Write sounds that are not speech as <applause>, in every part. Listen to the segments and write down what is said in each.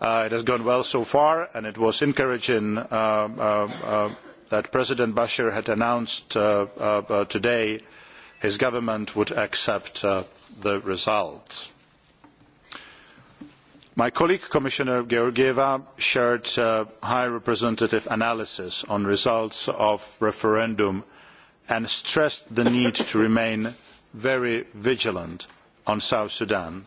Uh, it has gone well so far and it was encouraging uh, uh, that president bashir had announced today his government would accept the results. my colleague commissioner georgieva shared high representative analysis on results of referendum and stressed the need to remain very vigilant on south sudan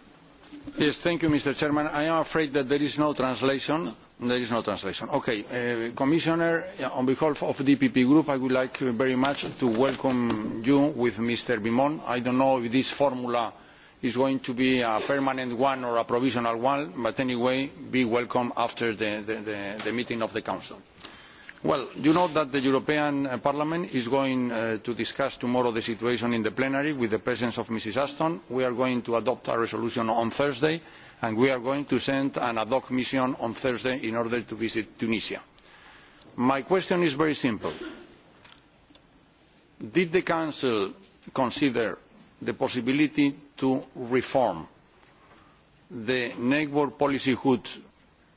I am afraid that there is no translation. There is no translation. Okay, uh, Commissioner, on behalf of the DPP Group, I would like very much to welcome you with Mr. Bimon. I don't know if this formula is going to be a permanent one or a provisional one, but anyway, be welcome after the meeting of the Council you know that the European uh, Parliament is going uh, to discuss tomorrow the situation in the plenary with the presence of Mrs. Ashton. We are going to adopt a resolution on Thursday, and we are going to send an ad hoc mission on Thursday in order to visit Tunisia. My question is very simple. Did the Council consider the possibility of reforming the neighbour policyhood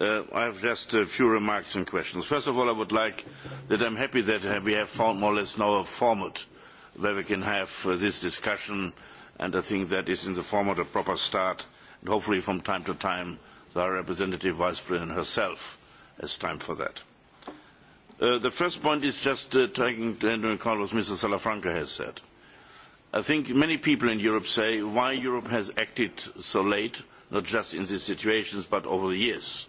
Uh, I have just a few remarks and questions. First of all, I would like to say that i am happy that we have found more or less now a format where we can have uh, this discussion, and I think that is in the form of a proper start, and hopefully from time to time the high representative vice president herself has time for that. Uh, the first point is just uh, taking uh, into account what Mr. Salafranca has said. I think many people in Europe say why Europe has acted so late, not just in these situations, but over the years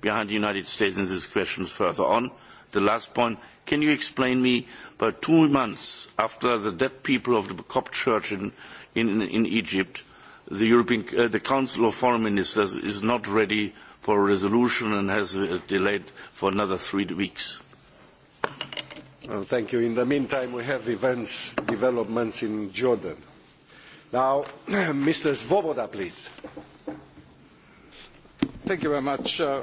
behind the United States in this question further on. The last point, can you explain me, but two months after the dead people of the Coptic Church in, in, in Egypt, the, European, uh, the Council of Foreign Ministers is not ready for a resolution and has uh, delayed for another three weeks? Well, thank you. In the meantime, we have events, developments in Jordan. Now, <clears throat> Mr. Svoboda, please. Thank you very much. Uh,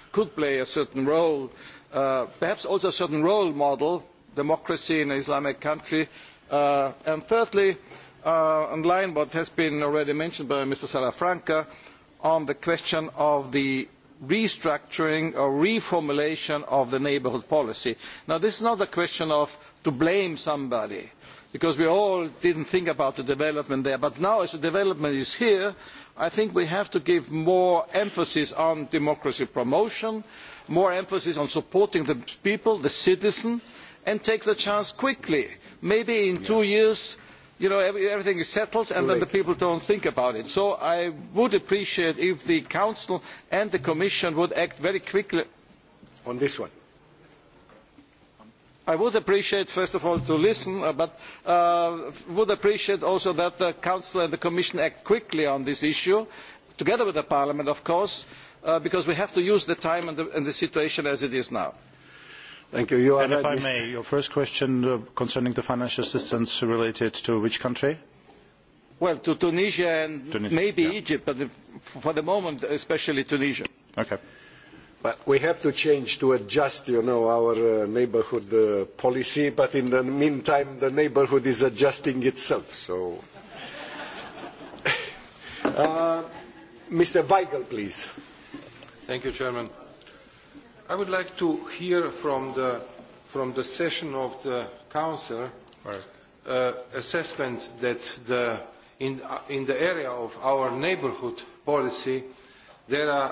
could play a certain role, uh, perhaps also a certain role model, democracy in an Islamic country. Uh, and thirdly, uh, online what has been already mentioned by Mr. Salafranca on the question of the restructuring or reformulation of the neighbourhood policy. Now, this is not a question of to blame somebody, because we all didn't think about the development there. But now, as the development is here, I think we have to give more emphasis on democracy promotion, more emphasis on supporting the people, the citizen, and take the chance quickly. Maybe in two years, you know, everything is settled and then the people don't think about it. So I would appreciate if the Council and the Commission would act very quickly on this one. I would appreciate, first of all, to listen, uh, but i uh, would appreciate also that the Council and the Commission act quickly on this issue, together with Parliament, of course, uh, because we have to use the time and the, situation as it is now. Thank you. and if I may, your first question concerning the financial assistance related to which country? Well, to Tunisia and Tunisia, maybe yeah. Egypt, but for the moment, especially Tunisia. Okay. But we have to change to adjust, you know, our uh, neighbourhood uh, policy. But in the meantime, the neighbourhood is adjusting itself. So, <laughs> uh, Mr. Weigel, please. Thank you, Chairman. I would like to hear from the from the session of the Council right. uh, assessment that the in uh, in the area of our neighbourhood policy there are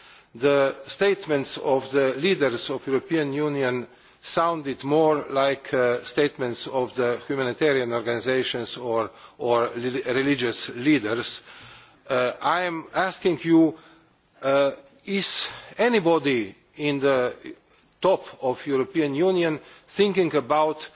the statements of the leaders of the european union sounded more like uh, statements of humanitarian organisations or, religious leaders. Uh, i am asking you uh, is anybody at the top of the european union thinking about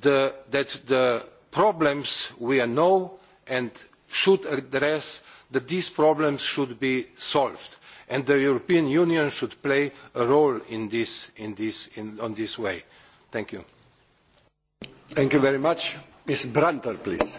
the, fact that the problems we know and should address these problems should be solved? and the european union should play a role in this, in this, in, way. thank you. thank you very much. ms brantner please.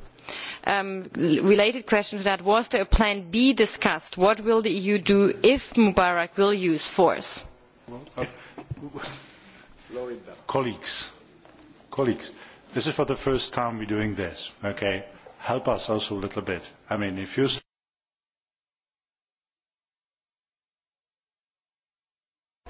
Um, related question to that was there a plan b discussed? what will the eu do if mubarak will use force? colleagues, colleagues this is for the first time we are doing this okay? help us also a little bit. i mean if you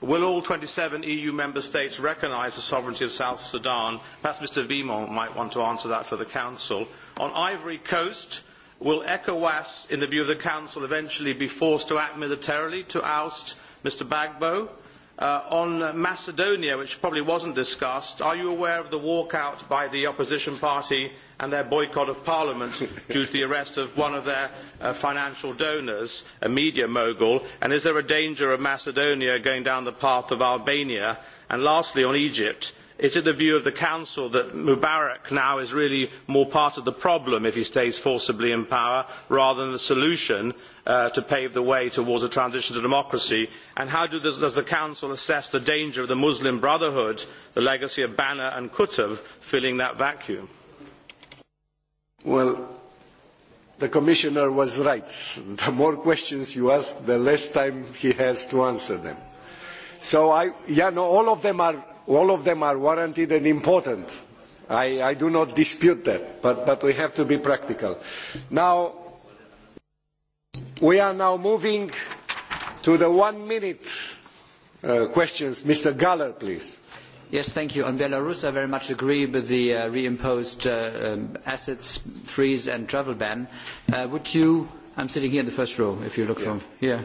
Will all 27 EU member states recognise the sovereignty of South Sudan? Perhaps Mr Vimon might want to answer that for the Council. On Ivory Coast, will ECOWAS, in the view of the Council, eventually be forced to act militarily to oust Mr Bagbo? Uh, on Macedonia, which probably wasn't discussed, are you aware of the walkout by the opposition party and their boycott of Parliament due to the arrest of one of their uh, financial donors, a media mogul? And is there a danger of Macedonia going down the path of Albania? And lastly, on Egypt, is it the view of the council that mubarak now is really more part of the problem if he stays forcibly in power rather than the solution uh, to pave the way towards a transition to democracy and how do this, does the council assess the danger of the muslim brotherhood the legacy of banner and qutb filling that vacuum? Well, the Commissioner was right. <laughs> The more questions you ask, the less time he has to answer them. So I, yeah, no, all of them are, all of them are warranted and important. I, I do not dispute that, but, but we have to be practical. Now, we are now moving to the one minute uh, questions. Mr. Galler, please thank you. On Belarus, I very much agree with the uh, reimposed uh, um, asset freeze and travel ban. Uh, would you, I'm sitting here in the first row, if you look from here.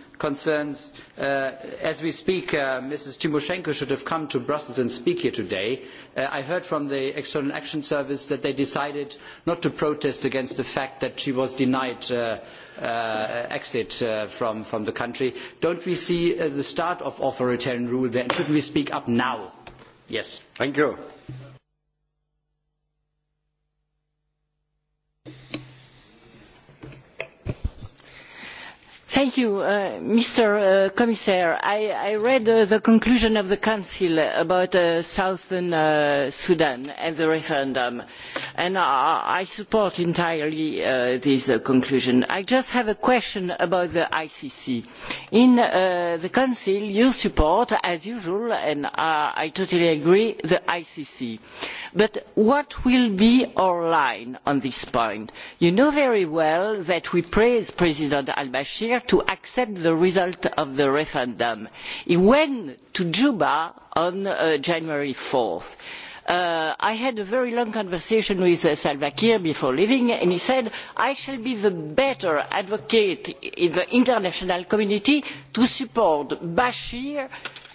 concerns, uh, as we speak, uh, Mrs. Timoshenko should have come to Brussels and speak here today. Uh, I heard from the External Action Service that they decided not to protest against the fact that she was denied uh, uh, exit uh, from, from the country. Don't we see uh, the start of authoritarian rule there? Shouldn't we speak up now? Yes. Thank you. Uh, Mr. Uh, Commissaire. I, read uh, the conclusion of the Council about Southern Sudan and the referendum and i support entirely uh, this uh, conclusion. i just have a question about the icc. in uh, the council you support as usual and i totally agree the icc but what will be our line on this point? you know very well that we praised president al bashir to accept the result of the referendum. he went to juba on january four th Uh, I had a very long conversation with uh, Salva Kiir before leaving, and he said, I shall be the better advocate in the international community to support Bashir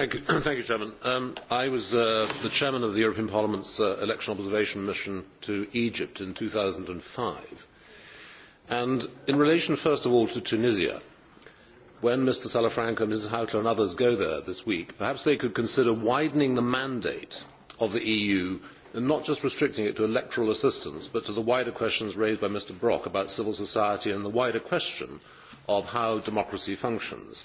Thank you, um, I was uh, the chair of the European Parliament's uh, Election Observation Mission to Egypt in two thousand And five and in relation, first of all, to Tunisia, when Mr. Salafranca, ms hautala and others go there this week, perhaps they could consider widening the mandate of the EU and not just restricting it to electoral assistance, but to the wider questions raised by Mr. Brok about civil society and the wider question of how democracy functions.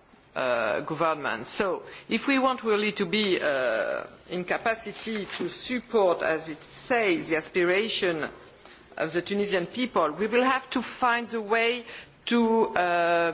Uh, government. So if we want really to be uh, in capacity to support, as it says, the aspiration of the Tunisian people, we will have to find a way to, uh,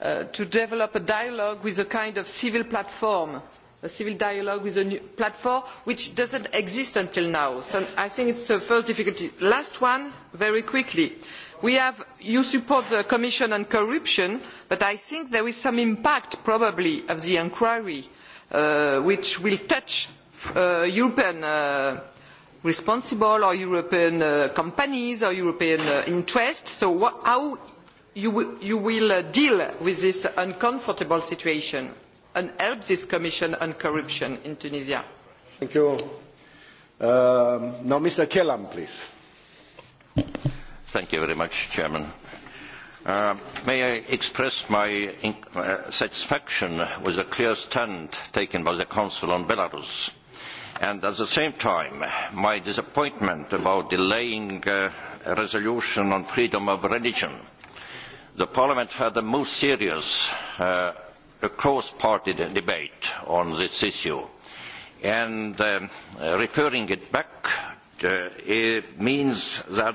uh, to develop a dialogue with a kind of civil platform, a civil dialogue with a new platform which doesn't exist until now. So I think it's the first difficulty. Last one, very quickly. Uh, Have, you support the commission on corruption but i think there is some impact probably of the inquiry uh, which will touch uh, european uh, responsible or european companies or european interests so how you, you will deal with this uncomfortable situation and help this commission on corruption in tunisia? thank you. Um, now mr kelam please. Thank you very much, Chairman. Uh, may I express my uh, satisfaction with the clear stand taken by the Council on Belarus, and at the same time, my disappointment about delaying uh, a resolution on freedom of religion. The Parliament had a most serious uh, cross-party debate on this issue, and um, referring it back uh, it means that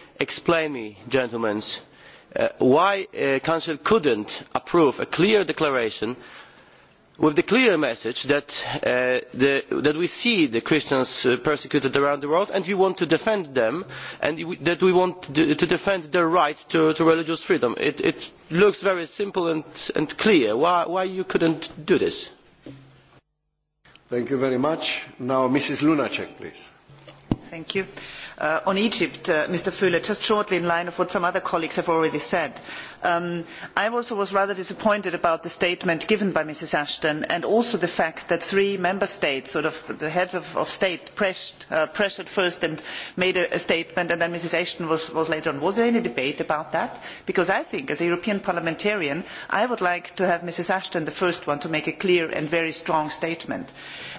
explain me gentlemen uh, why the council could not approve a clear declaration with the clear message that, uh, we see the christians uh, persecuted around the world and we want to defend them and that we want to, defend their right to, religious freedom. It, looks very simple and, clear. why, you could you not do this? thank you very much. now mrs lunacek please. thank you. Uh, on Egypt, uh, Mr. fle just shortly in line of what some other colleagues have already said. Um, i also was rather disappointed about the statement given by mrs ashton and also the fact that three member states sort of the heads of, state pressed, uh, pressured first and made a, statement and then mrs ashton was, later on. was there any debate about that? because i think as a european parliamentarian i would like to have mrs ashton the first one to make a clear and very strong statement.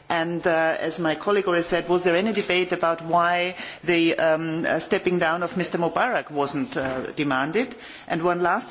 and uh, as my colleague already said was there any debate about why the um, uh, stepping down of mr mubarak was not demanded? and one last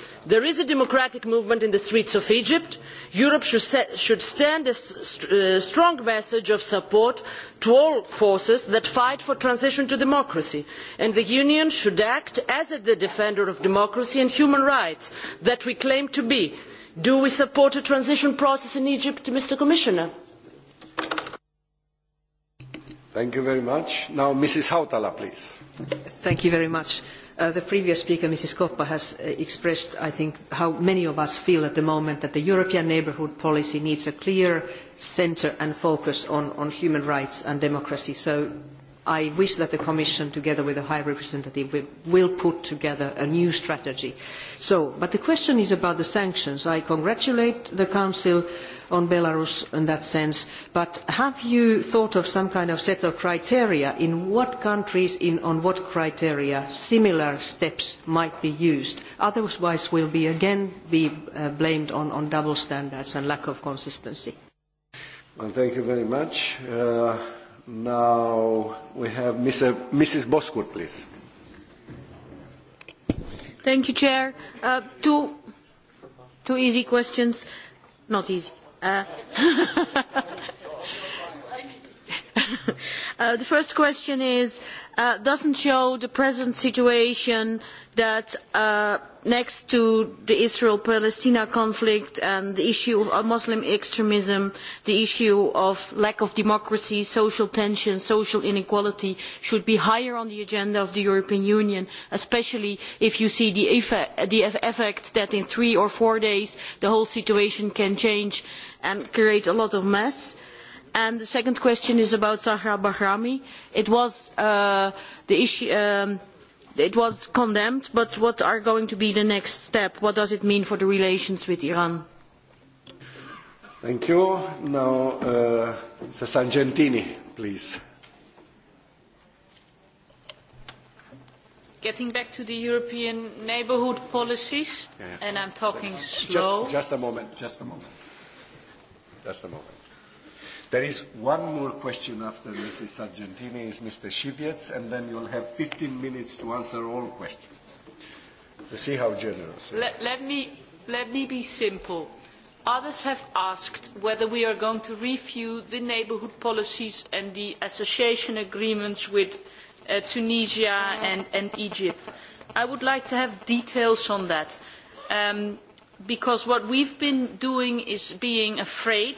there is a democratic movement in the streets of egypt. europe should, set, should send a st uh, strong message of support to all forces that fight for transition to democracy and the union should act as the defender of democracy and human rights that we claim to be. do we support a transition process in egypt mr commissioner? thank you very much. now mrs hautala please. thank you very much. Uh, the previous speaker, Mrs. Koppa, has uh, expressed, I think, how many of us feel at the moment that the European neighbourhood policy needs a clear centre and focus on, on human rights and democracy. So I wish that the Commission, together with the High Representative, will, will put together a new strategy. So, but the question is about the sanctions. I congratulate the Council on Belarus in that sense, but have you thought of some kind of set of criteria in what countries, in, on what criteria similar steps might be used? Otherwise we'll be again be uh, blamed on, on, double standards and lack of consistency. Well, thank you very much. Uh, now we have Mr. Mrs. Bosworth, please. Thank you, Chair. Uh, two, two easy questions. Not easy. Uh, <laughs> uh, the first question is, uh, doesn't the present situation that uh, next to the Israel-Palestina conflict and the issue of Muslim extremism, the issue of lack of democracy, social tension, social inequality should be higher on the agenda of the European Union, especially if you see the effect, the effect that in three or four days the whole situation can change and create a lot of mess. And the second question is about Sahra Bahrami. It was uh, the issue... Um, it was condemned but what are going to be the next steps? what does it mean for the relations with iran? thank you. now uh, please. Getting back to the European neighbourhood policies, yeah. and I'm talking just, slow. Just, just a moment, just a moment, just a moment. There is one more question after Mrs. Sargentini is Mr. Shivyets, and then you'll have 15 minutes to answer all questions. You see how generous. Let, let, me, let me be simple. Others have asked whether we are going to review the neighbourhood policies and the association agreements with uh, Tunisia and, and Egypt. I would like to have details on that, um, because what we've been doing is being afraid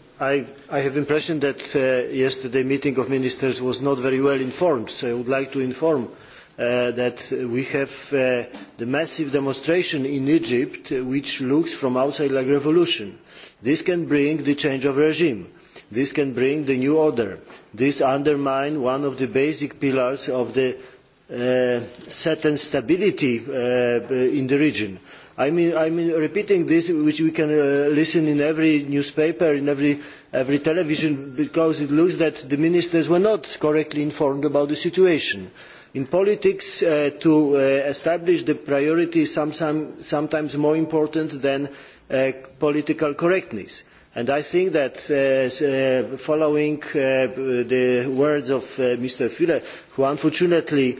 I, have the impression that uh, yesterday's meeting of ministers was not very well informed, so I would like to inform you uh, that we have a uh, the massive demonstration in Egypt, which looks from outside like revolution. This can bring the change of regime. This can bring the new order. This undermines one of the basic pillars of the certain stability in the region I mean, I mean, repeating this, which we can uh, listen in every newspaper, in every, every television, because it looks that the ministers were not correctly informed about the situation. In politics, uh, to uh, establish the priority is sometimes, sometimes more important than uh, political correctness. And I think that uh, uh, following uh, the words of Mr. Füle, who unfortunately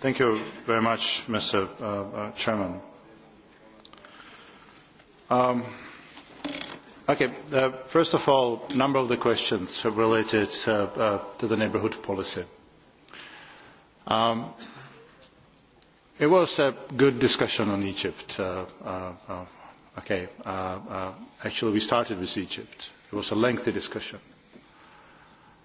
Thank you very much, Mr. Uh, uh, Chairman. Um, okay, uh, first of all, a number of the questions are related uh, uh, to the neighbourhood policy. Um, it was a good discussion on Egypt. Uh, uh, uh, okay, uh, uh, actually, we started with Egypt. It was a lengthy discussion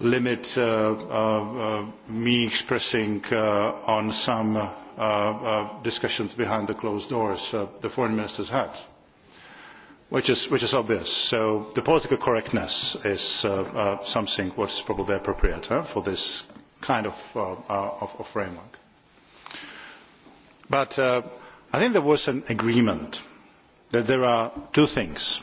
limit uh, uh, uh, me expressing on some discussions behind the closed doors the foreign ministers had. Which is, which is obvious. So the political correctness is uh, uh, something what is probably appropriate huh, for this kind of, uh, of, of framework. But I think there was an agreement that there are two things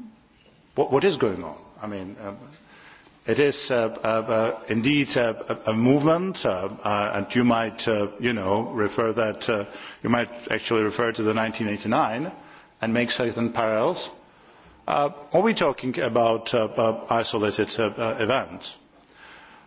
what, what is going on. I mean, um, it is uh, uh, uh indeed uh, a, a movement, uh, uh and you might, you know, refer that you might actually refer to the 1989 and make certain parallels. are we talking about isolated events?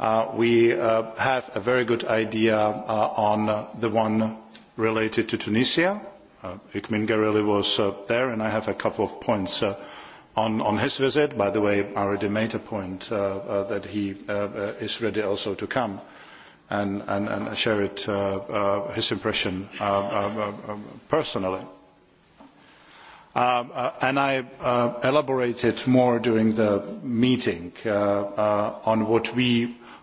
Uh, we uh, have a very good idea uh, on the one related to Tunisia. Hikmet Hikmin was there, and I have a couple of points on, his visit. By the way, I already made a point that he is ready also to come and, share it, his impression personally. and I elaborated more during the meeting on what we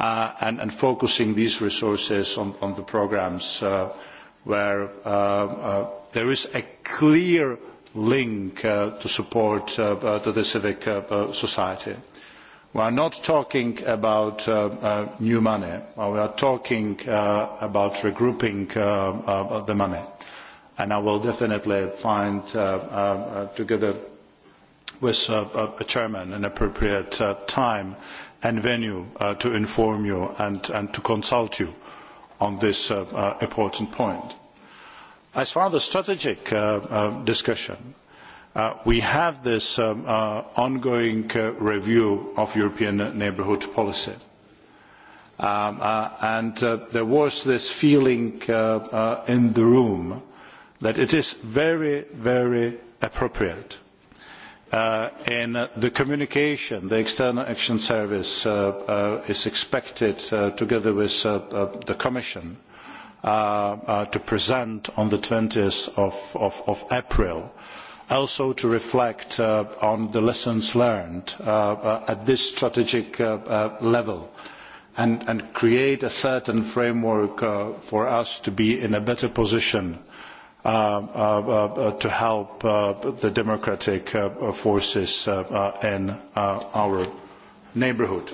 Uh, and, and, focusing these resources on, on the programmes uh, where uh, there is a clear link to support to the civic society. We are not talking about new money. We are talking about regrouping the money and I will definitely find, uh, uh, together with uh, a chairman, an appropriate time and venue uh, to inform you and, and to consult you on this uh, uh, important point. As far as the strategic uh, uh, discussion, uh, we have this um, uh, ongoing uh, review of European neighbourhood policy. Um, uh, and uh, there was this feeling uh, uh, in the room that it is very, very appropriate Uh, in the communication, the External Action Service uh, uh, is expected, together with the Commission, to present on twenty 20th April also to reflect on the lessons learned at this strategic level and, and, create a certain framework for us to be in a better position Um, uh, uh, to help uh, the democratic uh, forces uh, in our neighbourhood.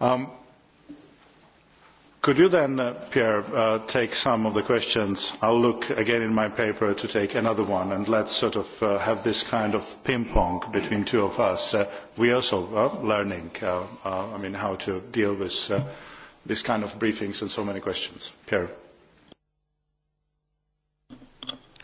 Um, could you then, Pierre, take some of the questions? I'll look again in my paper to take another one, and let's sort of have this kind of ping-pong between two of us. We also are learning, I mean, how to deal with this kind of briefings and so many questions. Pierre.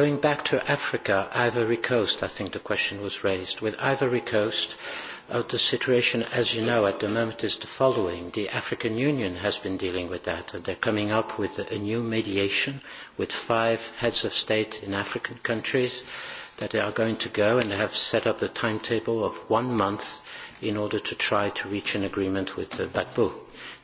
Going back to Africa, Ivory Coast, I think the question was raised. With Ivory Coast, uh, the situation, as you know, at the moment is the following. The African Union has been dealing with that. and They're coming up with a new mediation with five heads of state in African countries that they are going to go and they have set up a timetable of one month in order to try to reach an agreement with uh, Gbagbo.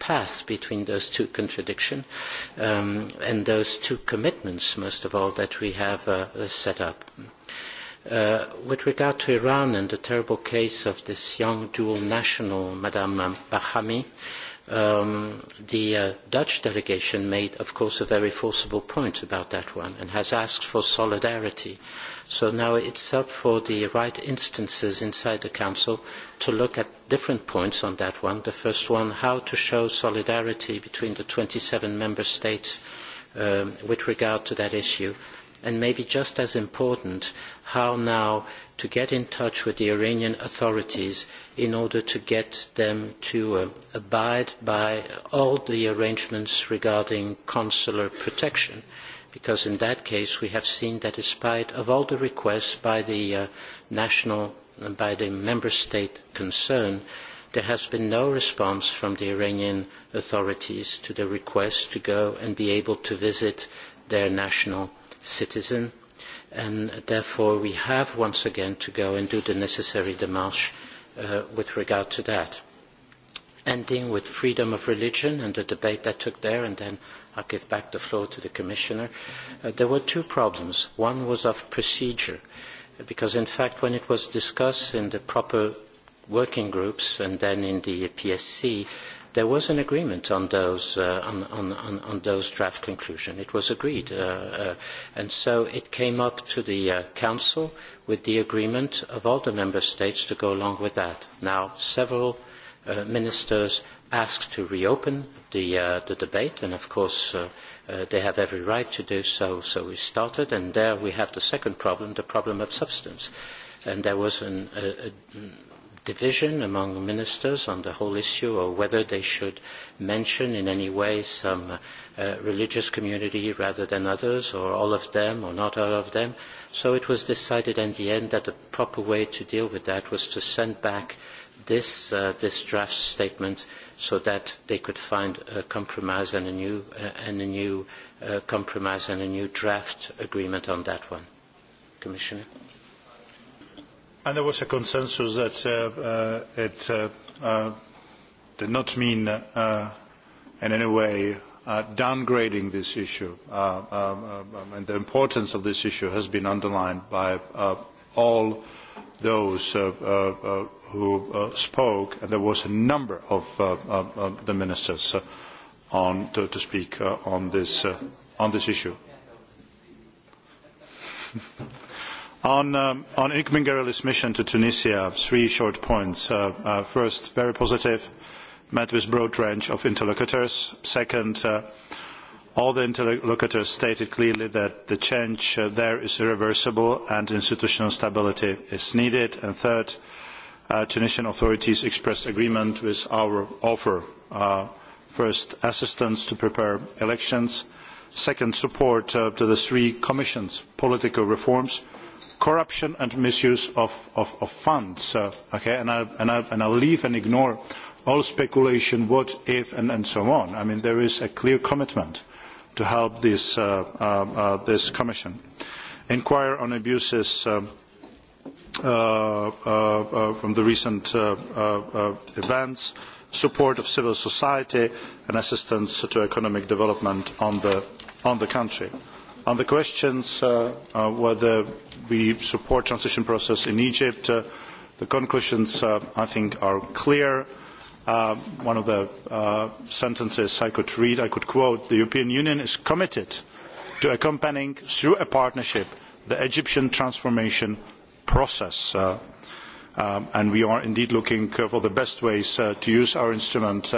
path between those two contradictions um, and those two commitments, most of all, that we have uh, set up. Uh, with regard to Iran and the terrible case of this young dual national, Madame Bahami, um, the uh, Dutch delegation made, of course, a very forcible point about that one and has asked for solidarity. So now it's up for the right instances inside the Council to look at different points on that one. The first one, how to show solidarity between the 27 member states um, with regard to that issue. And maybe just as important, how now to get in touch with the Iranian authorities in order to get them to uh, abide by all the arrangements regarding consular protection. Because in that case, we have seen that despite of all the requests by the uh, national by the member state concerned, there has been no response from the Iranian authorities to the request to go and be able to visit their national citizen. And therefore, we have once again to go and do the necessary démarche uh, with regard to that. Ending with freedom of religion and the debate that took there, and then I'll give back the floor to the Commissioner. Uh, there were two problems. One was of procedure. Uh, because in fact when it was discussed in the proper working groups and then in the PSC, there was an agreement on those uh, on, on, on those draft conclusions. It was agreed, uh, uh, and so it came up to the uh, council with the agreement of all the member states to go along with that. Now several uh, ministers asked to reopen the, uh, the debate, and of course uh, uh, they have every right to do so, so we started, and there we have the second problem, the problem of substance. And there was an, a, a division among ministers on the whole issue of whether they should mention in any way some uh, religious community rather than others or all of them or not all of them. So it was decided in the end that the proper way to deal with that was to send back this, uh, this draft statement so that they could find a compromise and a new, uh, and a new uh, compromise and a new draft agreement on that one. Commissioner? And there was a consensus that uh, uh, it uh, uh, did not mean uh, in any way uh, downgrading this issue. Uh, um, um, and the importance of this issue has been underlined by uh, all those uh, uh, who uh, spoke, and there was a number of uh, uh, the ministers on, to, to, speak on this, on, this, issue. <laughs> on um, on mission to Tunisia, three short points. first, very positive, met with broad range of interlocutors. Second, all the interlocutors stated clearly that the change there is irreversible and institutional stability is needed. And third, Uh, Tunisian authorities expressed agreement with our offer. Uh, first, assistance to prepare elections. Second, support uh, to the three commissions, political reforms, corruption and misuse of, of, of funds. okay, and, I, and, I, and I'll leave and ignore all speculation, what if, and, and so on. I mean, there is a clear commitment to help this, uh, uh, this commission. Inquire on abuses um, Uh, uh, uh, from the recent events support of civil society and assistance to economic development in the, the country. on the questions whether we support the transition process in egypt the conclusions i think are clear. Uh, one of the uh, sentences i could read i could quote the european union is committed to accompanying through a partnership the egyptian transformation process. Uh, um, and we are indeed looking uh, for the best ways uh, to use our instrument,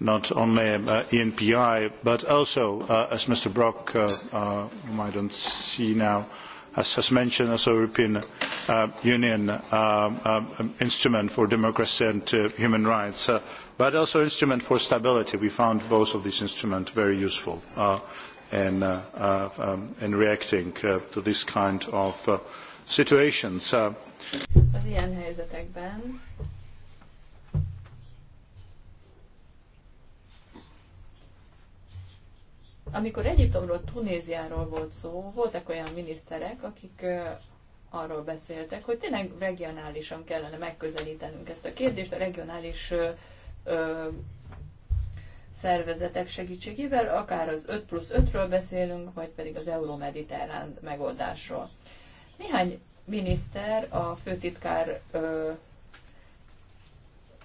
not only uh, ENPI, but also, as Mr. Brok, whom I don't see now, has mentioned, a European Uh, union um, um, instrument for democracy and uh, human rights uh, but also instrument for stability. we found both of these instruments very useful in, um, in reacting to this kind of situations. Uh, az ilyen helyzetekben amikor Egyiptomról, Tunéziáról volt szó, voltak olyan miniszterek, akik arról beszéltek, hogy tényleg regionálisan kellene megközelítenünk ezt a kérdést, a regionális ö, ö, szervezetek segítségével, akár az 5 plusz 5-ről beszélünk, vagy pedig az euró-mediterrán megoldásról. Néhány miniszter a főtitkár ö,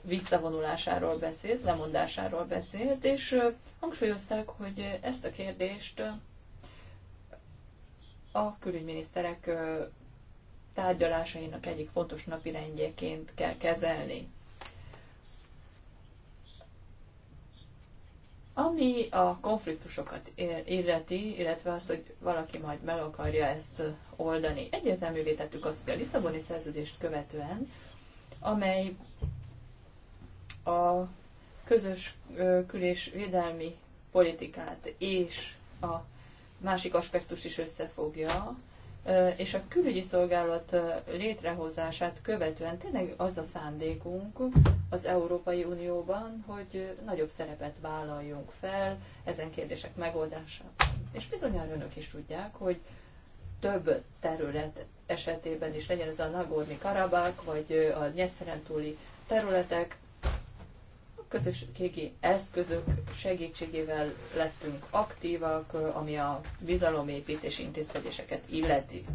visszavonulásáról beszélt, lemondásáról beszélt, és ö, hangsúlyozták, hogy ezt a kérdést a külügyminiszterek ö, tárgyalásainak egyik fontos napirendjeként kell kezelni. Ami a konfliktusokat illeti, illetve azt, hogy valaki majd meg akarja ezt oldani, egyértelművé tettük azt, hogy a Lisszaboni szerződést követően, amely a közös külés védelmi politikát és a másik aspektus is összefogja, és a külügyi szolgálat létrehozását követően tényleg az a szándékunk az Európai Unióban, hogy nagyobb szerepet vállaljunk fel ezen kérdések megoldásában. És bizonyára önök is tudják, hogy több terület esetében is legyen ez a Nagorni Karabák, vagy a Nyeszeren túli területek, közösségi eszközök segítségével lettünk aktívak, ami a bizalomépítés intézkedéseket illeti.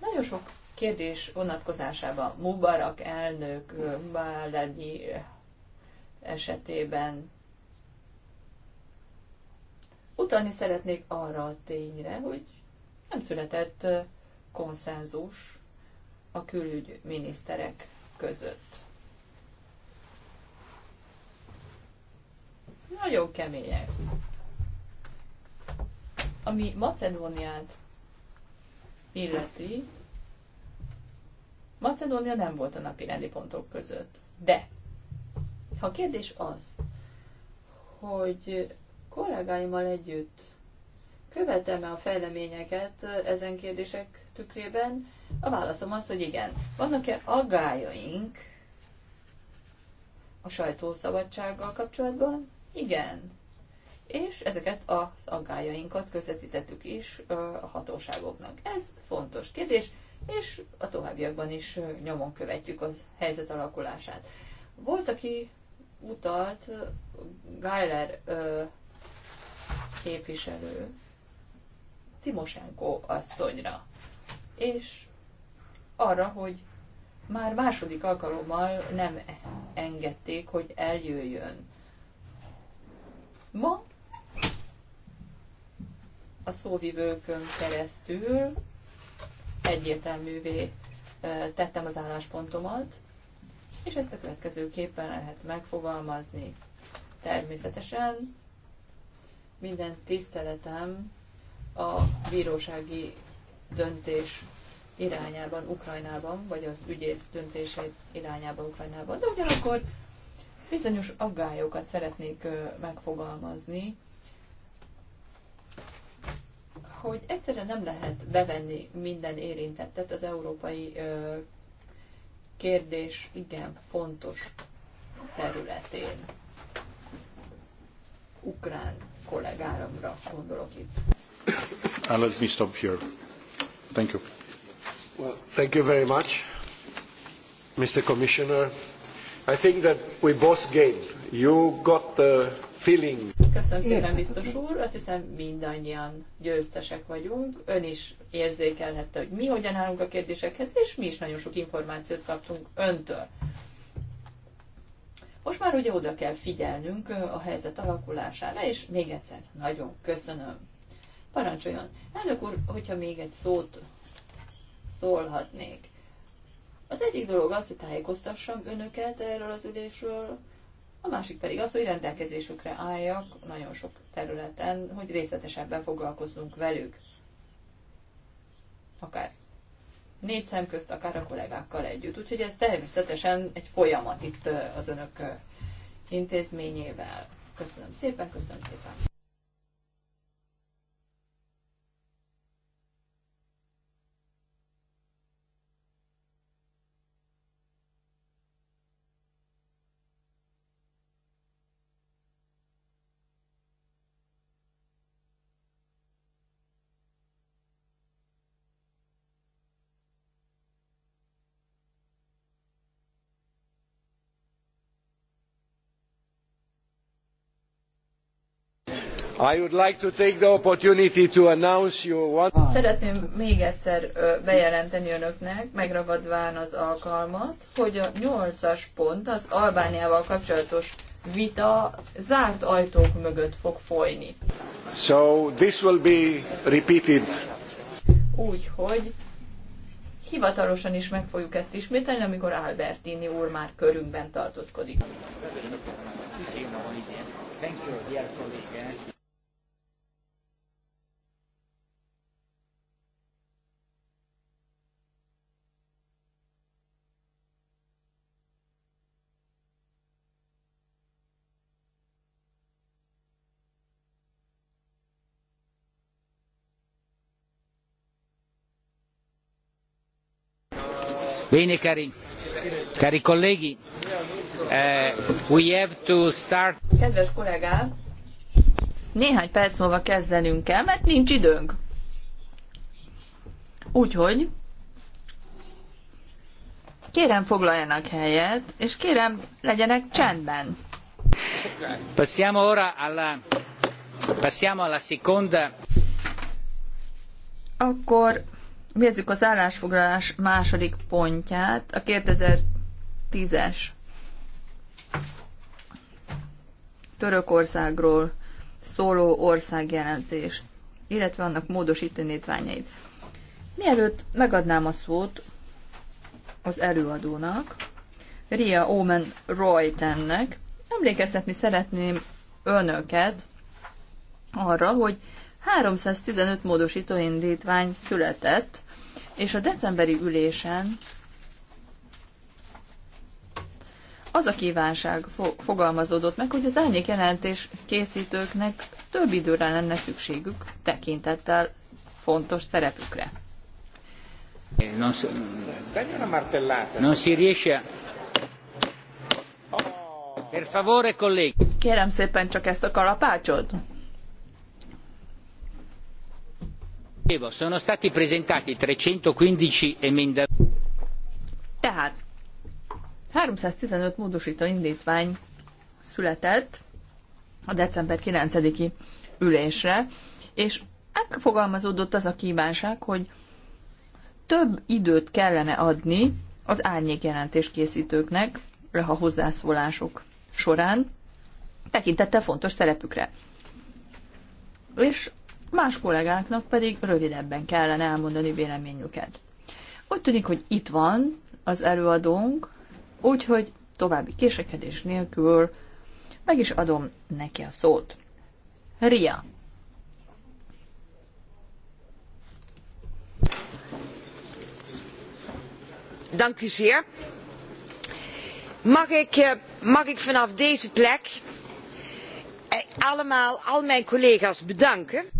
Nagyon sok kérdés vonatkozásában Mubarak elnök Bálányi esetében utalni szeretnék arra a tényre, hogy nem született konszenzus a külügyminiszterek között. nagyon kemények. Ami Macedóniát illeti, Macedónia nem volt a napi rendi pontok között. De ha a kérdés az, hogy kollégáimmal együtt követem-e a fejleményeket ezen kérdések tükrében, a válaszom az, hogy igen. Vannak-e aggájaink a sajtószabadsággal kapcsolatban? Igen. És ezeket az aggájainkat közvetítettük is a hatóságoknak. Ez fontos kérdés, és a továbbiakban is nyomon követjük a helyzet alakulását. Volt, aki utalt Geiler képviselő Timosenko asszonyra, és arra, hogy már második alkalommal nem engedték, hogy eljöjjön. Ma a szóvivőkön keresztül egyértelművé tettem az álláspontomat, és ezt a következő képen lehet megfogalmazni. Természetesen minden tiszteletem a bírósági döntés irányában Ukrajnában, vagy az ügyész döntését irányában Ukrajnában. De ugyanakkor Bizonyos aggályokat szeretnék megfogalmazni, hogy egyszerűen nem lehet bevenni minden érintettet. Az európai kérdés igen fontos területén. Ukrán kollégámra gondolok itt. And let me stop here. Thank you. Well, thank you very much, Mr. Commissioner. I think that we both gained. You got the feeling. Köszönöm szépen, biztos úr. Azt hiszem, mindannyian győztesek vagyunk. Ön is érzékelhette, hogy mi hogyan állunk a kérdésekhez, és mi is nagyon sok információt kaptunk öntől. Most már ugye oda kell figyelnünk a helyzet alakulására, és még egyszer nagyon köszönöm. Parancsoljon. Elnök úr, hogyha még egy szót szólhatnék. Az egyik dolog az, hogy tájékoztassam önöket erről az ülésről, a másik pedig az, hogy rendelkezésükre álljak nagyon sok területen, hogy részletesebben foglalkozzunk velük. Akár négy szem közt, akár a kollégákkal együtt. Úgyhogy ez természetesen egy folyamat itt az önök intézményével. Köszönöm szépen, köszönöm szépen. Szeretném még egyszer bejelenteni önöknek, megragadván az alkalmat, hogy a nyolcas pont az Albániával kapcsolatos vita zárt ajtók mögött fog folyni. So this will be repeated. Úgyhogy hivatalosan is meg fogjuk ezt ismételni, amikor Albertini úr már körünkben tartózkodik. Thank you, dear colleague. Bene, cari, cari colleghi, uh, we have to start. Kedves kollégám, néhány perc múlva kezdenünk kell, mert nincs időnk. Úgyhogy kérem foglaljanak helyet, és kérem legyenek csendben. Passiamo ora alla, passiamo alla seconda. Akkor Nézzük az állásfoglalás második pontját, a 2010-es Törökországról szóló országjelentést, illetve annak módosító nétványait. Mielőtt megadnám a szót az előadónak, Ria Omen Roytennek, emlékeztetni szeretném önöket arra, hogy 315 módosító indítvány született, és a decemberi ülésen az a kívánság fo- fogalmazódott meg, hogy az árnyék jelentés készítőknek több időre lenne szükségük tekintettel fontos szerepükre. Non si, riesce oh. Per favore, colleghi. Kérem szépen csak ezt a kalapácsot. Sono Tehát 315 módosító indítvány született a december 9-i ülésre, és megfogalmazódott az a kívánság, hogy több időt kellene adni az árnyék jelentés készítőknek a hozzászólások során, tekintettel fontos szerepükre. És más kollégáknak pedig rövidebben kellene elmondani véleményüket. Úgy tűnik, hogy itt van az előadónk, úgyhogy további késekedés nélkül meg is adom neki a szót. Ria. Dank u zeer. Mag ik, eh, mag ik vanaf deze plek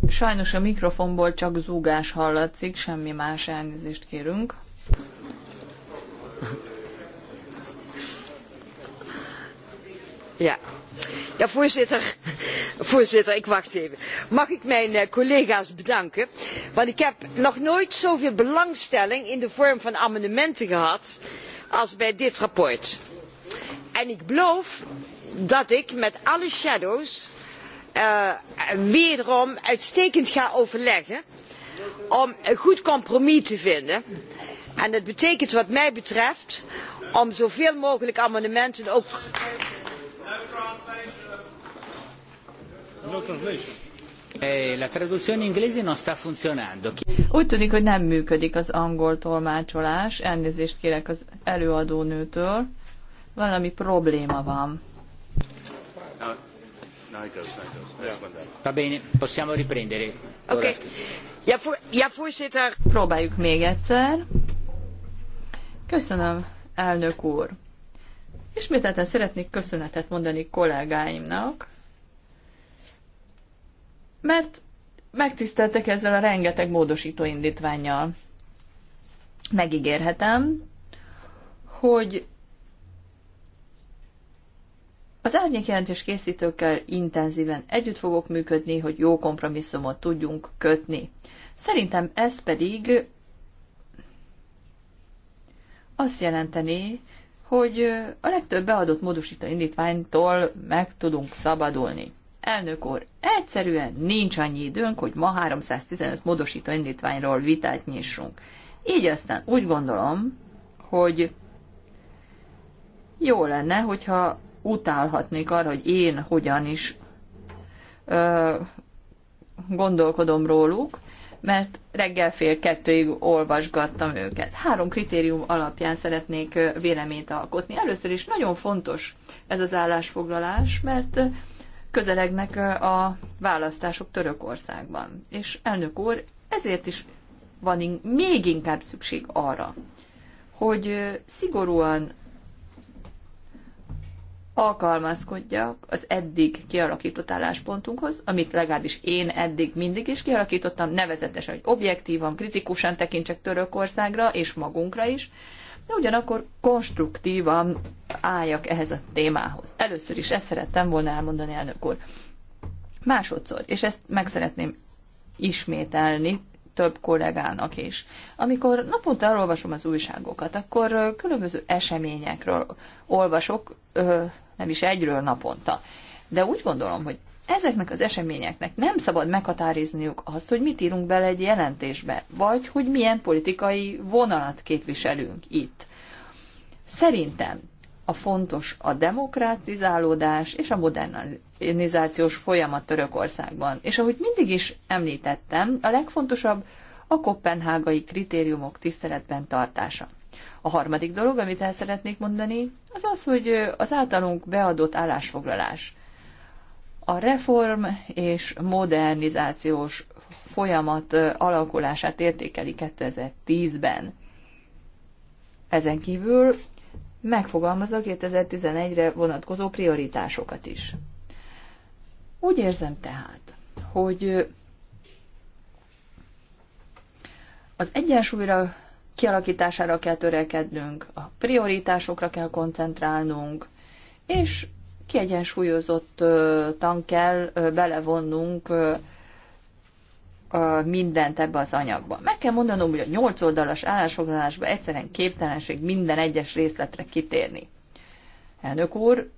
Sajnos a mikrofonból csak zúgás hallatszik, semmi más elnézést kérünk. Ja. Ja, voorzitter. Voorzitter, ik wacht even. Mag ik mijn uh, collega's bedanken? Want ik heb nog nooit zoveel belangstelling in de vorm van amendementen gehad als bij dit rapport. En ik beloof dat ik met alle shadows eh, wederom uitstekend ga overleggen om een goed compromis te vinden. En dat betekent wat mij betreft om zoveel mogelijk amendementen ook... Eh, Úgy tűnik, hogy nem működik az angol tolmácsolás. Elnézést kérek az előadónőtől. Valami probléma van. Va bene, possiamo riprendere. Okay. ja, voorzitter. Próbáljuk még egyszer. Köszönöm, elnök úr. Ismételten szeretnék köszönetet mondani kollégáimnak, mert megtiszteltek ezzel a rengeteg módosító indítványjal. Megígérhetem, hogy az árnyékjelentés készítőkkel intenzíven együtt fogok működni, hogy jó kompromisszumot tudjunk kötni. Szerintem ez pedig azt jelenteni, hogy a legtöbb beadott módosító indítványtól meg tudunk szabadulni. Elnök úr, egyszerűen nincs annyi időnk, hogy ma 315 módosító indítványról vitát nyissunk. Így aztán úgy gondolom, hogy jó lenne, hogyha utálhatnék arra, hogy én hogyan is ö, gondolkodom róluk, mert reggel fél kettőig olvasgattam őket. Három kritérium alapján szeretnék véleményt alkotni. Először is nagyon fontos ez az állásfoglalás, mert közelegnek a választások Törökországban. És elnök úr, ezért is van még inkább szükség arra, hogy szigorúan alkalmazkodjak az eddig kialakított álláspontunkhoz, amit legalábbis én eddig mindig is kialakítottam, nevezetesen, hogy objektívan, kritikusan tekintsek Törökországra és magunkra is, de ugyanakkor konstruktívan álljak ehhez a témához. Először is ezt szerettem volna elmondani, elnök úr. Másodszor, és ezt meg szeretném ismételni több kollégának is. Amikor naponta elolvasom az újságokat, akkor különböző eseményekről olvasok, nem is egyről naponta. De úgy gondolom, hogy ezeknek az eseményeknek nem szabad meghatározniuk azt, hogy mit írunk bele egy jelentésbe, vagy hogy milyen politikai vonalat képviselünk itt. Szerintem a fontos a demokratizálódás és a modernizációs folyamat Törökországban. És ahogy mindig is említettem, a legfontosabb a kopenhágai kritériumok tiszteletben tartása. A harmadik dolog, amit el szeretnék mondani, az az, hogy az általunk beadott állásfoglalás. A reform és modernizációs folyamat alakulását értékeli 2010-ben. Ezen kívül megfogalmazza 2011-re vonatkozó prioritásokat is. Úgy érzem tehát, hogy az egyensúlyra kialakítására kell törekednünk, a prioritásokra kell koncentrálnunk, és kiegyensúlyozottan kell belevonnunk mindent ebbe az anyagba. Meg kell mondanom, hogy a nyolc oldalas állásfoglalásban egyszerűen képtelenség minden egyes részletre kitérni. Elnök úr,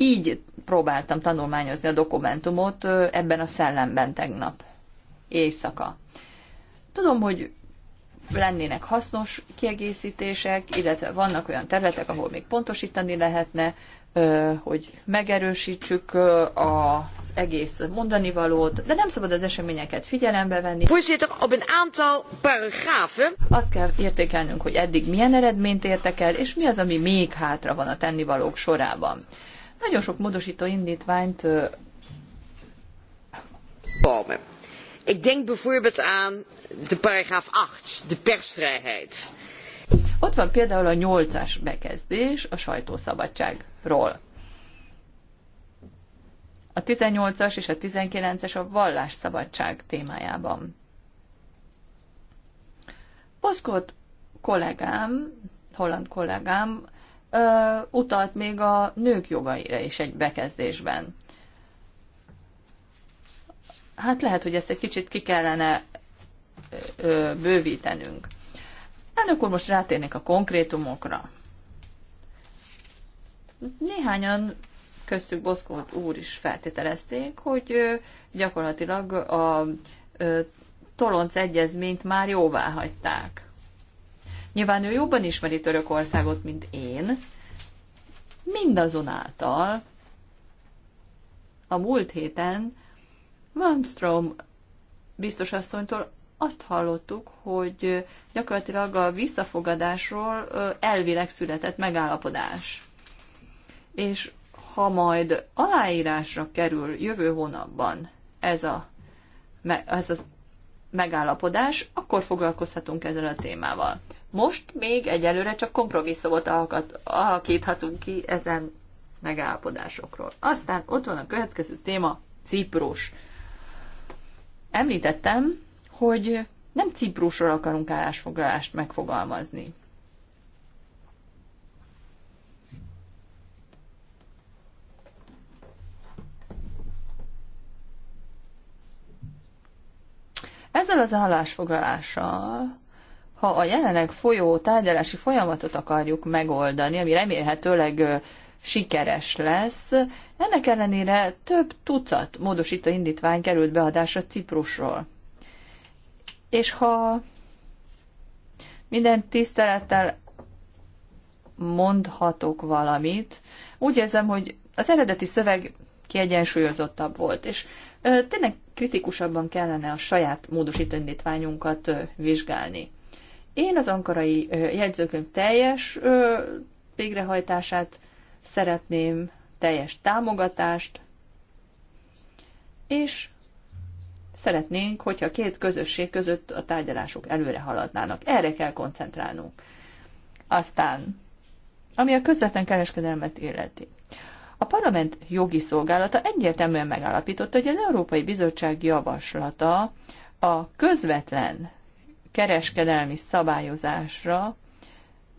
így próbáltam tanulmányozni a dokumentumot ebben a szellemben tegnap éjszaka. Tudom, hogy lennének hasznos kiegészítések, illetve vannak olyan területek, ahol még pontosítani lehetne, hogy megerősítsük az egész mondani valót, de nem szabad az eseményeket figyelembe venni. Azt kell értékelnünk, hogy eddig milyen eredményt értek el, és mi az, ami még hátra van a tennivalók sorában. Nagyon sok módosító indítványt komen. Ik denk bijvoorbeeld aan de paragraaf 8, de persvrijheid. Ott van például a 8 bekezdés a sajtószabadságról. A 18-as és a 19-es a vallásszabadság témájában. Poszkott kollégám, holland kollégám ö, utalt még a nők jogaira is egy bekezdésben. Hát lehet, hogy ezt egy kicsit ki kellene ö, bővítenünk. Elnök úr, most rátérnék a konkrétumokra. Néhányan köztük Boszkót úr is feltételezték, hogy ö, gyakorlatilag a ö, Tolonc egyezményt már jóvá hagyták. Nyilván ő jobban ismeri Törökországot, mint én. Mindazonáltal a múlt héten Malmström biztos asszonytól azt hallottuk, hogy gyakorlatilag a visszafogadásról elvileg született megállapodás. És ha majd aláírásra kerül jövő hónapban ez a, ez a megállapodás, akkor foglalkozhatunk ezzel a témával. Most még egyelőre csak kompromisszumot alakíthatunk ki ezen megállapodásokról. Aztán ott van a következő téma, Ciprus. Említettem, hogy nem Ciprusról akarunk állásfoglalást megfogalmazni. Ezzel az állásfoglalással ha a jelenleg folyó tárgyalási folyamatot akarjuk megoldani, ami remélhetőleg sikeres lesz, ennek ellenére több tucat módosító indítvány került beadásra Ciprusról. És ha minden tisztelettel mondhatok valamit, úgy érzem, hogy az eredeti szöveg kiegyensúlyozottabb volt, és ö, tényleg kritikusabban kellene a saját módosító indítványunkat ö, vizsgálni. Én az ankarai jegyzőkönyv teljes végrehajtását szeretném, teljes támogatást, és szeretnénk, hogyha a két közösség között a tárgyalások előre haladnának. Erre kell koncentrálnunk. Aztán, ami a közvetlen kereskedelmet illeti. A parlament jogi szolgálata egyértelműen megállapította, hogy az Európai Bizottság javaslata a közvetlen kereskedelmi szabályozásra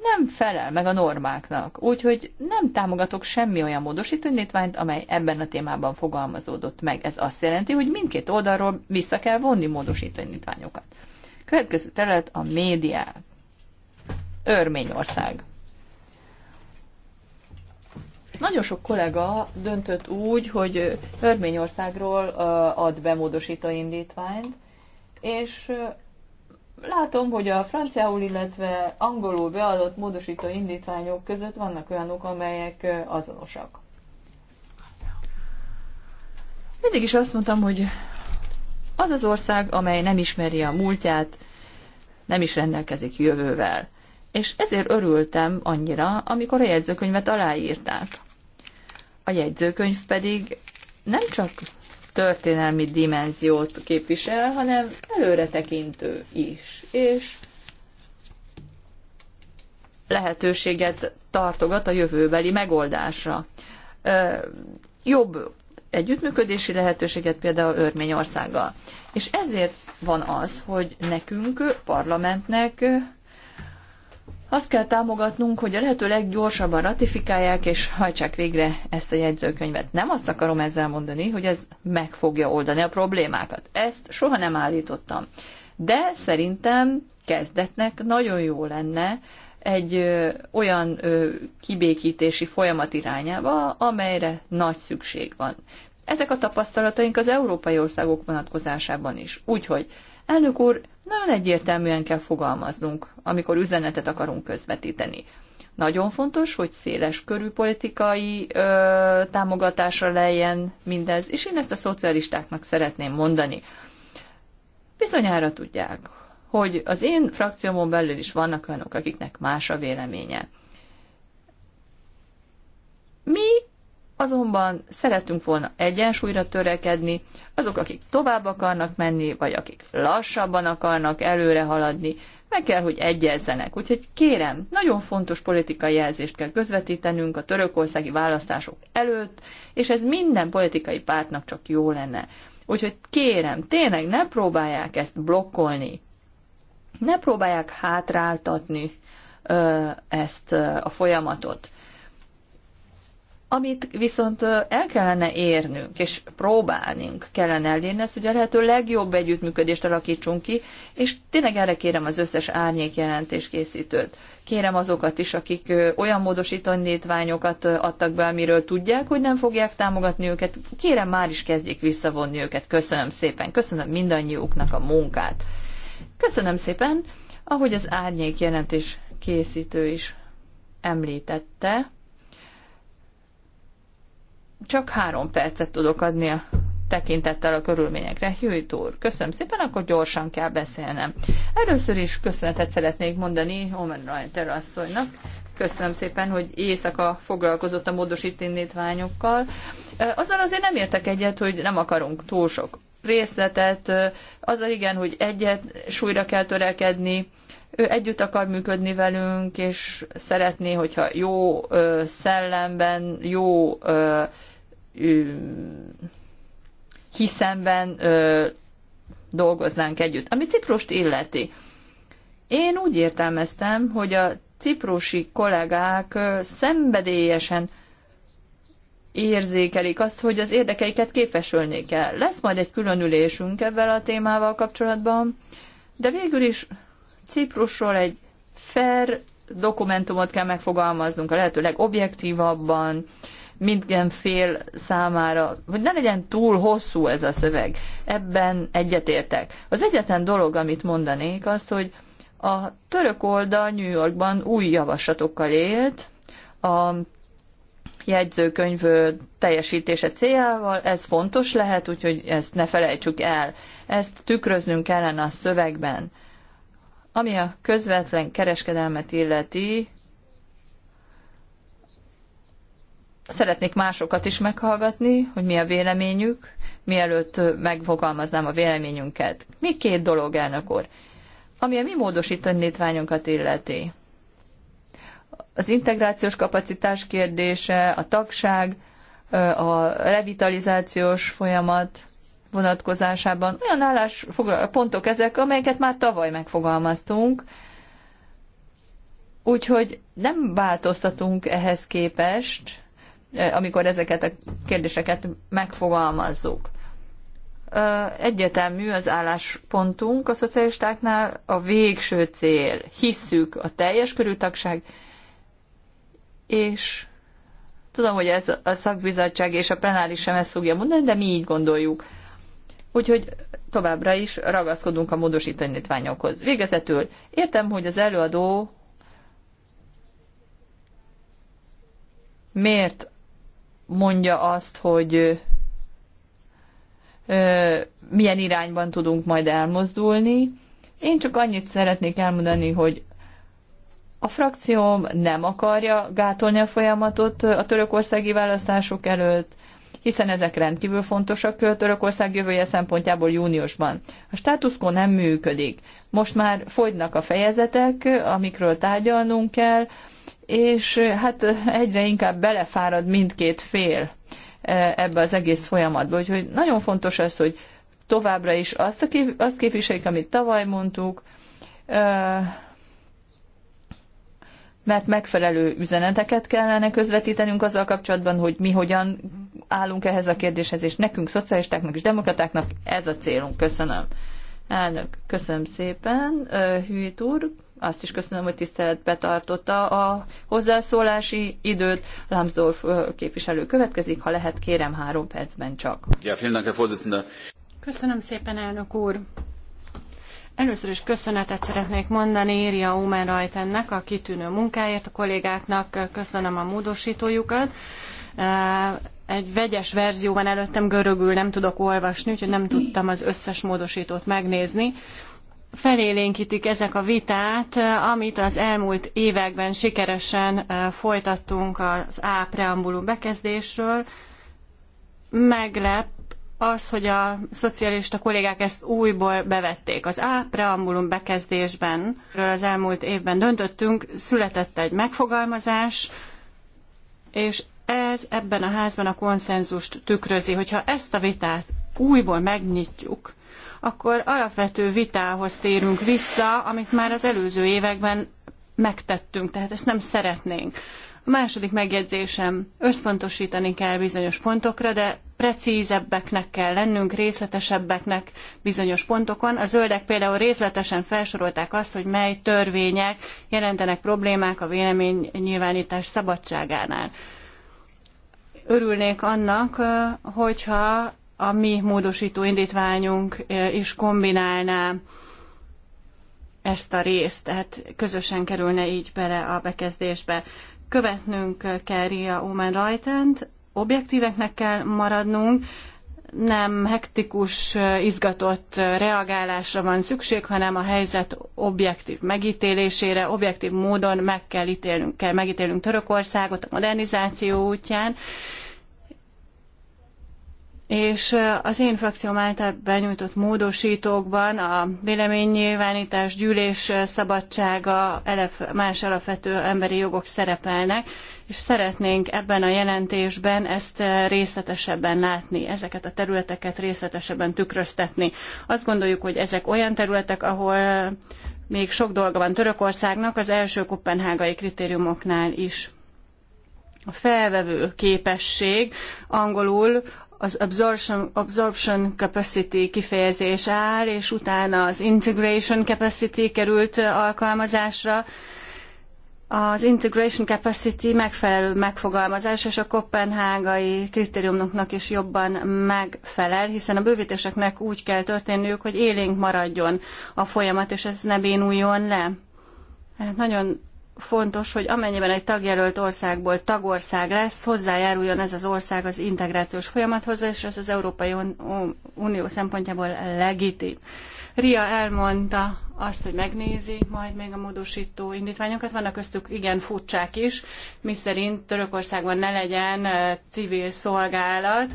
nem felel meg a normáknak, úgyhogy nem támogatok semmi olyan módosítőnétványt, amely ebben a témában fogalmazódott meg. Ez azt jelenti, hogy mindkét oldalról vissza kell vonni módosítőnétványokat. Következő terület a Média, Örményország. Nagyon sok kollega döntött úgy, hogy Örményországról ad be módosító indítványt, és Látom, hogy a franciául, illetve angolul beadott módosító indítványok között vannak olyanok, amelyek azonosak. Mindig is azt mondtam, hogy az az ország, amely nem ismeri a múltját, nem is rendelkezik jövővel. És ezért örültem annyira, amikor a jegyzőkönyvet aláírták. A jegyzőkönyv pedig nem csak történelmi dimenziót képvisel, hanem előretekintő is, és lehetőséget tartogat a jövőbeli megoldásra. Jobb együttműködési lehetőséget például Örményországgal. És ezért van az, hogy nekünk, parlamentnek azt kell támogatnunk, hogy a lehető leggyorsabban ratifikálják és hajtsák végre ezt a jegyzőkönyvet. Nem azt akarom ezzel mondani, hogy ez meg fogja oldani a problémákat. Ezt soha nem állítottam. De szerintem kezdetnek nagyon jó lenne egy ö, olyan ö, kibékítési folyamat irányába, amelyre nagy szükség van. Ezek a tapasztalataink az európai országok vonatkozásában is. Úgyhogy, elnök úr, nagyon egyértelműen kell fogalmaznunk, amikor üzenetet akarunk közvetíteni. Nagyon fontos, hogy széles körű politikai ö, támogatásra lejjen mindez, és én ezt a szocialistáknak szeretném mondani. Bizonyára tudják, hogy az én frakciómon belül is vannak olyanok, akiknek más a véleménye. Mi Azonban szeretünk volna egyensúlyra törekedni, azok, akik tovább akarnak menni, vagy akik lassabban akarnak előre haladni, meg kell, hogy egyezzenek. Úgyhogy kérem, nagyon fontos politikai jelzést kell közvetítenünk a törökországi választások előtt, és ez minden politikai pártnak csak jó lenne. Úgyhogy kérem, tényleg ne próbálják ezt blokkolni, ne próbálják hátráltatni ö, ezt ö, a folyamatot. Amit viszont el kellene érnünk, és próbálnunk kellene elérni, az, hogy a lehető legjobb együttműködést alakítsunk ki, és tényleg erre kérem az összes árnyék jelentés készítőt. Kérem azokat is, akik olyan módosítanítványokat adtak be, amiről tudják, hogy nem fogják támogatni őket, kérem már is kezdjék visszavonni őket. Köszönöm szépen, köszönöm mindannyiuknak a munkát. Köszönöm szépen, ahogy az árnyék jelentés készítő is említette, csak három percet tudok adni a tekintettel a körülményekre. Hűjt úr, köszönöm szépen, akkor gyorsan kell beszélnem. Először is köszönetet szeretnék mondani Omen Reiter asszonynak. Köszönöm szépen, hogy éjszaka foglalkozott a módosítványokkal. Azzal azért nem értek egyet, hogy nem akarunk túl sok részletet, azzal igen, hogy egyet súlyra kell törekedni, ő együtt akar működni velünk, és szeretné, hogyha jó szellemben, jó hiszemben dolgoznánk együtt. Ami Ciprust illeti, én úgy értelmeztem, hogy a ciprusi kollégák szenvedélyesen érzékelik azt, hogy az érdekeiket képesülni kell. Lesz majd egy különülésünk ebben a témával kapcsolatban, de végül is Ciprusról egy fair dokumentumot kell megfogalmaznunk a lehető legobjektívabban, mindgen fél számára, hogy ne legyen túl hosszú ez a szöveg. Ebben egyetértek. Az egyetlen dolog, amit mondanék, az, hogy a török oldal New Yorkban új javaslatokkal élt, a jegyzőkönyv teljesítése céljával, ez fontos lehet, úgyhogy ezt ne felejtsük el. Ezt tükröznünk kellene a szövegben. Ami a közvetlen kereskedelmet illeti, Szeretnék másokat is meghallgatni, hogy mi a véleményük, mielőtt megfogalmaznám a véleményünket. Mi két dolog, elnök úr, ami a mi módosítanítványunkat illeti. Az integrációs kapacitás kérdése, a tagság, a revitalizációs folyamat vonatkozásában olyan álláspontok pontok ezek, amelyeket már tavaly megfogalmaztunk, úgyhogy nem változtatunk ehhez képest, amikor ezeket a kérdéseket megfogalmazzuk. Egyetemű az álláspontunk a szocialistáknál, a végső cél, hisszük a teljes körültagság, és tudom, hogy ez a szakbizottság és a plenáris sem ezt fogja mondani, de mi így gondoljuk. Úgyhogy továbbra is ragaszkodunk a módosítanítványokhoz. Végezetül értem, hogy az előadó miért mondja azt, hogy milyen irányban tudunk majd elmozdulni. Én csak annyit szeretnék elmondani, hogy a frakcióm nem akarja gátolni a folyamatot a törökországi választások előtt, hiszen ezek rendkívül fontosak Törökország jövője szempontjából júniusban. A status quo nem működik. Most már fogynak a fejezetek, amikről tárgyalnunk kell, és hát egyre inkább belefárad mindkét fél ebbe az egész folyamatba. Úgyhogy nagyon fontos az, hogy továbbra is azt, a kép, azt képviseljük, amit tavaly mondtuk, mert megfelelő üzeneteket kellene közvetítenünk azzal kapcsolatban, hogy mi hogyan állunk ehhez a kérdéshez, és nekünk, szocialistáknak és demokratáknak ez a célunk. Köszönöm. Elnök, köszönöm szépen. Hűt úr, azt is köszönöm, hogy tiszteletbe tartotta a hozzászólási időt. Lambsdorff képviselő következik, ha lehet, kérem három percben csak. Ja, Köszönöm szépen, elnök úr. Először is köszönetet szeretnék mondani Írja Omen Rajtennek a kitűnő munkáért, a kollégáknak köszönöm a módosítójukat. Egy vegyes verzió van előttem, görögül nem tudok olvasni, úgyhogy nem tudtam az összes módosítót megnézni felélénkítik ezek a vitát, amit az elmúlt években sikeresen folytattunk az A preambulum bekezdésről. Meglep az, hogy a szocialista kollégák ezt újból bevették. Az A preambulum bekezdésben, ről az elmúlt évben döntöttünk, született egy megfogalmazás, és ez ebben a házban a konszenzust tükrözi. Hogyha ezt a vitát újból megnyitjuk, akkor alapvető vitához térünk vissza, amit már az előző években megtettünk, tehát ezt nem szeretnénk. A második megjegyzésem, összpontosítani kell bizonyos pontokra, de precízebbeknek kell lennünk, részletesebbeknek bizonyos pontokon. A zöldek például részletesen felsorolták azt, hogy mely törvények jelentenek problémák a nyilvánítás szabadságánál. Örülnék annak, hogyha a mi módosító indítványunk e, is kombinálná ezt a részt, tehát közösen kerülne így bele a bekezdésbe. Követnünk kell Ria Omen rajtent, objektíveknek kell maradnunk, nem hektikus, e, izgatott e, reagálásra van szükség, hanem a helyzet objektív megítélésére, objektív módon meg kell ítélnünk, kell megítélnünk Törökországot a modernizáció útján, és az én frakcióm által benyújtott módosítókban a véleménynyilvánítás, gyűlés szabadsága, más alapvető emberi jogok szerepelnek, és szeretnénk ebben a jelentésben ezt részletesebben látni, ezeket a területeket részletesebben tükröztetni. Azt gondoljuk, hogy ezek olyan területek, ahol még sok dolga van Törökországnak, az első kopenhágai kritériumoknál is a felvevő képesség, angolul az absorption, absorption capacity kifejezés áll, és utána az integration capacity került alkalmazásra. Az integration capacity megfelelő megfogalmazás, és a kopenhágai kritériumoknak is jobban megfelel, hiszen a bővítéseknek úgy kell történniük, hogy élénk maradjon a folyamat, és ez ne bénuljon le. Hát nagyon fontos, hogy amennyiben egy tagjelölt országból tagország lesz, hozzájáruljon ez az ország az integrációs folyamathoz, és ez az Európai Unió szempontjából legitim. Ria elmondta azt, hogy megnézi majd még a módosító indítványokat. Vannak köztük igen furcsák is, miszerint Törökországban ne legyen civil szolgálat.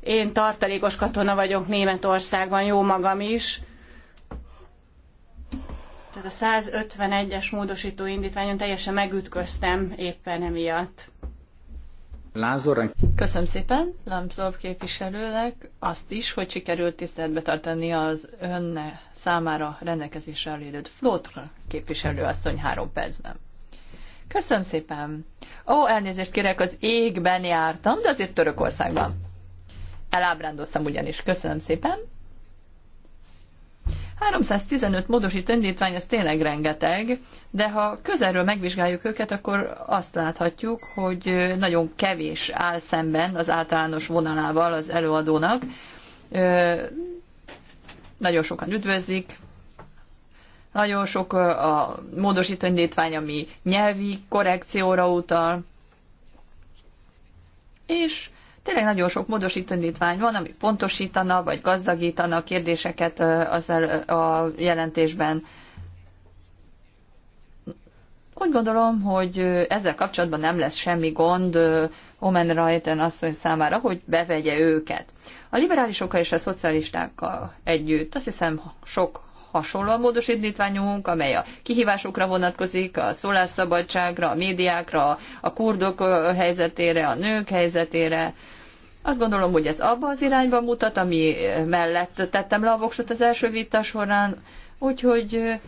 Én tartalékos katona vagyok Németországban, jó magam is tehát a 151-es módosító indítványon teljesen megütköztem éppen emiatt. Lánzdorán. Köszönöm szépen Lambsdorff képviselőnek azt is, hogy sikerült tiszteletbe tartani az ön számára rendelkezésre elérőt Flótra képviselőasszony három percben. Köszönöm szépen. Ó, elnézést kérek, az égben jártam, de azért Törökországban. Elábrándoztam ugyanis. Köszönöm szépen. 315 módosító indítvány, ez tényleg rengeteg, de ha közelről megvizsgáljuk őket, akkor azt láthatjuk, hogy nagyon kevés áll szemben az általános vonalával az előadónak. Nagyon sokan üdvözlik, nagyon sok a módosító indítvány, ami nyelvi korrekcióra utal, és Tényleg nagyon sok módosító indítvány van, ami pontosítana vagy gazdagítana kérdéseket az a jelentésben. Úgy gondolom, hogy ezzel kapcsolatban nem lesz semmi gond Omen Rajten asszony számára, hogy bevegye őket. A liberálisokkal és a szocialistákkal együtt azt hiszem sok hasonló a módosítványunk, amely a kihívásokra vonatkozik, a szólásszabadságra, a médiákra, a kurdok helyzetére, a nők helyzetére, azt gondolom, hogy ez abba az irányba mutat, ami eh, mellett tettem le a voksot az első vita során, úgyhogy eh,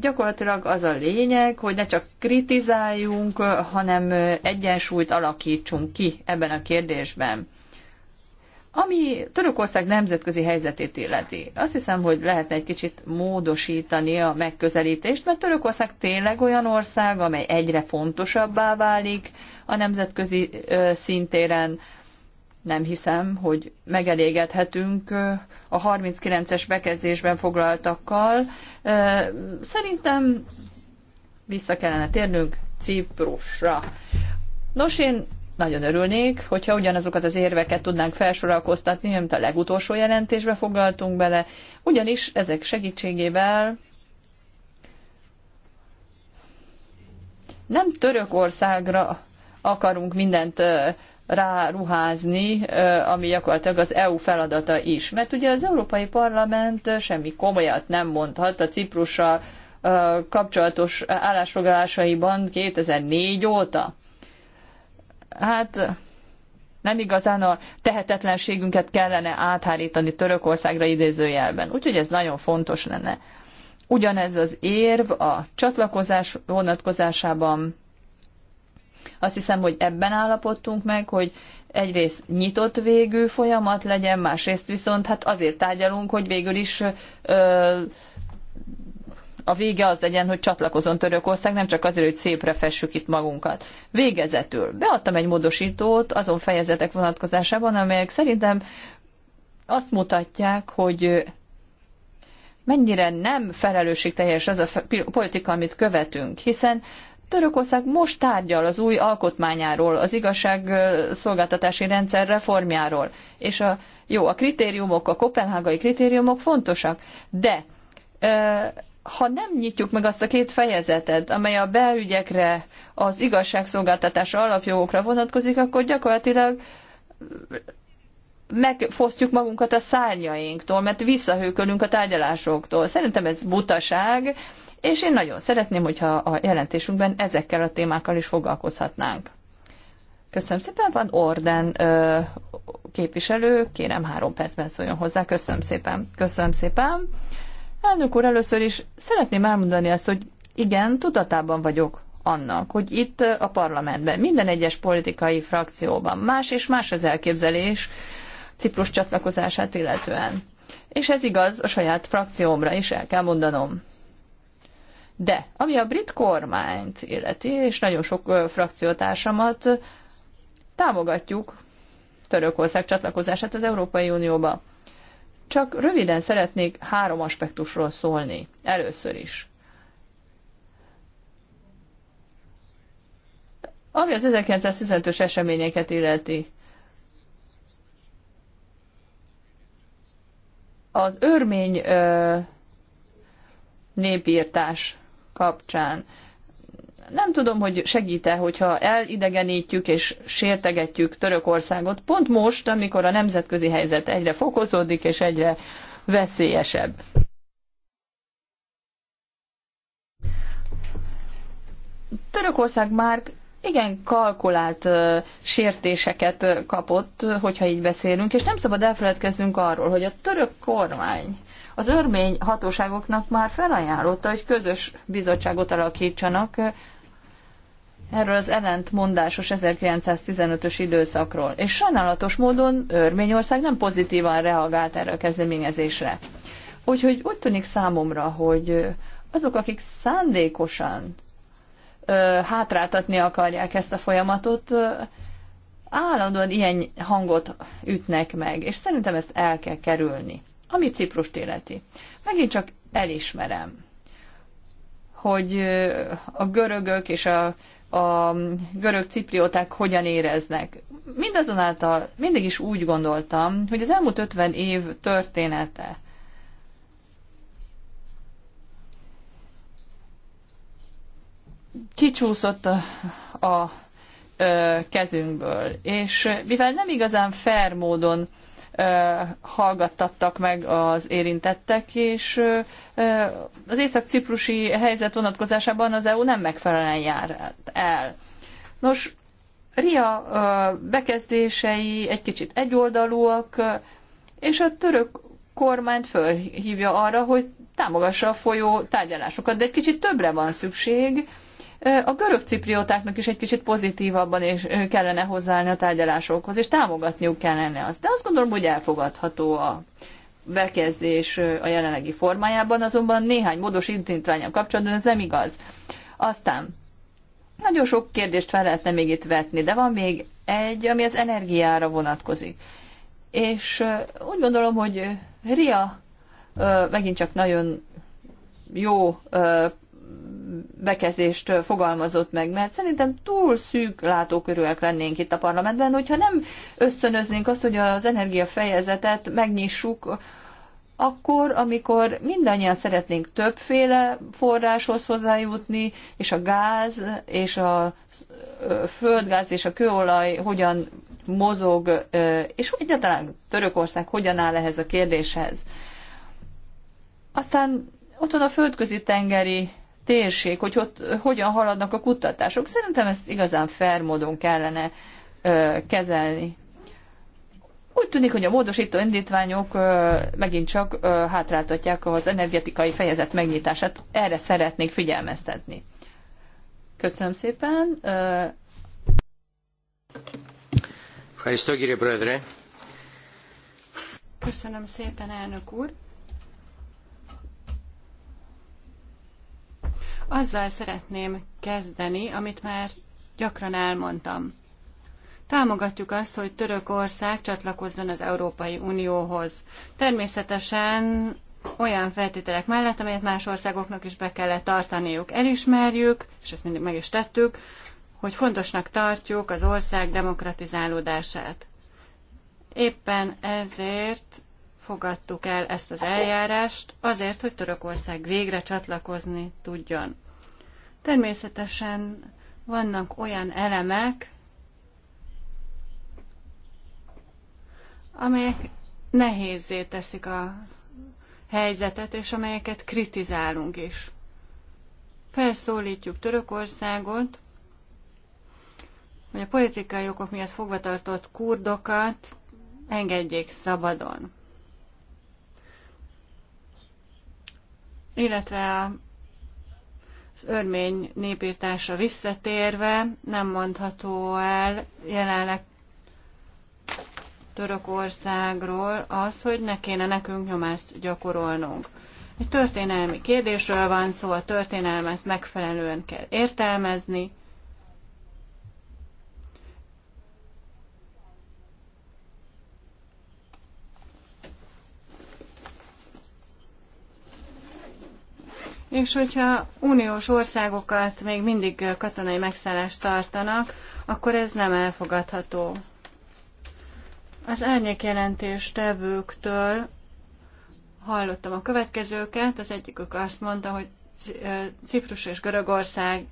gyakorlatilag az a lényeg, hogy ne csak kritizáljunk, eh, hanem egyensúlyt alakítsunk ki ebben a kérdésben. Ami Törökország nemzetközi helyzetét illeti, azt hiszem, hogy lehetne egy kicsit módosítani a megközelítést, mert Törökország tényleg olyan ország, amely egyre fontosabbá válik a nemzetközi szintéren. Nem hiszem, hogy megelégedhetünk a 39-es bekezdésben foglaltakkal. Szerintem vissza kellene térnünk Ciprusra. Nos, én nagyon örülnék, hogyha ugyanazokat az érveket tudnánk felsorakoztatni, amit a legutolsó jelentésbe foglaltunk bele, ugyanis ezek segítségével nem Törökországra akarunk mindent ráruházni, ami gyakorlatilag az EU feladata is. Mert ugye az Európai Parlament semmi komolyat nem mondhat a Ciprussal kapcsolatos állásfoglalásaiban 2004 óta hát nem igazán a tehetetlenségünket kellene áthárítani Törökországra idézőjelben. Úgyhogy ez nagyon fontos lenne. Ugyanez az érv a csatlakozás vonatkozásában. Azt hiszem, hogy ebben állapodtunk meg, hogy egyrészt nyitott végű folyamat legyen, másrészt viszont hát azért tárgyalunk, hogy végül is ö, a vége az legyen, hogy csatlakozon Törökország, nem csak azért, hogy szépre fessük itt magunkat. Végezetül beadtam egy módosítót azon fejezetek vonatkozásában, amelyek szerintem azt mutatják, hogy mennyire nem felelősségteljes az a politika, amit követünk, hiszen Törökország most tárgyal az új alkotmányáról, az igazságszolgáltatási rendszer reformjáról, és a, jó, a kritériumok, a kopenhágai kritériumok fontosak, de ha nem nyitjuk meg azt a két fejezetet, amely a belügyekre, az igazságszolgáltatásra, alapjogokra vonatkozik, akkor gyakorlatilag megfosztjuk magunkat a szárnyainktól, mert visszahőkölünk a tárgyalásoktól. Szerintem ez butaság, és én nagyon szeretném, hogyha a jelentésünkben ezekkel a témákkal is foglalkozhatnánk. Köszönöm szépen, van Orden ö, képviselő, kérem három percben szóljon hozzá, köszönöm szépen. Köszönöm szépen. Elnök úr, először is szeretném elmondani azt, hogy igen, tudatában vagyok annak, hogy itt a parlamentben, minden egyes politikai frakcióban más és más az elképzelés Ciprus csatlakozását illetően. És ez igaz a saját frakciómra is el kell mondanom. De ami a brit kormányt illeti, és nagyon sok frakciótársamat támogatjuk Törökország csatlakozását az Európai Unióba. Csak röviden szeretnék három aspektusról szólni. Először is. Ami az 1915-ös eseményeket illeti, az örmény ö, népírtás kapcsán nem tudom, hogy segít-e, hogyha elidegenítjük és sértegetjük Törökországot, pont most, amikor a nemzetközi helyzet egyre fokozódik és egyre veszélyesebb. Törökország már igen kalkulált sértéseket kapott, hogyha így beszélünk, és nem szabad elfeledkeznünk arról, hogy a török kormány az örmény hatóságoknak már felajánlotta, hogy közös bizottságot alakítsanak erről az ellentmondásos 1915-ös időszakról, és sajnálatos módon Örményország nem pozitívan reagált erre a kezdeményezésre. Úgyhogy úgy tűnik számomra, hogy azok, akik szándékosan ö, hátráltatni akarják ezt a folyamatot, ö, állandóan ilyen hangot ütnek meg, és szerintem ezt el kell kerülni. Ami Ciprus életi. Megint csak elismerem, hogy a görögök és a a görög ciprióták hogyan éreznek. Mindazonáltal mindig is úgy gondoltam, hogy az elmúlt 50 év története kicsúszott a, a kezünkből, és mivel nem igazán fair módon hallgattattak meg az érintettek, és az észak-ciprusi helyzet vonatkozásában az EU nem megfelelően jár el. Nos, Ria bekezdései egy kicsit egyoldalúak, és a török kormányt fölhívja arra, hogy támogassa a folyó tárgyalásokat, de egy kicsit többre van szükség, a görög ciprióták is egy kicsit pozitívabban és kellene hozzáállni a tárgyalásokhoz, és támogatniuk kellene azt. De azt gondolom, hogy elfogadható a bekezdés a jelenlegi formájában, azonban néhány módos intintványon kapcsolatban ez nem igaz. Aztán nagyon sok kérdést fel lehetne még itt vetni, de van még egy, ami az energiára vonatkozik. És úgy gondolom, hogy Ria megint csak nagyon jó bekezést fogalmazott meg, mert szerintem túl szűk látókörűek lennénk itt a parlamentben, hogyha nem ösztönöznénk azt, hogy az energiafejezetet megnyissuk, akkor, amikor mindannyian szeretnénk többféle forráshoz hozzájutni, és a gáz, és a földgáz, és a kőolaj hogyan mozog, és egyáltalán Törökország hogyan áll ehhez a kérdéshez. Aztán ott van a földközi tengeri térség, hogy ott hogyan haladnak a kutatások. Szerintem ezt igazán fair módon kellene ö, kezelni. Úgy tűnik, hogy a módosító indítványok ö, megint csak ö, hátráltatják az energetikai fejezet megnyitását. Erre szeretnék figyelmeztetni. Köszönöm szépen. Ö... Köszönöm szépen, elnök úr. Azzal szeretném kezdeni, amit már gyakran elmondtam. Támogatjuk azt, hogy Törökország csatlakozzon az Európai Unióhoz. Természetesen olyan feltételek mellett, amelyet más országoknak is be kellett tartaniuk. Elismerjük, és ezt mindig meg is tettük, hogy fontosnak tartjuk az ország demokratizálódását. Éppen ezért fogadtuk el ezt az eljárást, azért, hogy Törökország végre csatlakozni tudjon. Természetesen vannak olyan elemek, amelyek nehézé teszik a helyzetet, és amelyeket kritizálunk is. Felszólítjuk Törökországot, hogy a politikai okok miatt fogvatartott kurdokat engedjék szabadon. Illetve a az örmény népírtásra visszatérve nem mondható el jelenleg Törökországról az, hogy ne kéne nekünk nyomást gyakorolnunk. Egy történelmi kérdésről van szó, a történelmet megfelelően kell értelmezni, És hogyha uniós országokat még mindig katonai megszállást tartanak, akkor ez nem elfogadható. Az árnyékjelentés tevőktől hallottam a következőket. Az egyikük azt mondta, hogy Ciprus és Görögország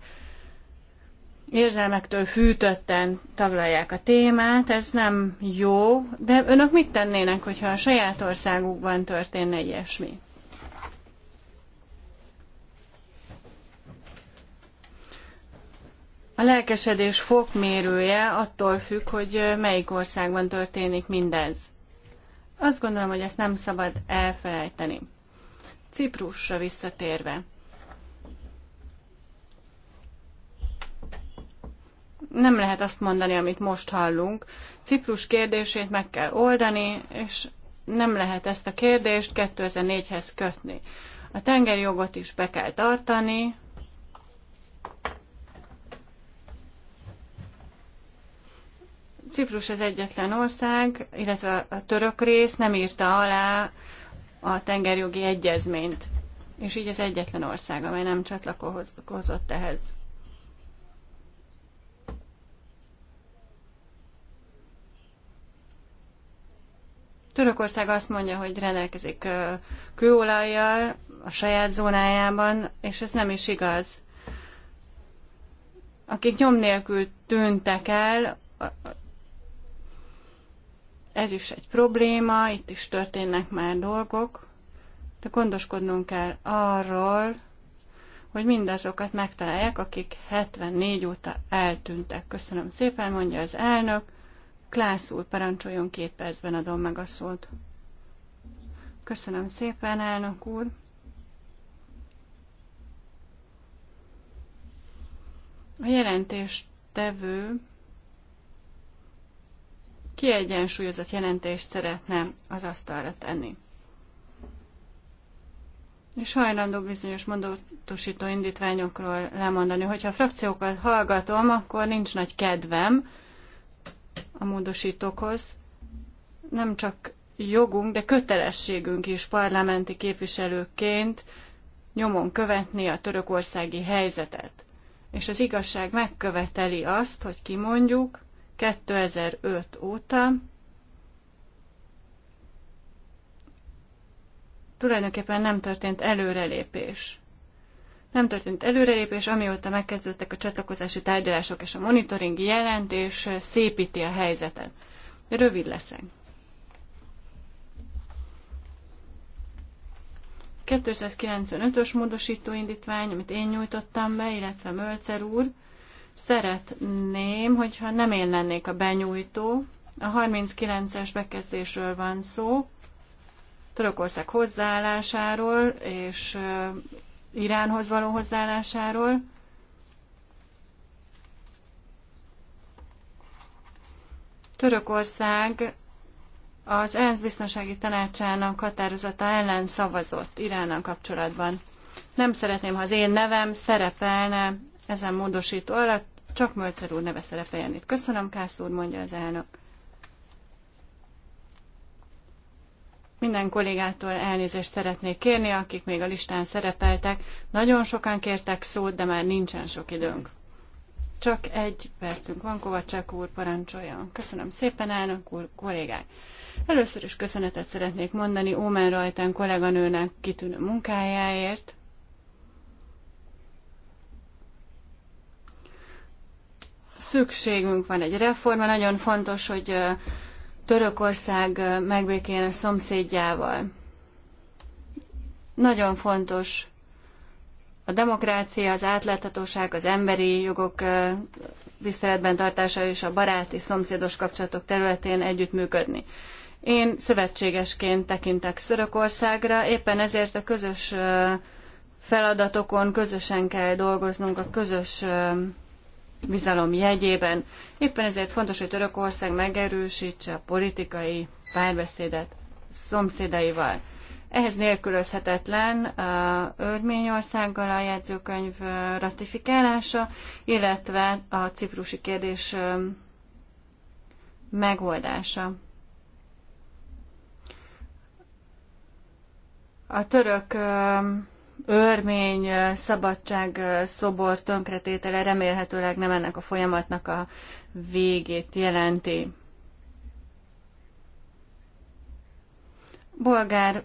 érzelmektől fűtötten taglalják a témát, ez nem jó, de önök mit tennének, hogyha a saját országukban történne ilyesmi? A lelkesedés fokmérője attól függ, hogy melyik országban történik mindez. Azt gondolom, hogy ezt nem szabad elfelejteni. Ciprusra visszatérve. Nem lehet azt mondani, amit most hallunk. Ciprus kérdését meg kell oldani, és nem lehet ezt a kérdést 2004-hez kötni. A tengerjogot is be kell tartani, Ciprus az egyetlen ország, illetve a török rész nem írta alá a tengerjogi egyezményt. És így az egyetlen ország, amely nem csatlakozott ehhez. Törökország azt mondja, hogy rendelkezik kőolajjal a saját zónájában, és ez nem is igaz. Akik nyom nélkül tűntek el, ez is egy probléma, itt is történnek már dolgok, de gondoskodnunk kell arról, hogy mindazokat megtalálják, akik 74 óta eltűntek. Köszönöm szépen, mondja az elnök. Klász úr, parancsoljon két percben adom meg a szót. Köszönöm szépen, elnök úr. A jelentéstevő kiegyensúlyozott jelentést szeretne az asztalra tenni. És hajlandó bizonyos mondatosító indítványokról lemondani. Hogyha a frakciókat hallgatom, akkor nincs nagy kedvem a módosítókhoz. Nem csak jogunk, de kötelességünk is parlamenti képviselőként nyomon követni a törökországi helyzetet. És az igazság megköveteli azt, hogy kimondjuk, 2005 óta tulajdonképpen nem történt előrelépés. Nem történt előrelépés, amióta megkezdődtek a csatlakozási tárgyalások és a monitoringi jelentés szépíti a helyzetet. Rövid leszek. 295-ös módosító indítvány, amit én nyújtottam be, illetve Mölcer úr, Szeretném, hogyha nem én lennék a benyújtó, a 39-es bekezdésről van szó, Törökország hozzáállásáról és Iránhoz való hozzáállásáról. Törökország az ENSZ biztonsági tanácsának határozata ellen szavazott Iránnal kapcsolatban. Nem szeretném, ha az én nevem szerepelne ezen módosító alatt csak Mölcer úr neve szerepeljen itt. Köszönöm, Kász úr, mondja az elnök. Minden kollégától elnézést szeretnék kérni, akik még a listán szerepeltek. Nagyon sokan kértek szót, de már nincsen sok időnk. Csak egy percünk van, Kovacsák úr parancsoljon. Köszönöm szépen, elnök úr, kollégák. Először is köszönetet szeretnék mondani Ómen Rajtán kolléganőnek kitűnő munkájáért. Szükségünk van egy reformra, nagyon fontos, hogy Törökország megbékéljen a szomszédjával. Nagyon fontos a demokrácia, az átláthatóság, az emberi jogok tiszteletben tartása és a baráti, szomszédos kapcsolatok területén együttműködni. Én szövetségesként tekintek Szörökországra, éppen ezért a közös feladatokon közösen kell dolgoznunk, a közös bizalom jegyében. Éppen ezért fontos, hogy Törökország megerősítse a politikai párbeszédet szomszédaival. Ehhez nélkülözhetetlen a Örményországgal a jegyzőkönyv ratifikálása, illetve a ciprusi kérdés megoldása. A török örmény szabadság szobor tönkretétele remélhetőleg nem ennek a folyamatnak a végét jelenti. Bolgár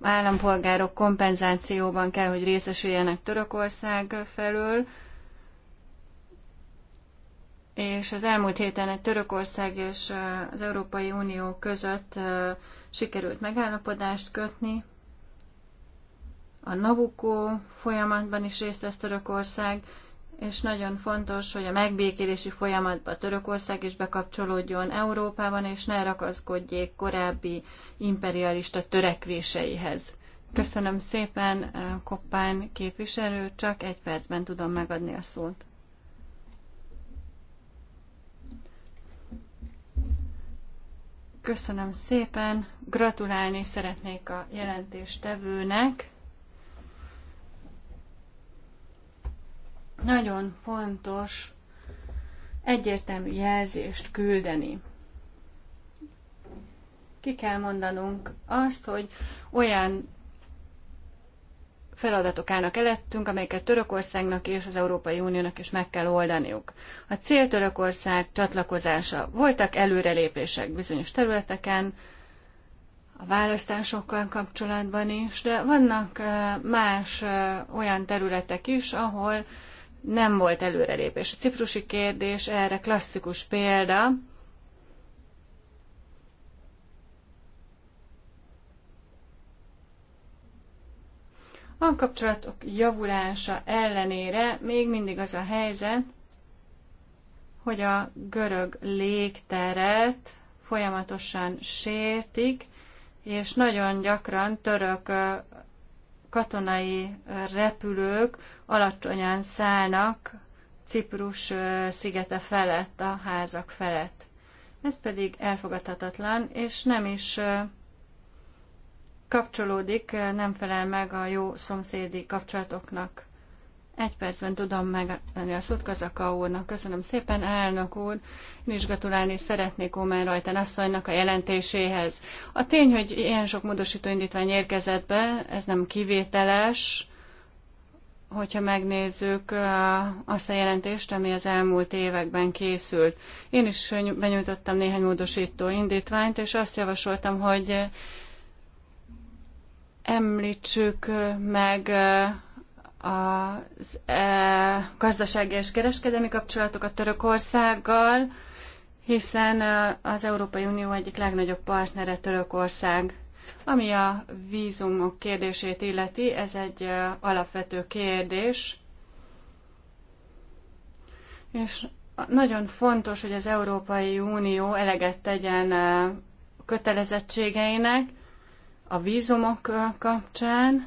állampolgárok kompenzációban kell, hogy részesüljenek Törökország felől, és az elmúlt héten egy Törökország és az Európai Unió között sikerült megállapodást kötni, a Nabukó folyamatban is részt vesz Törökország, és nagyon fontos, hogy a megbékélési folyamatba Törökország is bekapcsolódjon Európában, és ne rakaszkodjék korábbi imperialista törekvéseihez. Köszönöm szépen, eh, Koppán képviselő, csak egy percben tudom megadni a szót. Köszönöm szépen, gratulálni szeretnék a jelentéstevőnek. Nagyon fontos egyértelmű jelzést küldeni. Ki kell mondanunk azt, hogy olyan feladatok állnak elettünk, amelyeket Törökországnak és az Európai Uniónak is meg kell oldaniuk. A cél Törökország csatlakozása. Voltak előrelépések bizonyos területeken, a választásokkal kapcsolatban is, de vannak eh, más eh, olyan területek is, ahol nem volt előrelépés. A ciprusi kérdés erre klasszikus példa. A kapcsolatok javulása ellenére még mindig az a helyzet, hogy a görög légteret folyamatosan sértik, és nagyon gyakran török katonai repülők alacsonyan szállnak Ciprus szigete felett, a házak felett. Ez pedig elfogadhatatlan, és nem is kapcsolódik, nem felel meg a jó szomszédi kapcsolatoknak. Egy percben tudom megadni a szót Köszönöm szépen, elnök úr. Én is gratulálni szeretnék Omen Rajten asszonynak a jelentéséhez. A tény, hogy ilyen sok módosító indítvány érkezett be, ez nem kivételes, hogyha megnézzük azt a jelentést, ami az elmúlt években készült. Én is benyújtottam néhány módosító indítványt, és azt javasoltam, hogy említsük meg az e, gazdasági és kereskedelmi kapcsolatokat Törökországgal, hiszen e, az Európai Unió egyik legnagyobb partnere Törökország. Ami a vízumok kérdését illeti, ez egy e, alapvető kérdés, és nagyon fontos, hogy az Európai Unió eleget tegyen e, kötelezettségeinek a vízumok kapcsán,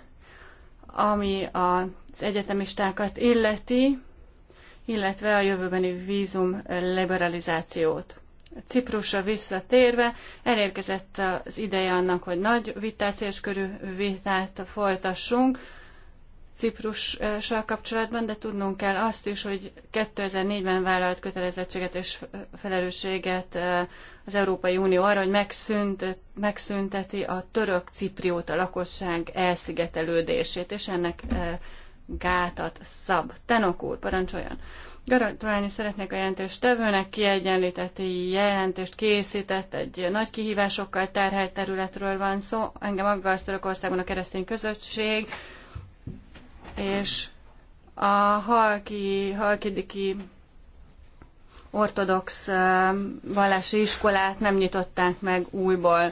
ami a az egyetemistákat illeti, illetve a jövőbeni vízum liberalizációt. Ciprusra visszatérve elérkezett az ideje annak, hogy nagy vitát, és körű vitát folytassunk Ciprussal kapcsolatban, de tudnunk kell azt is, hogy 2004-ben vállalt kötelezettséget és felelősséget az Európai Unió arra, hogy megszünt, megszünteti a török cipriót a lakosság elszigetelődését, és ennek gátat szab. Tenok úr, parancsoljon! Gratulálni szeretnék a tevőnek, kiegyenlíteti jelentést készített, egy nagy kihívásokkal terhelt területről van szó. Engem aggaszt Törökországban a keresztény közösség, és a halki, halkidiki ortodox um, vallási iskolát nem nyitották meg újból.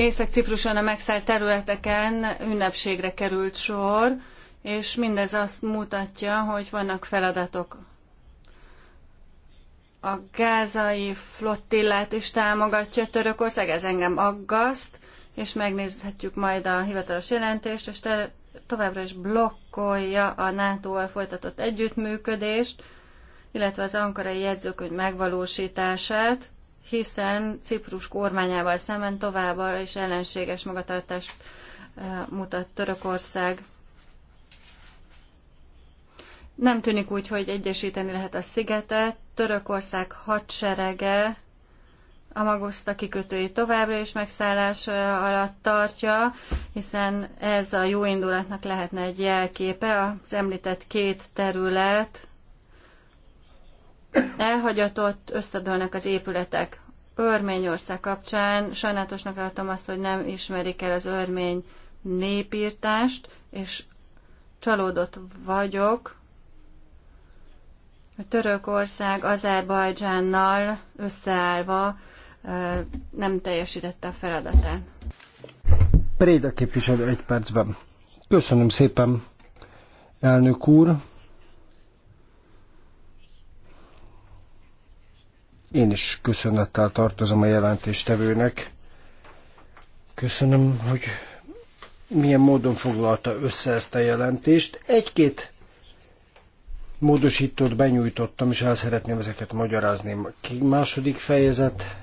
Észak-Cipruson a megszállt területeken ünnepségre került sor, és mindez azt mutatja, hogy vannak feladatok. A gázai flottillát is támogatja Törökország, ez engem aggaszt, és megnézhetjük majd a hivatalos jelentést, és továbbra is blokkolja a NATO-val folytatott együttműködést, illetve az ankarai jegyzőkönyv megvalósítását hiszen Ciprus kormányával szemben továbbra is ellenséges magatartást eh, mutat Törökország. Nem tűnik úgy, hogy egyesíteni lehet a szigetet. Törökország hadserege a Magoszta kikötői továbbra is megszállás eh, alatt tartja, hiszen ez a jó indulatnak lehetne egy jelképe. Az említett két terület elhagyatott, összedőlnek az épületek. Örményország kapcsán sajnálatosnak tartom azt, hogy nem ismerik el az örmény népírtást, és csalódott vagyok, hogy Törökország Azerbajdzsánnal összeállva nem teljesítette a feladatát. Préda képviselő egy percben. Köszönöm szépen, elnök úr. Én is köszönettel tartozom a jelentéstevőnek. Köszönöm, hogy milyen módon foglalta össze ezt a jelentést. Egy-két módosítót benyújtottam, és el szeretném ezeket magyarázni. A második fejezet,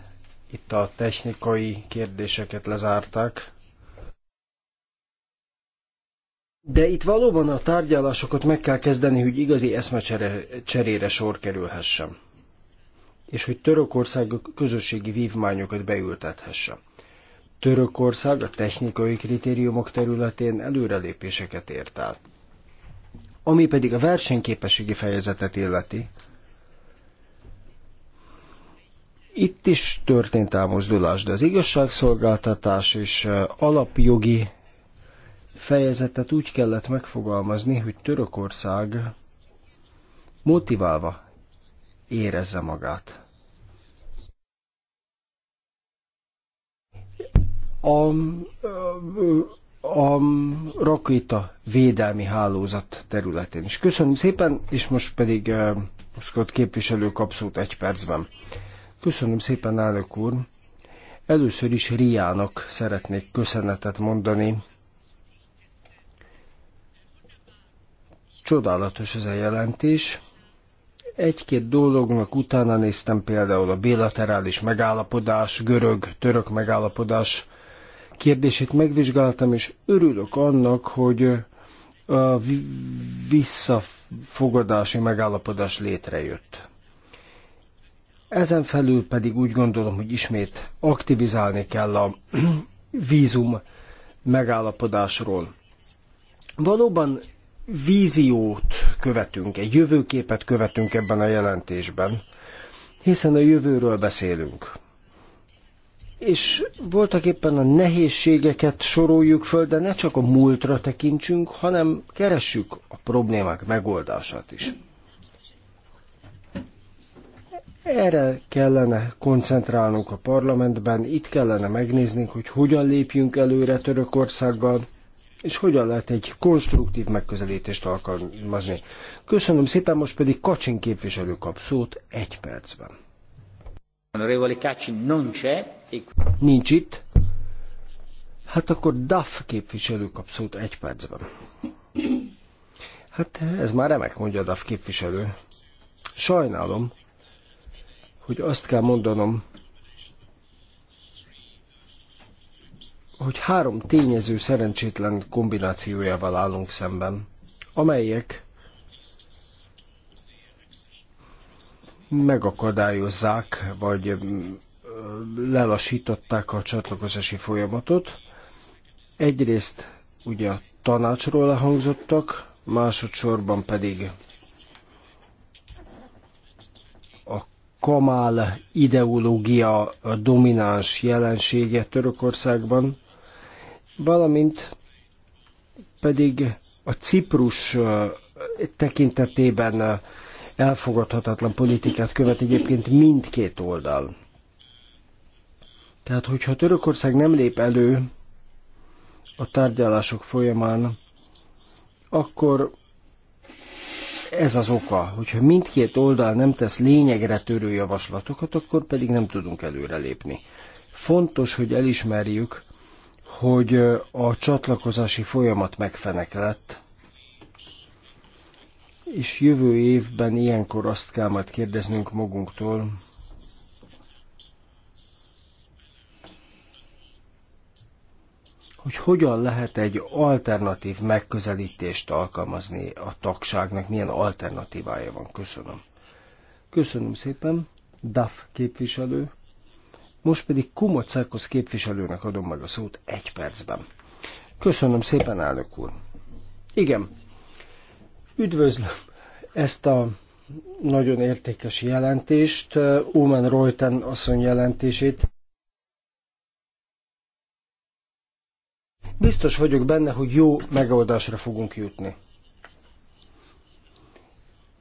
itt a technikai kérdéseket lezárták. De itt valóban a tárgyalásokat meg kell kezdeni, hogy igazi eszmecserére sor kerülhessen és hogy Törökország közösségi vívmányokat beültethesse. Törökország a technikai kritériumok területén előrelépéseket ért el. Ami pedig a versenyképességi fejezetet illeti, itt is történt elmozdulás, de az igazságszolgáltatás és alapjogi fejezetet úgy kellett megfogalmazni, hogy Törökország motiválva érezze magát. A, a, a rakéta védelmi hálózat területén is. Köszönöm szépen, és most pedig uh, képviselő kapszót egy percben. Köszönöm szépen, elnök úr. Először is Riának szeretnék köszönetet mondani. Csodálatos ez a jelentés. Egy-két dolognak utána néztem például a bilaterális megállapodás, görög-török megállapodás kérdését megvizsgáltam, és örülök annak, hogy a visszafogadási megállapodás létrejött. Ezen felül pedig úgy gondolom, hogy ismét aktivizálni kell a <clears throat> vízum megállapodásról. Valóban víziót követünk, egy jövőképet követünk ebben a jelentésben, hiszen a jövőről beszélünk. És voltak éppen a nehézségeket soroljuk föl, de ne csak a múltra tekintsünk, hanem keressük a problémák megoldását is. Erre kellene koncentrálnunk a parlamentben, itt kellene megnéznünk, hogy hogyan lépjünk előre Törökországgal, és hogyan lehet egy konstruktív megközelítést alkalmazni. Köszönöm szépen, most pedig Kacsin képviselő kap szót egy percben. Nincs itt. Hát akkor DAF képviselő kap szót egy percben. Hát ez már remek, mondja a DAF képviselő. Sajnálom, hogy azt kell mondanom, hogy három tényező szerencsétlen kombinációjával állunk szemben, amelyek megakadályozzák, vagy lelassították a csatlakozási folyamatot. Egyrészt ugye a tanácsról lehangzottak, másodszorban pedig a kamál ideológia domináns jelensége Törökországban, valamint pedig a Ciprus tekintetében elfogadhatatlan politikát követ egyébként mindkét oldal. Tehát, hogyha Törökország nem lép elő a tárgyalások folyamán, akkor ez az oka, hogyha mindkét oldal nem tesz lényegre törő javaslatokat, akkor pedig nem tudunk előrelépni. Fontos, hogy elismerjük, hogy a csatlakozási folyamat megfeneklett, és jövő évben ilyenkor azt kell majd kérdeznünk magunktól, hogy hogyan lehet egy alternatív megközelítést alkalmazni a tagságnak, milyen alternatívája van. Köszönöm. Köszönöm szépen, DAF képviselő. Most pedig Cerkosz képviselőnek adom meg a szót egy percben. Köszönöm szépen, elnök úr. Igen, üdvözlöm ezt a nagyon értékes jelentést, Omen Reuten asszony jelentését. Biztos vagyok benne, hogy jó megoldásra fogunk jutni.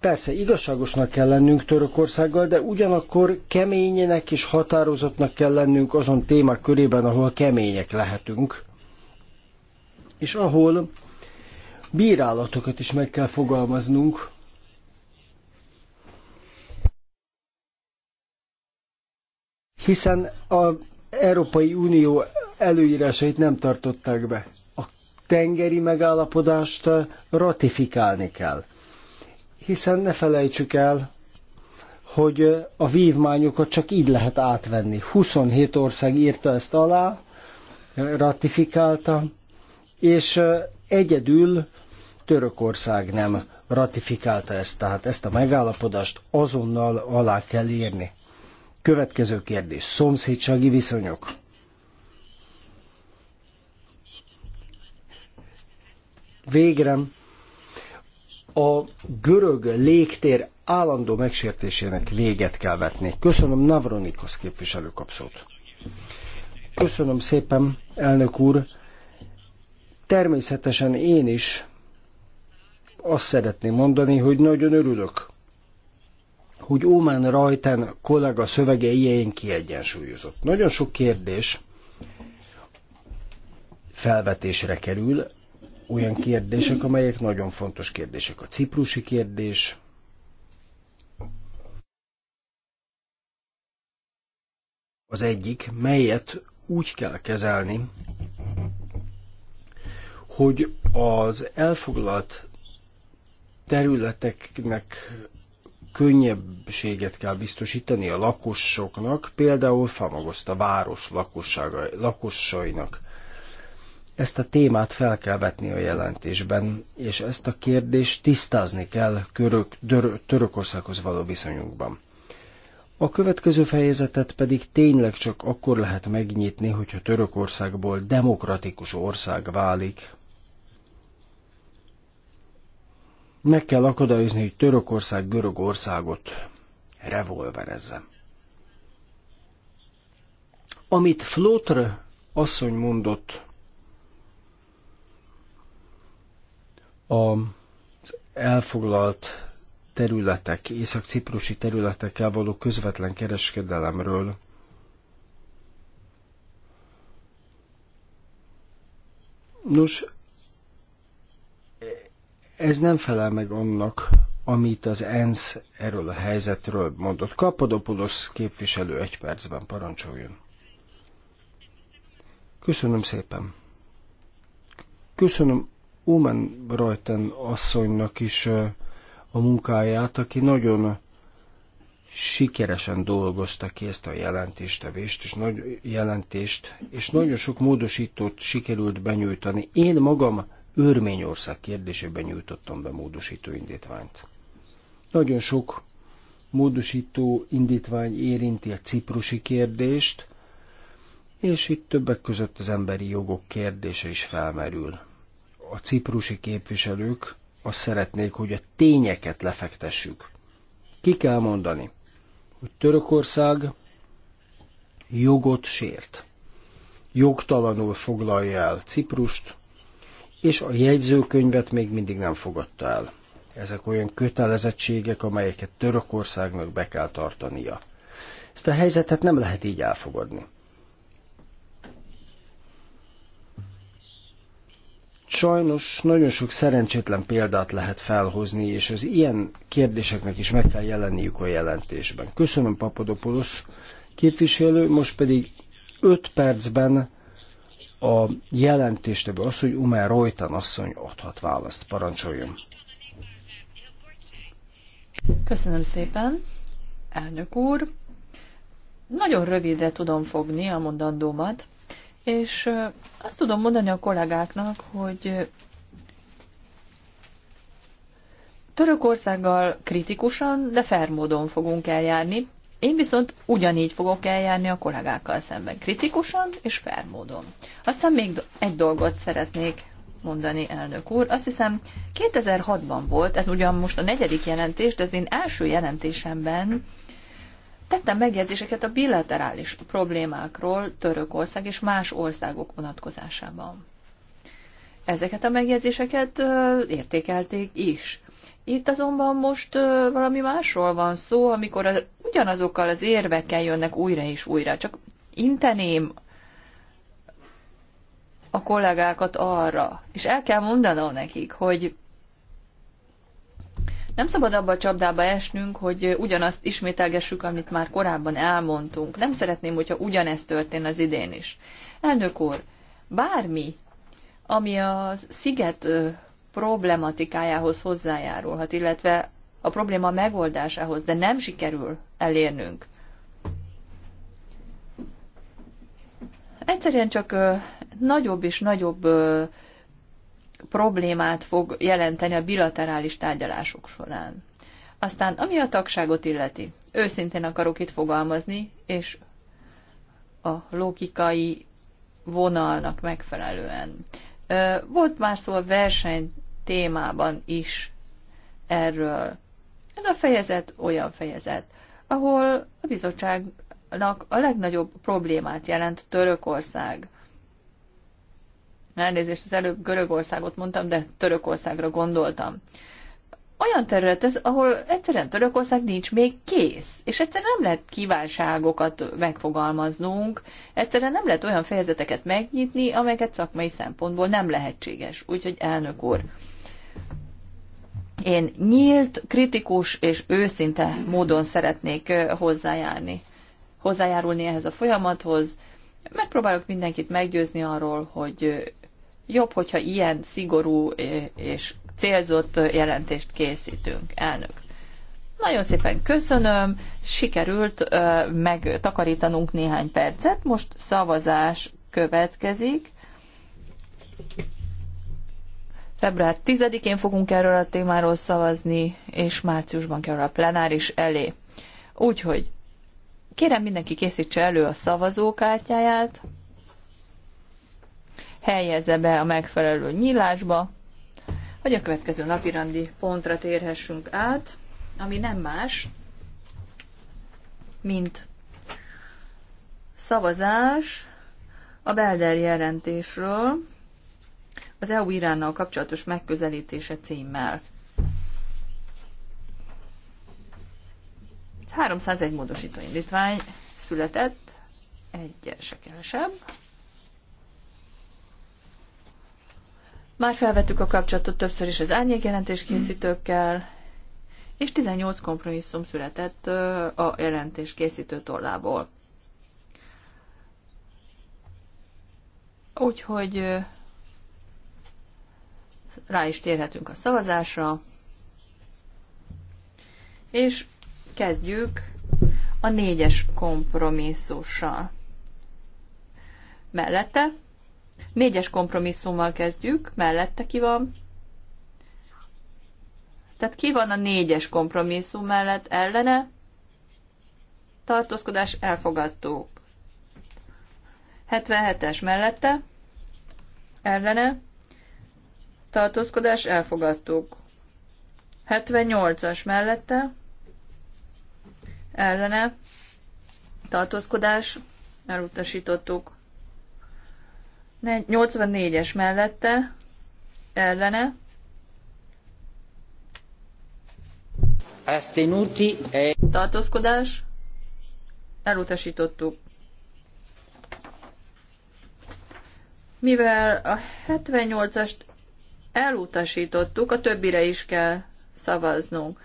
Persze igazságosnak kell lennünk Törökországgal, de ugyanakkor keménynek és határozatnak kell lennünk azon témák körében, ahol kemények lehetünk, és ahol bírálatokat is meg kell fogalmaznunk, hiszen az Európai Unió előírásait nem tartották be. A tengeri megállapodást ratifikálni kell hiszen ne felejtsük el, hogy a vívmányokat csak így lehet átvenni. 27 ország írta ezt alá, ratifikálta, és egyedül Törökország nem ratifikálta ezt, tehát ezt a megállapodást azonnal alá kell írni. Következő kérdés, szomszédsági viszonyok. Végre a görög légtér állandó megsértésének véget kell vetni. Köszönöm Navronikos képviselő kapszót. Köszönöm szépen, elnök úr. Természetesen én is azt szeretném mondani, hogy nagyon örülök, hogy Ómán Rajten kollega szövege ilyen kiegyensúlyozott. Nagyon sok kérdés felvetésre kerül, olyan kérdések, amelyek nagyon fontos kérdések. A ciprusi kérdés, az egyik, melyet úgy kell kezelni, hogy az elfoglalt területeknek könnyebbséget kell biztosítani a lakosoknak, például Famagoszt a város lakossága, lakossainak. Ezt a témát fel kell vetni a jelentésben, és ezt a kérdést tisztázni kell körök, dör, Törökországhoz való viszonyunkban. A következő fejezetet pedig tényleg csak akkor lehet megnyitni, hogyha Törökországból demokratikus ország válik. Meg kell akadályozni, hogy Törökország Görögországot revolverezze. Amit Flotr asszony mondott, az elfoglalt területek, észak-ciprusi területekkel való közvetlen kereskedelemről Nos, ez nem felel meg annak, amit az ENSZ erről a helyzetről mondott. Kapadopulosz képviselő egy percben parancsoljon. Köszönöm szépen. Köszönöm Umen Rajten asszonynak is a munkáját, aki nagyon sikeresen dolgozta ki ezt a jelentéstevést, és nagy jelentést, és nagyon sok módosítót sikerült benyújtani. Én magam Örményország kérdésében nyújtottam be módosító indítványt. Nagyon sok módosító indítvány érinti a ciprusi kérdést, és itt többek között az emberi jogok kérdése is felmerül a ciprusi képviselők azt szeretnék, hogy a tényeket lefektessük. Ki kell mondani, hogy Törökország jogot sért. Jogtalanul foglalja el Ciprust, és a jegyzőkönyvet még mindig nem fogadta el. Ezek olyan kötelezettségek, amelyeket Törökországnak be kell tartania. Ezt a helyzetet nem lehet így elfogadni. Sajnos nagyon sok szerencsétlen példát lehet felhozni, és az ilyen kérdéseknek is meg kell jelenniük a jelentésben. Köszönöm Papadopoulos képviselő, most pedig 5 percben a jelentést, az, hogy Umer Rojtan asszony adhat választ. Parancsoljon! Köszönöm szépen, elnök úr! Nagyon rövidre tudom fogni a mondandómat és azt tudom mondani a kollégáknak, hogy Törökországgal kritikusan, de fermódon módon fogunk eljárni. Én viszont ugyanígy fogok eljárni a kollégákkal szemben, kritikusan és fermódon. módon. Aztán még egy dolgot szeretnék mondani, elnök úr. Azt hiszem 2006-ban volt, ez ugyan most a negyedik jelentés, de az én első jelentésemben Tettem megjegyzéseket a bilaterális problémákról Törökország és más országok vonatkozásában. Ezeket a megjegyzéseket ö, értékelték is. Itt azonban most ö, valami másról van szó, amikor az, ugyanazokkal az érvekkel jönnek újra és újra. Csak inteném a kollégákat arra, és el kell mondanom nekik, hogy nem szabad abba a csapdába esnünk, hogy ugyanazt ismételgessük, amit már korábban elmondtunk. Nem szeretném, hogyha ugyanezt történ az idén is. Elnök úr, bármi, ami a sziget problematikájához hozzájárulhat, illetve a probléma megoldásához, de nem sikerül elérnünk. Egyszerűen csak nagyobb és nagyobb problémát fog jelenteni a bilaterális tárgyalások során. Aztán, ami a tagságot illeti, őszintén akarok itt fogalmazni, és a logikai vonalnak megfelelően. Volt már szó a verseny témában is erről. Ez a fejezet olyan fejezet, ahol a bizottságnak a legnagyobb problémát jelent Törökország elnézést, az előbb Görögországot mondtam, de Törökországra gondoltam. Olyan terület ez, ahol egyszerűen Törökország nincs még kész, és egyszerűen nem lehet kiválságokat megfogalmaznunk, egyszerűen nem lehet olyan fejezeteket megnyitni, amelyeket szakmai szempontból nem lehetséges. Úgyhogy elnök úr, én nyílt, kritikus és őszinte módon szeretnék hozzájárni, hozzájárulni ehhez a folyamathoz. Megpróbálok mindenkit meggyőzni arról, hogy Jobb, hogyha ilyen szigorú és célzott jelentést készítünk, elnök. Nagyon szépen köszönöm, sikerült megtakarítanunk néhány percet, most szavazás következik. Február 10-én fogunk erről a témáról szavazni, és márciusban kerül a plenáris elé. Úgyhogy kérem mindenki készítse elő a szavazókártyáját helyezze be a megfelelő nyílásba, hogy a következő napirandi pontra térhessünk át, ami nem más, mint szavazás a Belder jelentésről az EU Iránnal kapcsolatos megközelítése címmel. 301 módosító indítvány született, egy se kevesebb. Már felvettük a kapcsolatot többször is az árnyékjelentés készítőkkel, és 18 kompromisszum született a jelentés készítő tollából. Úgyhogy rá is térhetünk a szavazásra, és kezdjük a négyes kompromisszussal. Mellette Négyes kompromisszummal kezdjük, mellette ki van. Tehát ki van a négyes kompromisszum mellett ellene? Tartózkodás elfogadtuk. 77-es mellette ellene. Tartózkodás elfogadtuk. 78-as mellette ellene. Tartózkodás elutasítottuk. 84-es mellette, ellene. Astenuti e... Tartózkodás. Elutasítottuk. Mivel a 78-ast elutasítottuk, a többire is kell szavaznunk.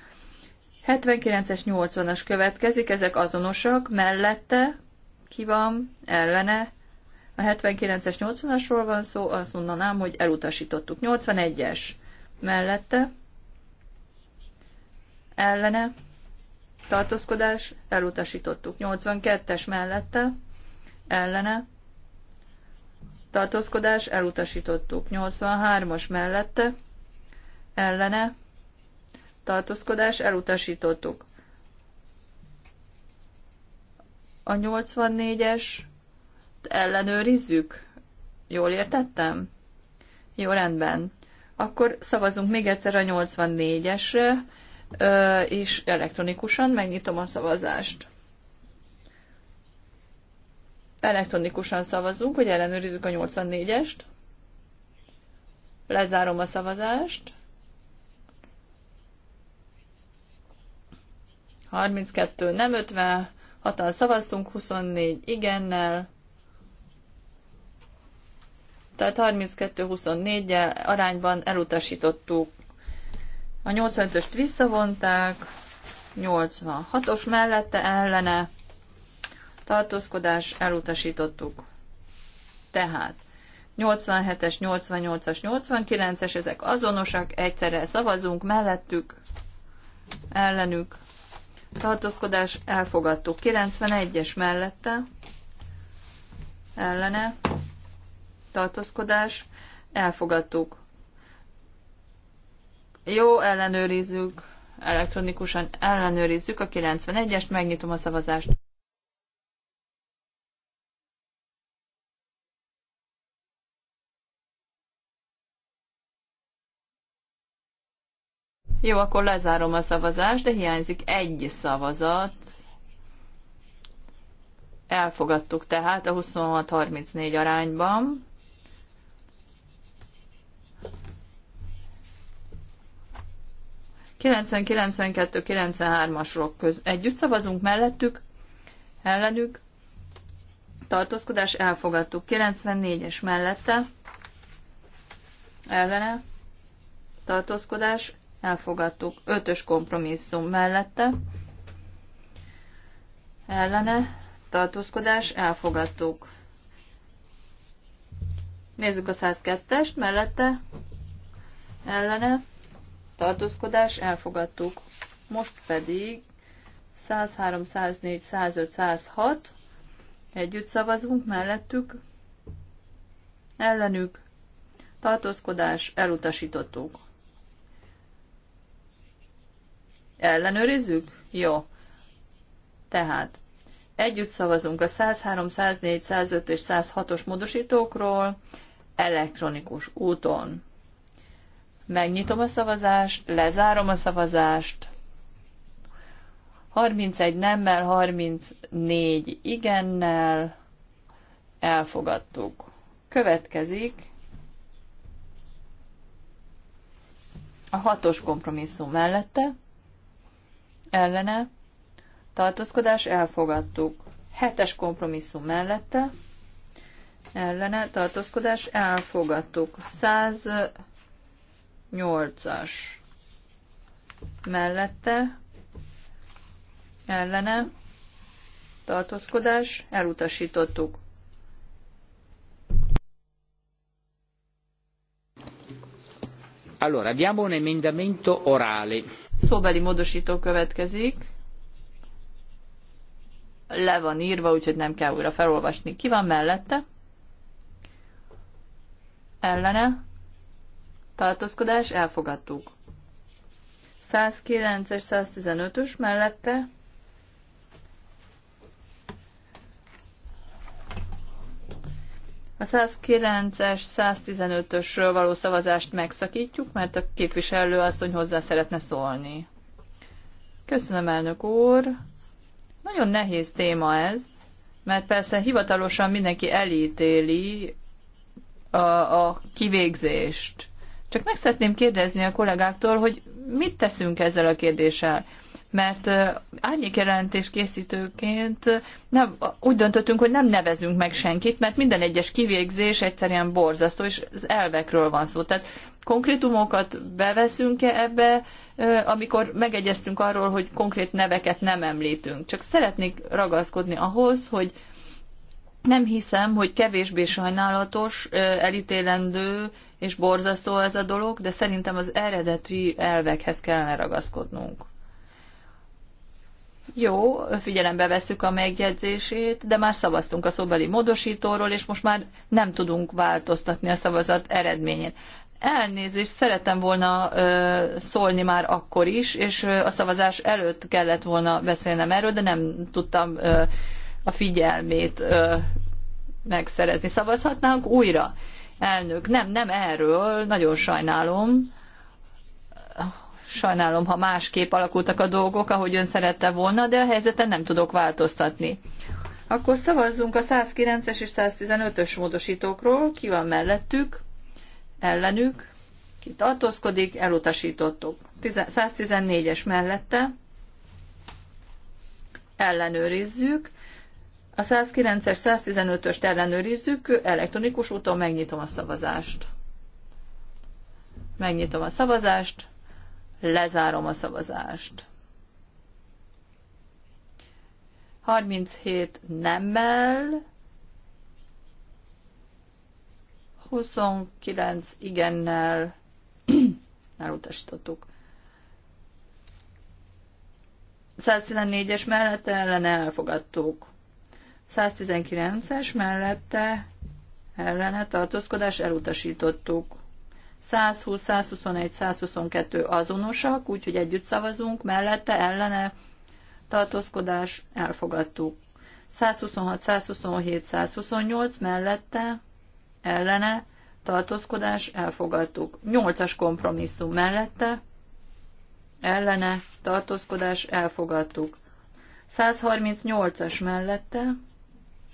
79-es, 80-as következik, ezek azonosak, mellette ki van, ellene, a 79-es, 80-asról van szó, azt mondanám, hogy elutasítottuk. 81-es mellette, ellene, tartózkodás, elutasítottuk. 82-es mellette, ellene, tartózkodás, elutasítottuk. 83-as mellette, ellene, tartózkodás, elutasítottuk. A 84-es ellenőrizzük? Jól értettem? Jó, rendben. Akkor szavazunk még egyszer a 84-esre, és elektronikusan megnyitom a szavazást. Elektronikusan szavazunk, hogy ellenőrizzük a 84-est. Lezárom a szavazást. 32 nem 50, hatan szavaztunk, 24 igennel, tehát 32-24-jel arányban elutasítottuk. A 85-öst visszavonták, 86-os mellette ellene tartózkodás elutasítottuk. Tehát 87-es, 88-as, 89-es, ezek azonosak, egyszerre szavazunk mellettük, ellenük. Tartózkodás elfogadtuk. 91-es mellette, ellene, tartózkodás, elfogadtuk. Jó, ellenőrizzük, elektronikusan ellenőrizzük a 91-est, megnyitom a szavazást. Jó, akkor lezárom a szavazást, de hiányzik egy szavazat. Elfogadtuk tehát a 26-34 arányban. 90-92-93-asról köz... együtt szavazunk mellettük, ellenük, tartózkodás elfogadtuk. 94-es mellette, ellene, tartózkodás elfogadtuk. 5-ös kompromisszum mellette, ellene, tartózkodás elfogadtuk. Nézzük a 102-est mellette, ellene, tartózkodás, elfogadtuk. Most pedig 103, 104, 105, 106, együtt szavazunk mellettük, ellenük, tartózkodás, elutasítottuk. Ellenőrizzük? Jó. Tehát együtt szavazunk a 103, 104, 105 és 106-os módosítókról elektronikus úton. Megnyitom a szavazást, lezárom a szavazást. 31 nemmel, 34 igennel elfogadtuk. Következik a hatos kompromisszum mellette, ellene, tartózkodás elfogadtuk. Hetes kompromisszum mellette, ellene, tartózkodás elfogadtuk. 100 8-as mellette ellene tartózkodás elutasítottuk. Allora, abbiamo un emendamento orale. Szóbeli módosító következik. Le van írva, úgyhogy nem kell újra felolvasni. Ki van mellette? Ellene? tartózkodás elfogadtuk. 109-es, 115-ös mellette A 109-es, 115-ösről való szavazást megszakítjuk, mert a képviselő asszony hozzá szeretne szólni. Köszönöm, elnök úr. Nagyon nehéz téma ez, mert persze hivatalosan mindenki elítéli a, a kivégzést. Csak meg szeretném kérdezni a kollégáktól, hogy mit teszünk ezzel a kérdéssel. Mert jelentés készítőként nem, úgy döntöttünk, hogy nem nevezünk meg senkit, mert minden egyes kivégzés egyszerűen borzasztó, és az elvekről van szó. Tehát konkrétumokat beveszünk-e ebbe, amikor megegyeztünk arról, hogy konkrét neveket nem említünk. Csak szeretnék ragaszkodni ahhoz, hogy nem hiszem, hogy kevésbé sajnálatos, elítélendő és borzasztó ez a dolog, de szerintem az eredeti elvekhez kellene ragaszkodnunk. Jó, figyelembe veszük a megjegyzését, de már szavaztunk a szóbeli módosítóról, és most már nem tudunk változtatni a szavazat eredményén. Elnézést, szerettem volna ö, szólni már akkor is, és ö, a szavazás előtt kellett volna beszélnem erről, de nem tudtam ö, a figyelmét ö, megszerezni. Szavazhatnánk újra. Elnök, nem, nem erről, nagyon sajnálom. Sajnálom, ha másképp alakultak a dolgok, ahogy ön szerette volna, de a helyzeten nem tudok változtatni. Akkor szavazzunk a 109-es és 115-ös módosítókról, ki van mellettük, ellenük, ki tartózkodik, elutasítottuk. 114-es mellette ellenőrizzük, a 109-es, 115-öst ellenőrizzük, elektronikus úton megnyitom a szavazást. Megnyitom a szavazást, lezárom a szavazást. 37 nemmel, 29 igennel <clears throat> elutasítottuk. 114-es mellett ellene elfogadtuk. 119-es mellette ellene tartózkodás elutasítottuk. 120, 121, 122 azonosak, úgyhogy együtt szavazunk, mellette ellene tartózkodás elfogadtuk. 126, 127, 128 mellette ellene tartózkodás elfogadtuk. 8-as kompromisszum mellette ellene tartózkodás elfogadtuk. 138-as mellette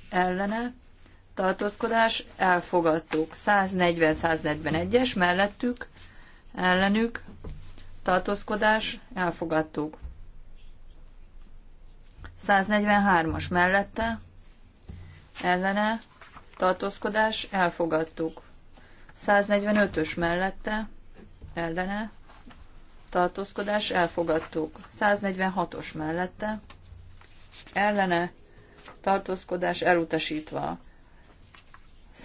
ellene tartózkodás elfogadtuk. 140-141-es mellettük ellenük tartózkodás elfogadtuk. 143-as mellette ellene tartózkodás elfogadtuk. 145-ös mellette ellene tartózkodás elfogadtuk. 146-os mellette ellene tartózkodás elutasítva.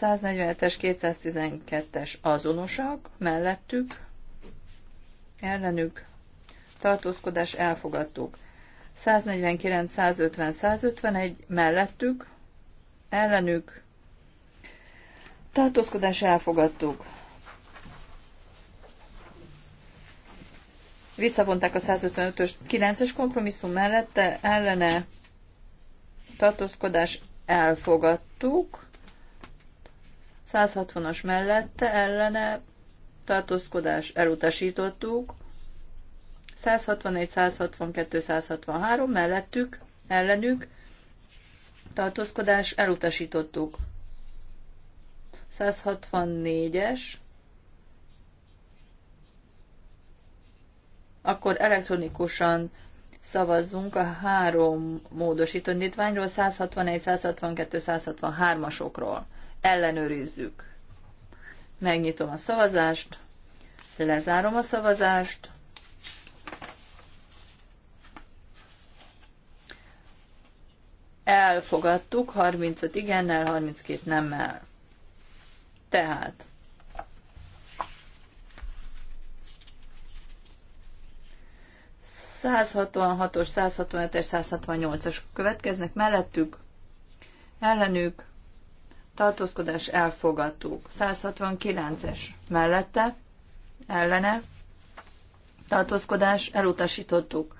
147-es, 212-es azonosak, mellettük, ellenük, tartózkodás elfogadtuk. 149, 150, 151 mellettük, ellenük, tartózkodás elfogadtuk. Visszavonták a 155-ös 9-es kompromisszum mellette, ellene tartózkodás elfogadtuk. 160-as mellette ellene tartózkodás elutasítottuk. 161, 162, 163 mellettük, ellenük tartózkodás elutasítottuk. 164-es, akkor elektronikusan szavazzunk a három módosító indítványról, 161, 162, 163-asokról. Ellenőrizzük. Megnyitom a szavazást, lezárom a szavazást, elfogadtuk 35 igennel, 32 nemmel. Tehát 166-os, 165-es, 168-as következnek mellettük, ellenük, tartózkodás elfogadtuk. 169-es mellette, ellene, tartózkodás elutasítottuk.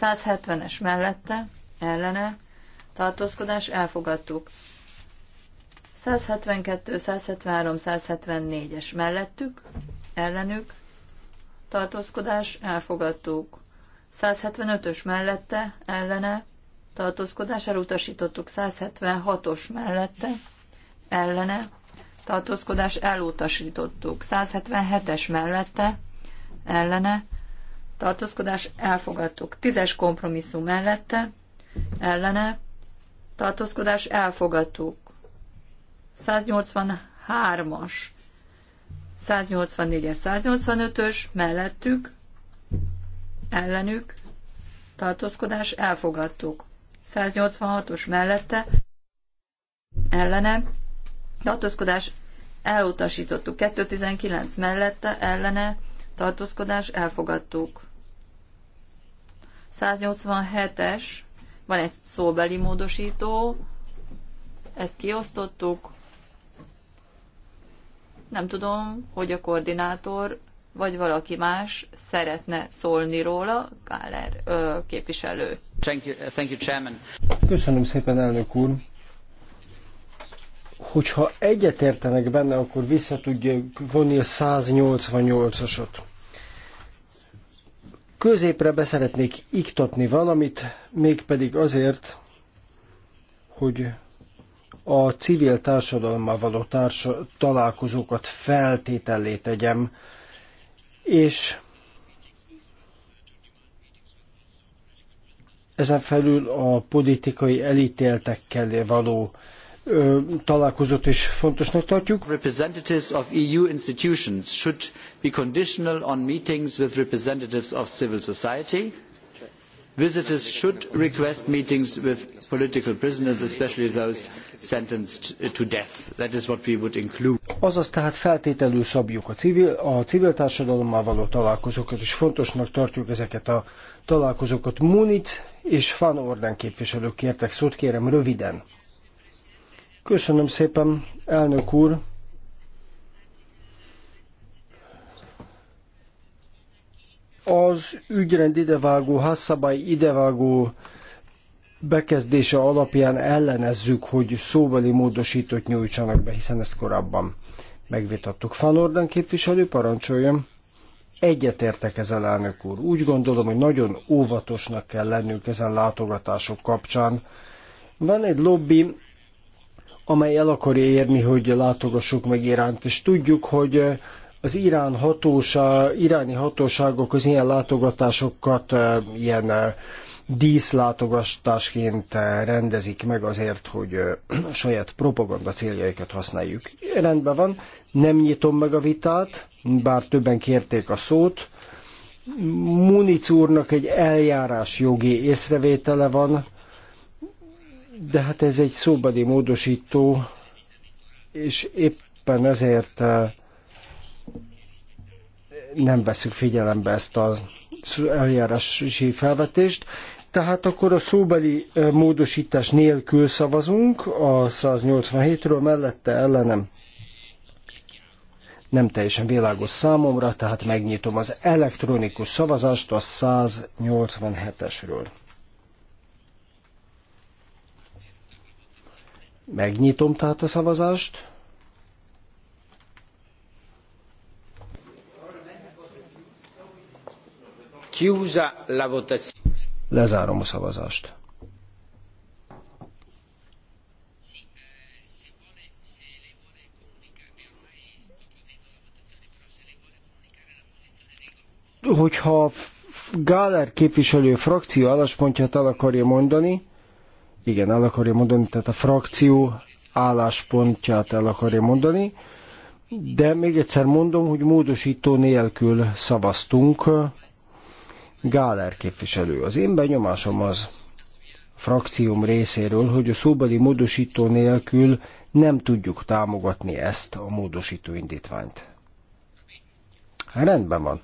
170-es mellette, ellene, tartózkodás elfogadtuk. 172, 173, 174-es mellettük, ellenük, tartózkodás elfogadtuk. 175-ös mellette, ellene, tartózkodására elutasítottuk 176-os mellette, ellene, tartózkodás elutasítottuk 177-es mellette, ellene, tartózkodás elfogadtuk 10-es kompromisszum mellette, ellene, tartózkodás elfogadtuk 183-as, 184-es, 185-ös mellettük, ellenük, tartózkodás elfogadtuk. 186-os mellette, ellene, tartózkodás elutasítottuk. 219 mellette, ellene, tartózkodás elfogadtuk. 187-es, van egy szóbeli módosító, ezt kiosztottuk. Nem tudom, hogy a koordinátor vagy valaki más szeretne szólni róla, Káler ö, képviselő. Thank you, uh, thank you, Chairman. Köszönöm szépen, elnök úr. Hogyha egyetértenek benne, akkor vissza tudja vonni a 188-asot. Középre beszeretnék iktatni valamit, mégpedig azért, hogy a civil társadalommal való társa, találkozókat feltétellé tegyem, és ezen felül a politikai elítéltekkel való ö, találkozót is fontosnak tartjuk. Representatives of EU institutions should be conditional on meetings with representatives of civil society visitors should request meetings with political prisoners, especially those sentenced to death. That is what we would include. Azaz tehát feltételül szabjuk a civil, a civil társadalommal való találkozókat, és fontosnak tartjuk ezeket a találkozókat. Muniz és Van Orden képviselők kértek szót, kérem röviden. Köszönöm szépen, elnök úr. az ügyrend idevágó, házszabály idevágó bekezdése alapján ellenezzük, hogy szóbeli módosítót nyújtsanak be, hiszen ezt korábban megvitattuk. Fanorden képviselő, parancsoljon! Egyetértek ezzel, elnök úr. Úgy gondolom, hogy nagyon óvatosnak kell lennünk ezen látogatások kapcsán. Van egy lobby, amely el akarja érni, hogy látogassuk meg Iránt, és tudjuk, hogy az irán hatósa, iráni hatóságok az ilyen látogatásokat eh, ilyen eh, díszlátogatásként eh, rendezik meg azért, hogy a <clears throat> saját propaganda céljaikat használjuk. Rendben van, nem nyitom meg a vitát, bár többen kérték a szót. Munic úrnak egy eljárás jogi észrevétele van, de hát ez egy szóbadi módosító, és éppen ezért nem veszük figyelembe ezt az eljárási felvetést, tehát akkor a szóbeli módosítás nélkül szavazunk a 187-ről, mellette ellenem nem teljesen világos számomra, tehát megnyitom az elektronikus szavazást a 187-esről. Megnyitom tehát a szavazást. Chiusa la votazione. Lezárom a szavazást. Hogyha Gáler képviselő frakció álláspontját el akarja mondani, igen, el akarja mondani, tehát a frakció álláspontját el akarja mondani, de még egyszer mondom, hogy módosító nélkül szavaztunk, Gáler képviselő. Az én benyomásom az frakcióm részéről, hogy a szóbeli módosító nélkül nem tudjuk támogatni ezt a módosító indítványt. Hát rendben van.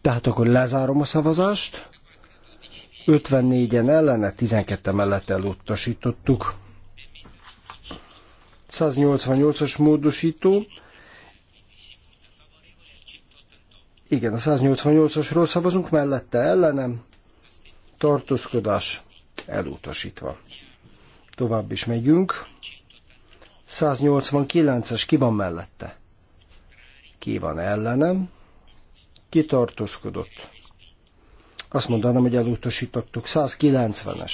Tehát akkor lezárom a szavazást. 54-en ellene, 12 mellett elutasítottuk. 188-as módosító Igen, a 188-osról szavazunk, mellette ellenem tartózkodás elutasítva. Tovább is megyünk. 189-es ki van mellette? Ki van ellenem? Ki tartózkodott? Azt mondanám, hogy elutasítottuk. 190-es.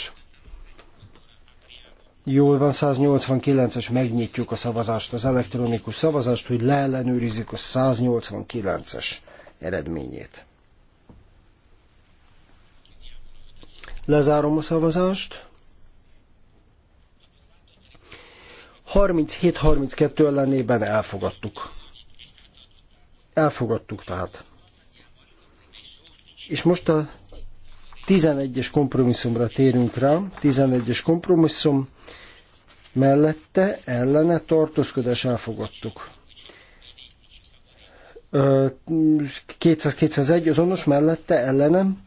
Jól van, 189-es, megnyitjuk a szavazást, az elektronikus szavazást, hogy leellenőrizzük a 189-es eredményét. Lezárom a szavazást. 37-32 ellenében elfogadtuk. Elfogadtuk tehát. És most a 11-es kompromisszumra térünk rá. 11-es kompromisszum mellette ellene tartózkodás elfogadtuk. 200-201 azonos mellette ellenem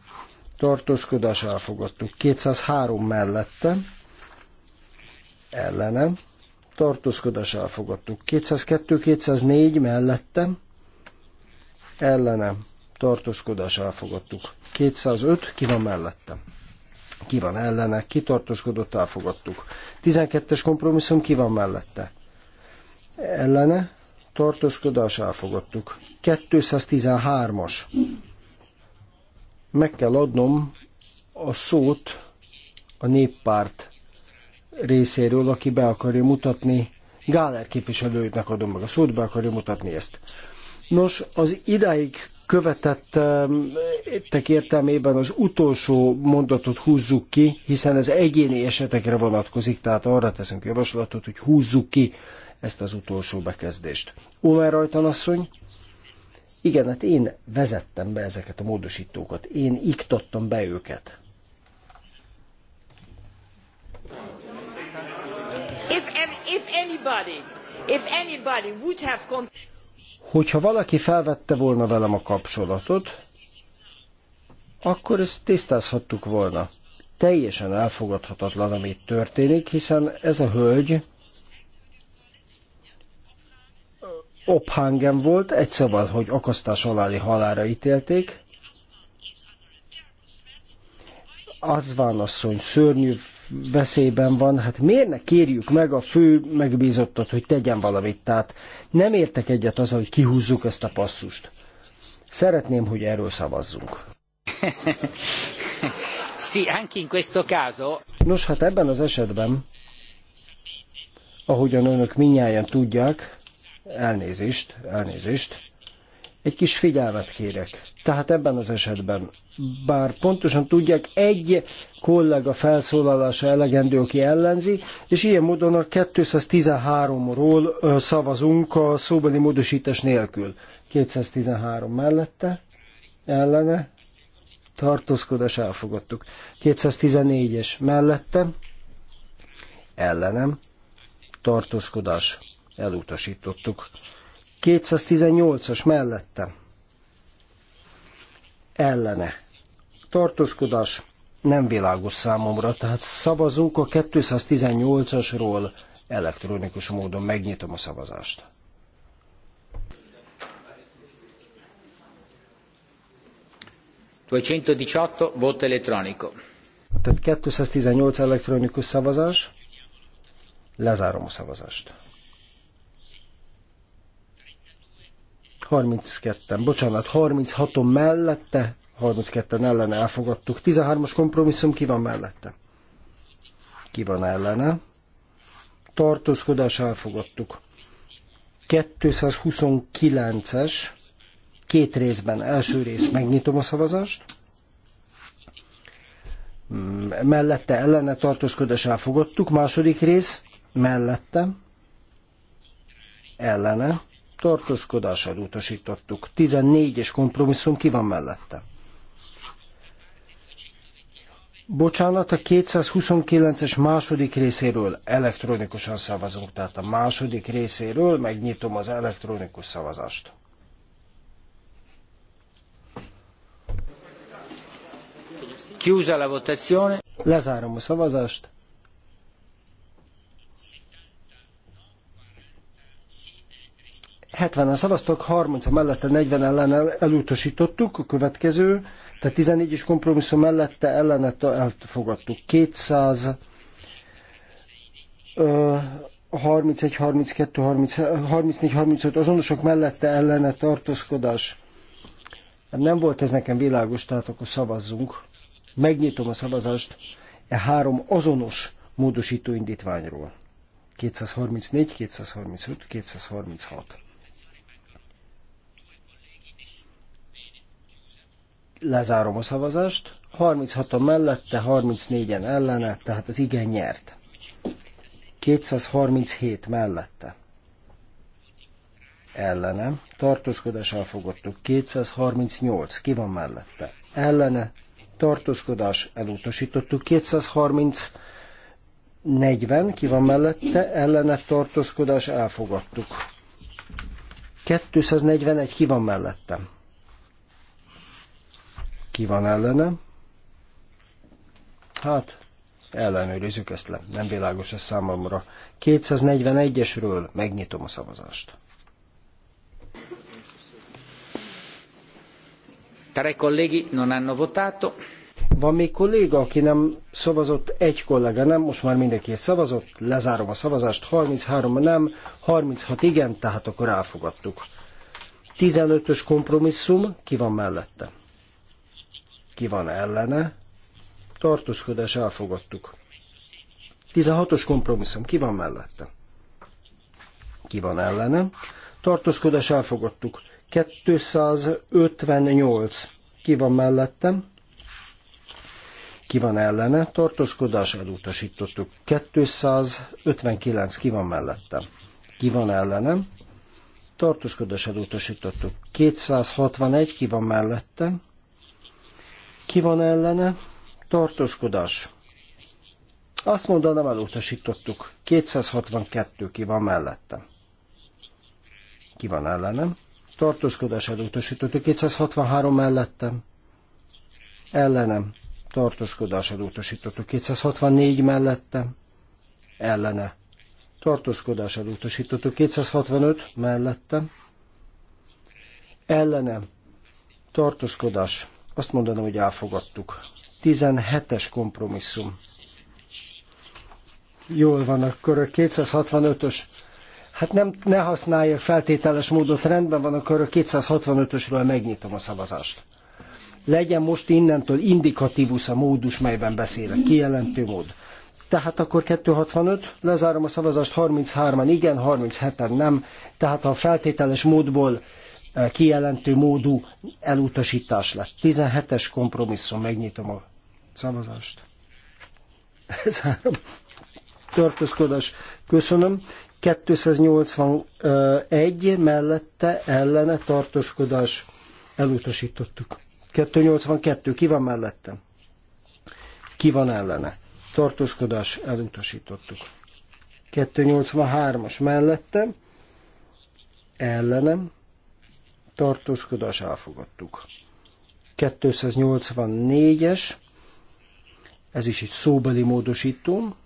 tartózkodás elfogadtuk. 203 mellette ellenem tartózkodás elfogadtuk. 202-204 mellette, ellenem tartózkodás elfogadtuk. 205 ki van mellette. Ki van ellene, ki tartózkodott, elfogadtuk. 12-es kompromisszum ki van mellette. Ellene, tartózkodás elfogadtuk. 213-as. Meg kell adnom a szót a néppárt részéről, aki be akarja mutatni, Gáler képviselőnek adom meg a szót, be akarja mutatni ezt. Nos, az idáig követett ettek értelmében az utolsó mondatot húzzuk ki, hiszen ez egyéni esetekre vonatkozik, tehát arra teszünk javaslatot, hogy húzzuk ki ezt az utolsó bekezdést. Omer rajta asszony, igen, hát én vezettem be ezeket a módosítókat, én iktattam be őket. If, if anybody, if anybody would have Hogyha valaki felvette volna velem a kapcsolatot, akkor ezt tisztázhattuk volna. Teljesen elfogadhatatlan, amit történik, hiszen ez a hölgy Ophangen volt, egy szóval, hogy akasztás aláli halára ítélték. van asszony szörnyű veszélyben van, hát miért ne kérjük meg a fő megbízottat, hogy tegyen valamit? Tehát nem értek egyet az, hogy kihúzzuk ezt a passzust. Szeretném, hogy erről szavazzunk. <laughs> sì, anche in questo caso. Nos, hát ebben az esetben, ahogyan önök minnyáján tudják, Elnézést, elnézést. Egy kis figyelmet kérek. Tehát ebben az esetben, bár pontosan tudják, egy kollega felszólalása elegendő, aki ellenzi, és ilyen módon a 213-ról szavazunk a szóbeli módosítás nélkül. 213 mellette, ellene, tartózkodás elfogadtuk. 214-es mellette, ellenem, tartózkodás elutasítottuk. 218-as mellette ellene tartózkodás nem világos számomra, tehát szavazunk a 218-asról elektronikus módon. Megnyitom a szavazást. voto elettronico. Tehát 218 elektronikus szavazás. Lezárom a szavazást. 32-en, bocsánat, 36-on mellette, 32-en ellene elfogadtuk. 13-as kompromisszum ki van mellette? Ki van ellene? Tartózkodás elfogadtuk. 229-es, két részben, első rész, megnyitom a szavazást. Mm, mellette ellene tartózkodás elfogadtuk, második rész, mellette, ellene, tartózkodását utasítottuk. 14 és kompromisszum ki van mellette? Bocsánat, a 229-es második részéről elektronikusan szavazunk, tehát a második részéről megnyitom az elektronikus szavazást. Chiusa la votazione. Lezárom a szavazást. 70-en szavaztak, 30 mellette, 40 ellen el, elutasítottuk, a következő, tehát 14 is kompromisszum mellette ellenet elfogadtuk. 200 ö, 31, 32, 30, 34, 35 azonosok mellette ellene tartózkodás. Hát nem volt ez nekem világos, tehát akkor szavazzunk. Megnyitom a szavazást e három azonos módosító indítványról. 234, 235, 236. Lezárom a szavazást. 36-a mellette, 34-en ellene, tehát az igen nyert. 237 mellette. Ellene. Tartózkodás elfogadtuk. 238. Ki van mellette? Ellene. Tartózkodás elutasítottuk. 230. 40. Ki van mellette? Ellene. Tartózkodás elfogadtuk. 241. Ki van mellettem? Ki van ellenem? Hát, ellenőrizzük ezt le. Nem világos ez számomra. 241-esről megnyitom a szavazást. Tre colleghi non hanno votato. Van még kolléga, aki nem szavazott, egy kollega nem, most már mindenki szavazott, lezárom a szavazást, 33 nem, 36 igen, tehát akkor elfogadtuk. 15-ös kompromisszum, ki van mellette? ki van ellene, tartózkodás elfogadtuk. 16-os kompromisszum, ki van mellette? Ki van ellene? Tartózkodás elfogadtuk. 258, ki van mellettem? Ki van ellene? Tartózkodás elutasítottuk. 259, ki van mellettem? Ki van ellene? Tartózkodás elutasítottuk. 261, ki van mellettem? Ki van ellene? Tartózkodás. Azt mondanám, elutasítottuk. 262 ki van mellette. Ki van ellenem? Tartózkodás elutasítottuk. 263 mellettem. Ellenem. Tartózkodás elutasítottuk. 264 mellettem. Ellene. Tartózkodás elutasítottuk. 265 mellettem. Ellenem. Tartózkodás azt mondanám, hogy elfogadtuk. 17-es kompromisszum. Jól van, akkor a 265-ös. Hát nem, ne használja feltételes módot, rendben van, akkor a 265-ösről megnyitom a szavazást. Legyen most innentől indikatívus a módus, melyben beszélek, kijelentő mód. Tehát akkor 265, lezárom a szavazást 33-an igen, 37-en nem, tehát a feltételes módból kijelentő módú elutasítás lett. 17-es kompromisszum, megnyitom a szavazást. Ez három tartózkodás. Köszönöm. 281 mellette ellene tartózkodás elutasítottuk. 282, ki van mellette? Ki van ellene? Tartózkodás elutasítottuk. 283-as mellette ellenem tartózkodás elfogadtuk. 284-es, ez is egy szóbeli módosító,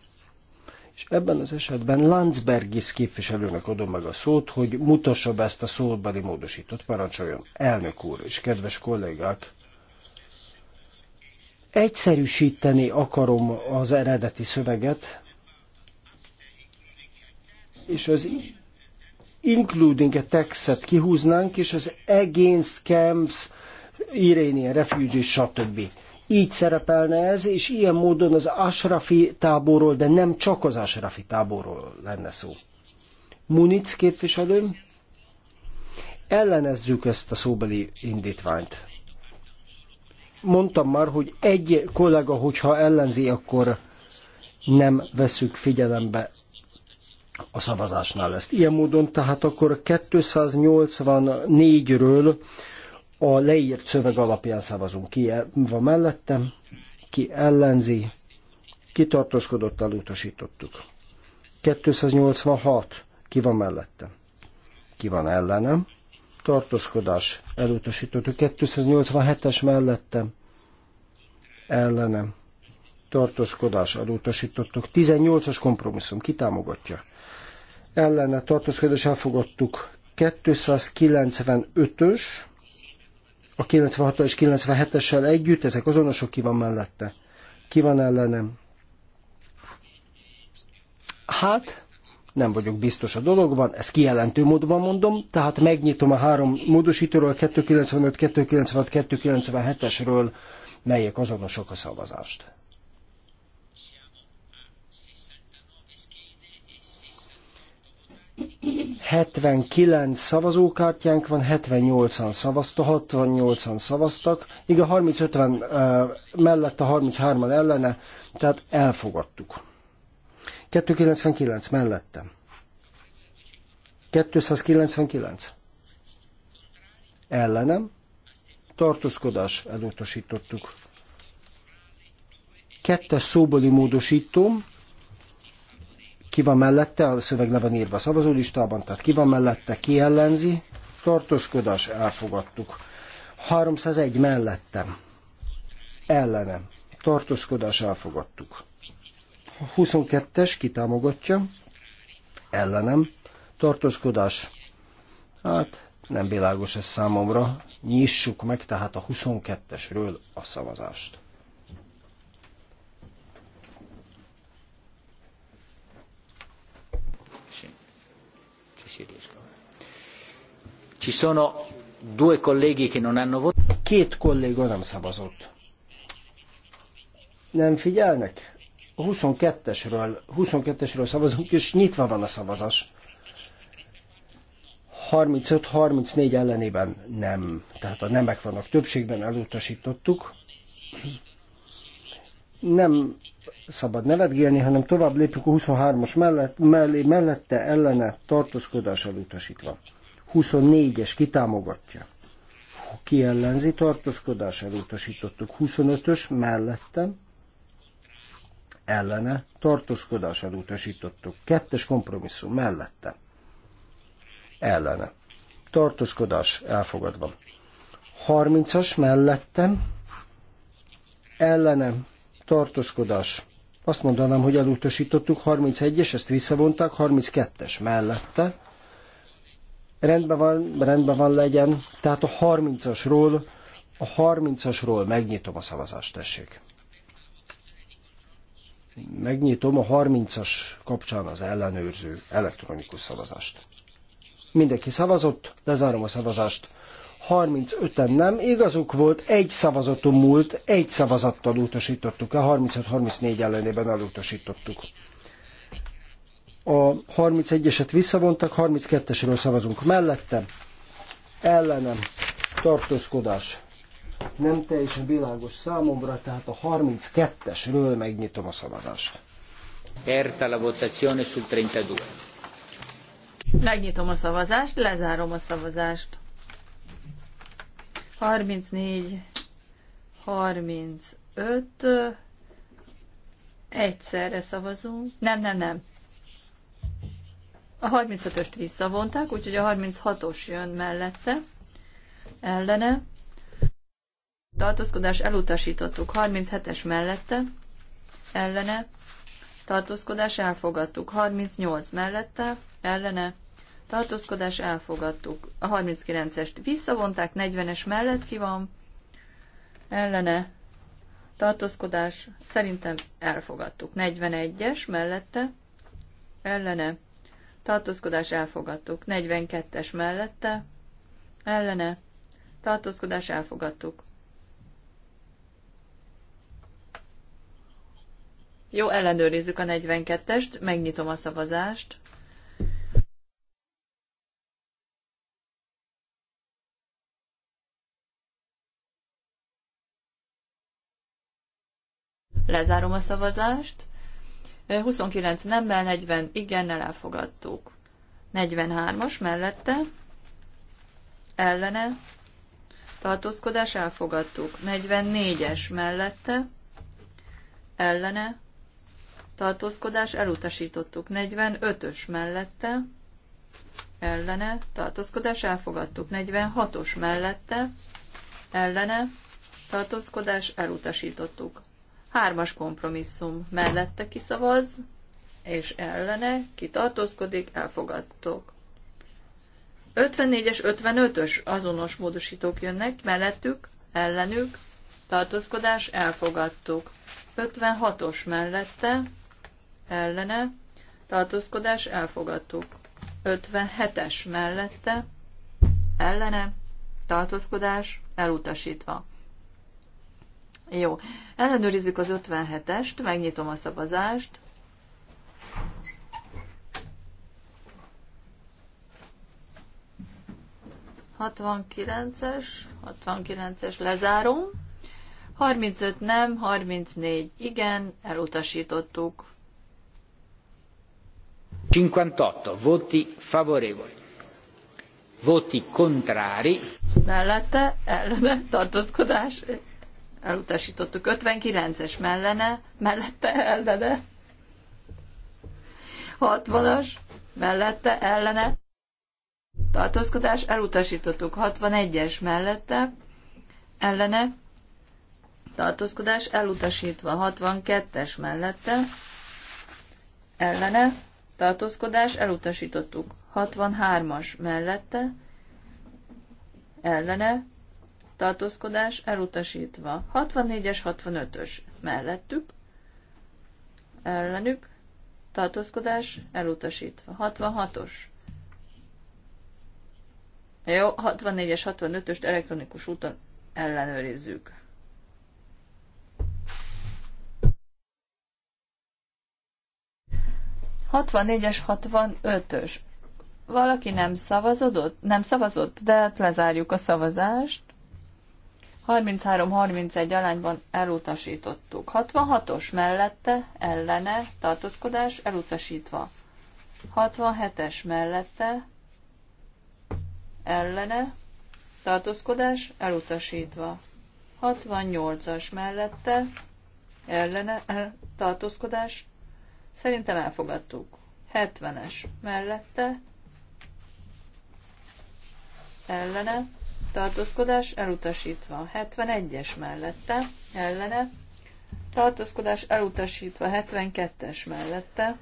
és ebben az esetben Landsbergis képviselőnek adom meg a szót, hogy mutassa be ezt a szóbeli módosítót, parancsoljon. Elnök úr és kedves kollégák, egyszerűsíteni akarom az eredeti szöveget, és az including a text-et kihúznánk, és az against camps, Iranian refugees, stb. Így szerepelne ez, és ilyen módon az Ashrafi táborról, de nem csak az Ashrafi táborról lenne szó. Munic képviselő, ellenezzük ezt a szóbeli indítványt. Mondtam már, hogy egy kollega, hogyha ellenzi, akkor nem veszük figyelembe a szavazásnál ezt. Ilyen módon tehát akkor 284-ről a leírt szöveg alapján szavazunk. Ki e- van mellettem, ki ellenzi, ki tartózkodott, elutasítottuk. 286, ki van mellettem, ki van ellenem, tartózkodás, elutasítottuk. 287-es mellettem, ellenem, tartózkodás, elutasítottuk. 18-as kompromisszum, ki támogatja? ellene tartózkodás elfogadtuk. 295-ös, a 96-as és 97-essel együtt, ezek azonosok, ki van mellette? Ki van ellenem? Hát, nem vagyok biztos a dologban, ezt kijelentő módban mondom, tehát megnyitom a három módosítóról, 295, 296, 297-esről, melyek azonosok a szavazást. 79 szavazókártyánk van, 78-an szavaztak, 68-an szavaztak, igen, 30-50 mellett a 33-an ellene, tehát elfogadtuk. 299 mellettem. 299. Ellenem. Tartózkodás elutasítottuk. Kettes szóbeli módosítom. Ki van mellette? A szöveg le van írva a szavazólistában, tehát ki van mellette, ki ellenzi? Tartózkodás, elfogadtuk. 301 mellettem. Ellenem. Tartózkodás, elfogadtuk. 22-es kitámogatja. Ellenem. Tartózkodás. Hát nem világos ez számomra. Nyissuk meg tehát a 22-esről a szavazást. Ci sono due colleghi che non hanno votato. Két kollégó nem szavazott. Nem figyelnek? A 22-esről, 22-esről szavazunk, és nyitva van a szavazás. 35-34 ellenében nem. Tehát a nemek vannak többségben, elutasítottuk. Nem szabad nevetgélni, hanem tovább lépjük a 23-as mellett, mellé, mellette ellene tartózkodás elutasítva. 24-es kitámogatja. Ki ellenzi tartózkodás elutasítottuk. 25-ös mellette ellene tartózkodás elutasítottuk. Kettes kompromisszum mellette ellene. Tartózkodás elfogadva. 30-as mellettem ellenem tartózkodás azt mondanám, hogy elutasítottuk 31-es, ezt visszavonták, 32-es mellette. Rendben van, rendben van legyen. Tehát a 30-asról, a 30-asról megnyitom a szavazást, tessék. Megnyitom a 30-as kapcsán az ellenőrző elektronikus szavazást. Mindenki szavazott, lezárom a szavazást. 35-en nem, igazuk volt, egy szavazaton múlt, egy szavazattal utasítottuk el, 35-34 ellenében elutasítottuk. A 31-eset visszavontak, 32-esről szavazunk mellette, ellenem tartózkodás nem teljesen világos számomra, tehát a 32-esről megnyitom a szavazást. Erta la votazione sul 32. Megnyitom a szavazást, lezárom a szavazást. 34, 35, egyszerre szavazunk. Nem, nem, nem. A 35-öst visszavonták, úgyhogy a 36-os jön mellette, ellene. Tartózkodás elutasítottuk. 37-es mellette, ellene. Tartózkodás elfogadtuk. 38 mellette, ellene tartózkodás elfogadtuk. A 39-est visszavonták, 40-es mellett ki van, ellene, tartózkodás szerintem elfogadtuk. 41-es mellette, ellene, tartózkodás elfogadtuk. 42-es mellette, ellene, tartózkodás elfogadtuk. Jó, ellenőrizzük a 42-est, megnyitom a szavazást. Lezárom a szavazást. 29 nemmel, 40 igennel elfogadtuk. 43-as mellette, ellene, tartózkodás elfogadtuk. 44-es mellette, ellene, tartózkodás elutasítottuk. 45-ös mellette, ellene, tartózkodás elfogadtuk. 46-os mellette, ellene, tartózkodás elutasítottuk. Hármas kompromisszum mellette kiszavaz, és ellene kitartózkodik, elfogadtok. 54-es, 55-ös azonos módosítók jönnek, mellettük, ellenük, tartózkodás, elfogadtuk. 56-os mellette, ellene, tartózkodás, elfogadtuk. 57-es mellette, ellene, tartózkodás, elutasítva. Jó. Ellenőrizzük az 57-est, megnyitom a szavazást. Hatvankilences, 69-es lezárom. 35 nem, 34 igen, elutasítottuk. 58 voti favorevoli. Voti contrari. Mellette ellene tartózkodás elutasítottuk 59-es mellene, mellette ellene, 60-as mellette ellene, tartózkodás elutasítottuk 61-es mellette ellene, tartózkodás elutasítva 62-es mellette ellene, tartózkodás elutasítottuk 63-as mellette ellene, tartózkodás elutasítva. 64-es, 65-ös mellettük, ellenük, tartózkodás elutasítva. 66-os. Jó, 64-es, 65-öst elektronikus úton ellenőrizzük. 65 hatvanötös. Valaki nem szavazott, nem szavazott, de hát lezárjuk a szavazást. 33-31 arányban elutasítottuk. 66-os mellette, ellene, tartózkodás elutasítva. 67-es mellette, ellene, tartózkodás elutasítva. 68-as mellette, ellene, el, tartózkodás, szerintem elfogadtuk. 70-es mellette, ellene, tartózkodás elutasítva 71-es mellette, ellene, tartózkodás elutasítva 72-es mellette,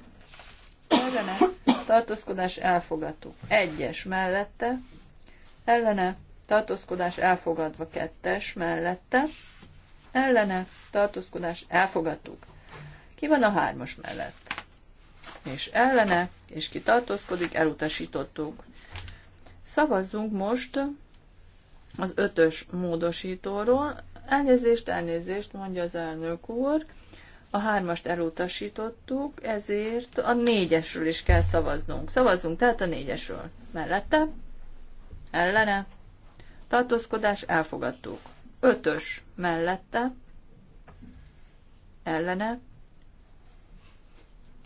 ellene, tartózkodás elfogadó 1-es mellette, ellene, tartózkodás elfogadva 2-es mellette, ellene, tartózkodás elfogadtuk. Ki van a 3-as mellett? És ellene, és ki tartózkodik, elutasítottuk. Szavazzunk most az ötös módosítóról. Elnézést, elnézést, mondja az elnök úr. A hármast elutasítottuk, ezért a négyesről is kell szavaznunk. Szavazzunk tehát a négyesről. Mellette, ellene, tartózkodás, elfogadtuk. Ötös mellette, ellene,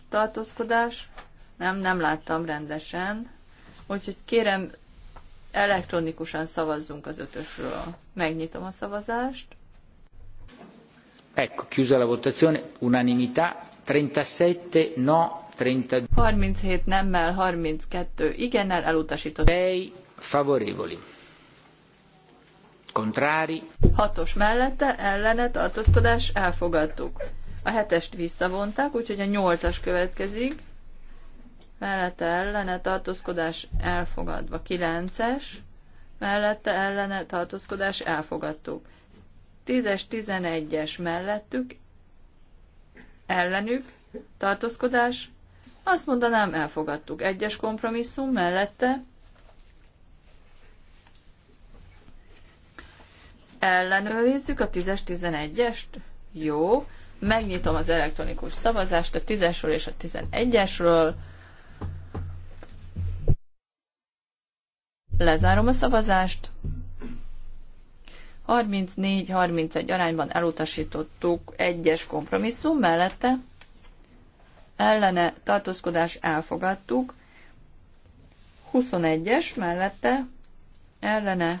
tartózkodás, nem, nem láttam rendesen. Úgyhogy kérem, elektronikusan szavazzunk az ötösről. Megnyitom a szavazást. Ecco, chiusa la votazione, unanimità, 37 no, 32. 37 nemmel, 32 igennel elutasított. 6 favorevoli. Contrari. Hatos os mellette, ellene, tartózkodás, elfogadtuk. A hetest visszavonták, úgyhogy a nyolcas következik mellette ellene tartózkodás elfogadva. 9-es, mellette ellene tartózkodás elfogadtuk. 10-es, 11-es mellettük, ellenük tartózkodás, azt mondanám elfogadtuk. Egyes kompromisszum mellette ellenőrizzük a 10-es, 11-est. Jó, megnyitom az elektronikus szavazást a 10-esről és a 11-esről. Lezárom a szavazást. 34-31 arányban elutasítottuk egyes kompromisszum mellette. Ellene tartózkodás elfogadtuk. 21-es mellette ellene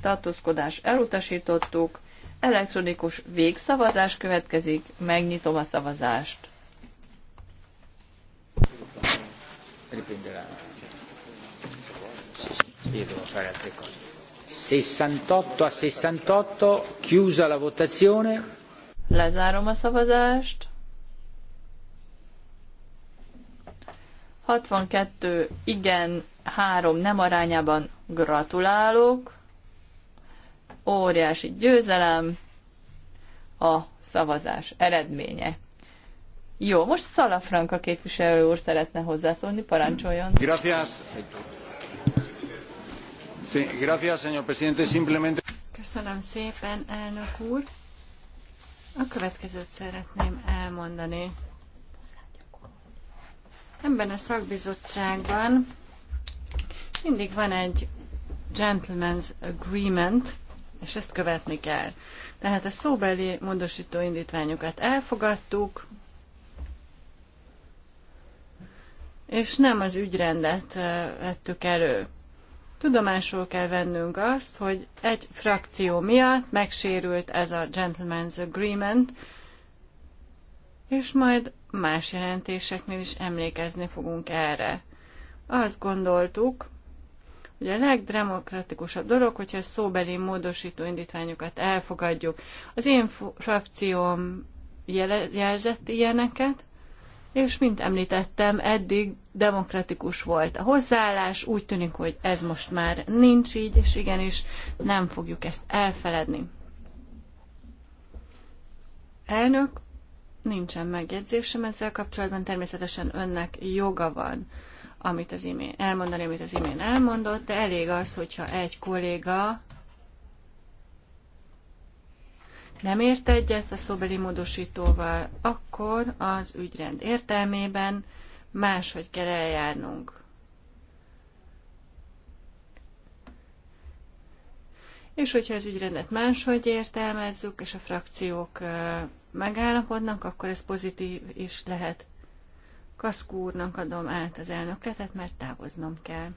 tartózkodás elutasítottuk. Elektronikus végszavazás következik. Megnyitom a szavazást. Köszönöm. Io devo fare altre cose. 68 a 68, chiusa la votazione. Lezárom a szavazást. 62 igen, 3 nem arányában gratulálok. Óriási győzelem a szavazás eredménye. Jó, most Szalafranka képviselő úr szeretne hozzászólni, parancsoljon. Gracias. Köszönöm szépen, elnök úr. A következőt szeretném elmondani. Ebben a szakbizottságban mindig van egy gentleman's agreement, és ezt követni kell. Tehát a szóbeli módosító indítványokat elfogadtuk, és nem az ügyrendet eh, vettük elő. Tudomásul kell vennünk azt, hogy egy frakció miatt megsérült ez a Gentleman's Agreement, és majd más jelentéseknél is emlékezni fogunk erre. Azt gondoltuk, hogy a legdemokratikusabb dolog, hogyha szóbeli módosító indítványokat elfogadjuk. Az én frakcióm jelzett ilyeneket, és mint említettem, eddig demokratikus volt a hozzáállás, úgy tűnik, hogy ez most már nincs így, és igenis nem fogjuk ezt elfeledni. Elnök, nincsen megjegyzésem ezzel kapcsolatban, természetesen önnek joga van amit az imén, elmondani, amit az imén elmondott, de elég az, hogyha egy kolléga nem ért egyet a szobeli módosítóval, akkor az ügyrend értelmében máshogy kell eljárnunk. És hogyha az ügyrendet máshogy értelmezzük, és a frakciók megállapodnak, akkor ez pozitív is lehet. Kaszkúrnak adom át az elnökletet, mert távoznom kell.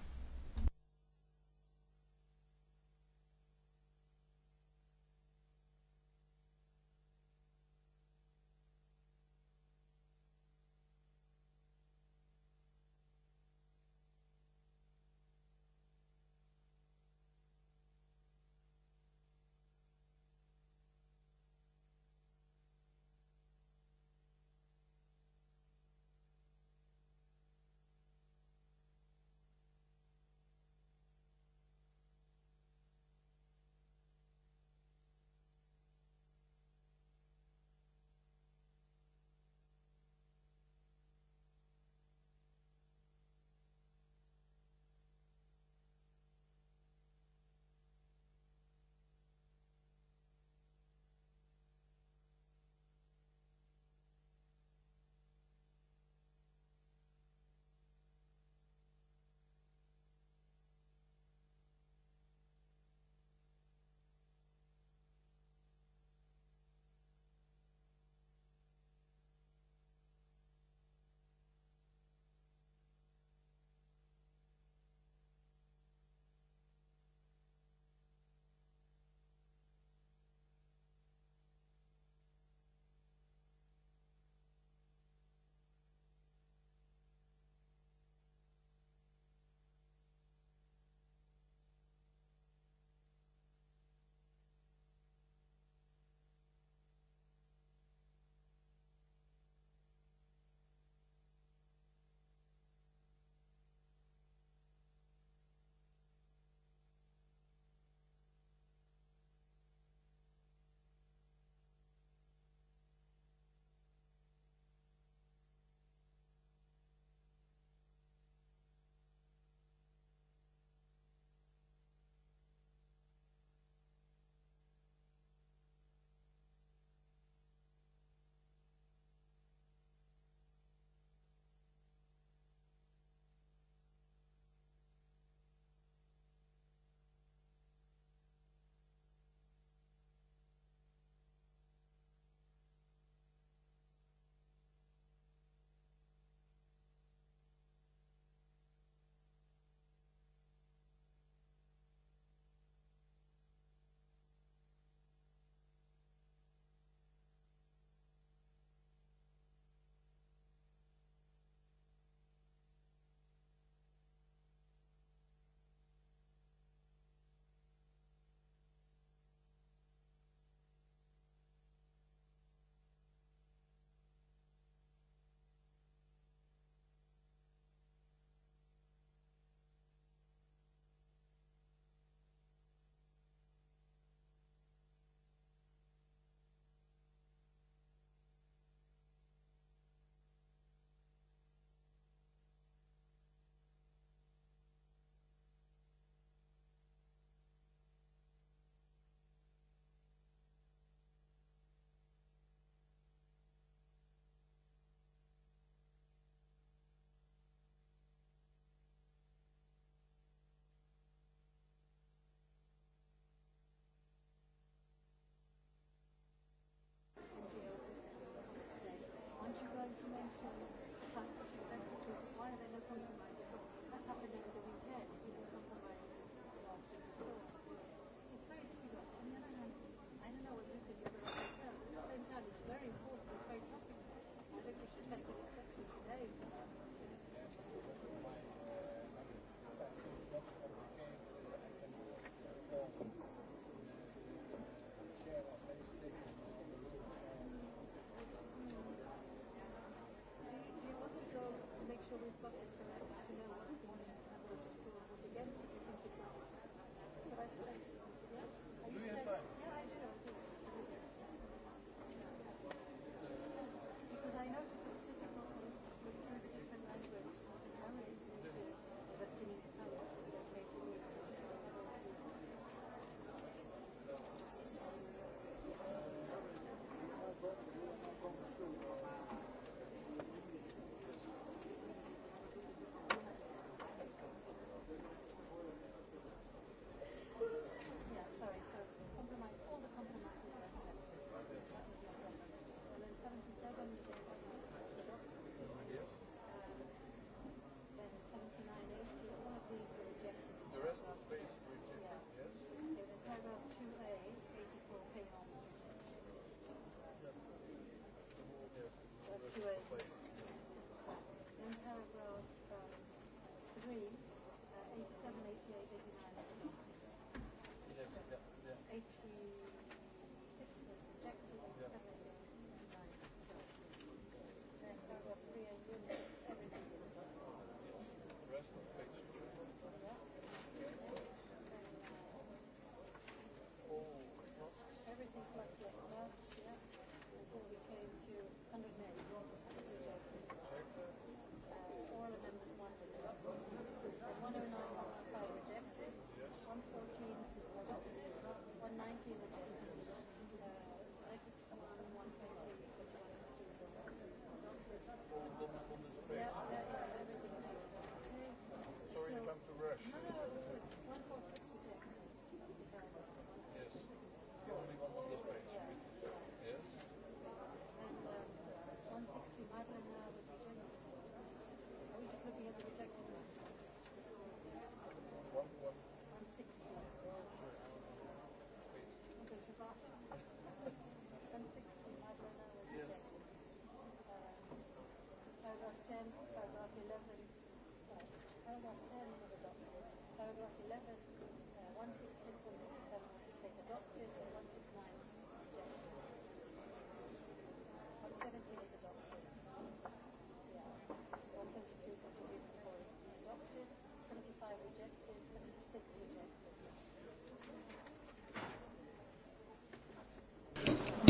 Paragraph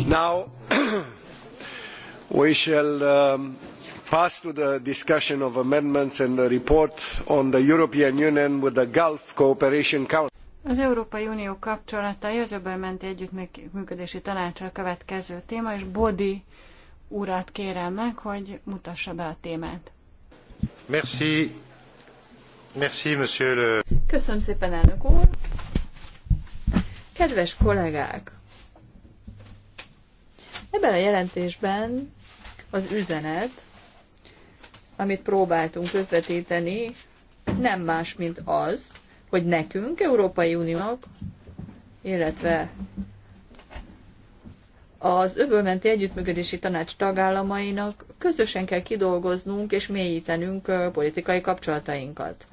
Now <coughs> we shall um, pass to the discussion of amendments and the report on the European Union with the Gulf Cooperation Council. Az Európai Unió kapcsolatai az öbölmenti együttműködési tanácsra következő téma, és Bodi úrát kérem meg, hogy mutassa be a témát. Merci. Merci, monsieur le... Köszönöm szépen, elnök úr. Kedves kollégák! Ebben a jelentésben az üzenet, amit próbáltunk közvetíteni, nem más, mint az, hogy nekünk, Európai Uniónak, illetve az öbölmenti együttműködési tanács tagállamainak közösen kell kidolgoznunk és mélyítenünk politikai kapcsolatainkat.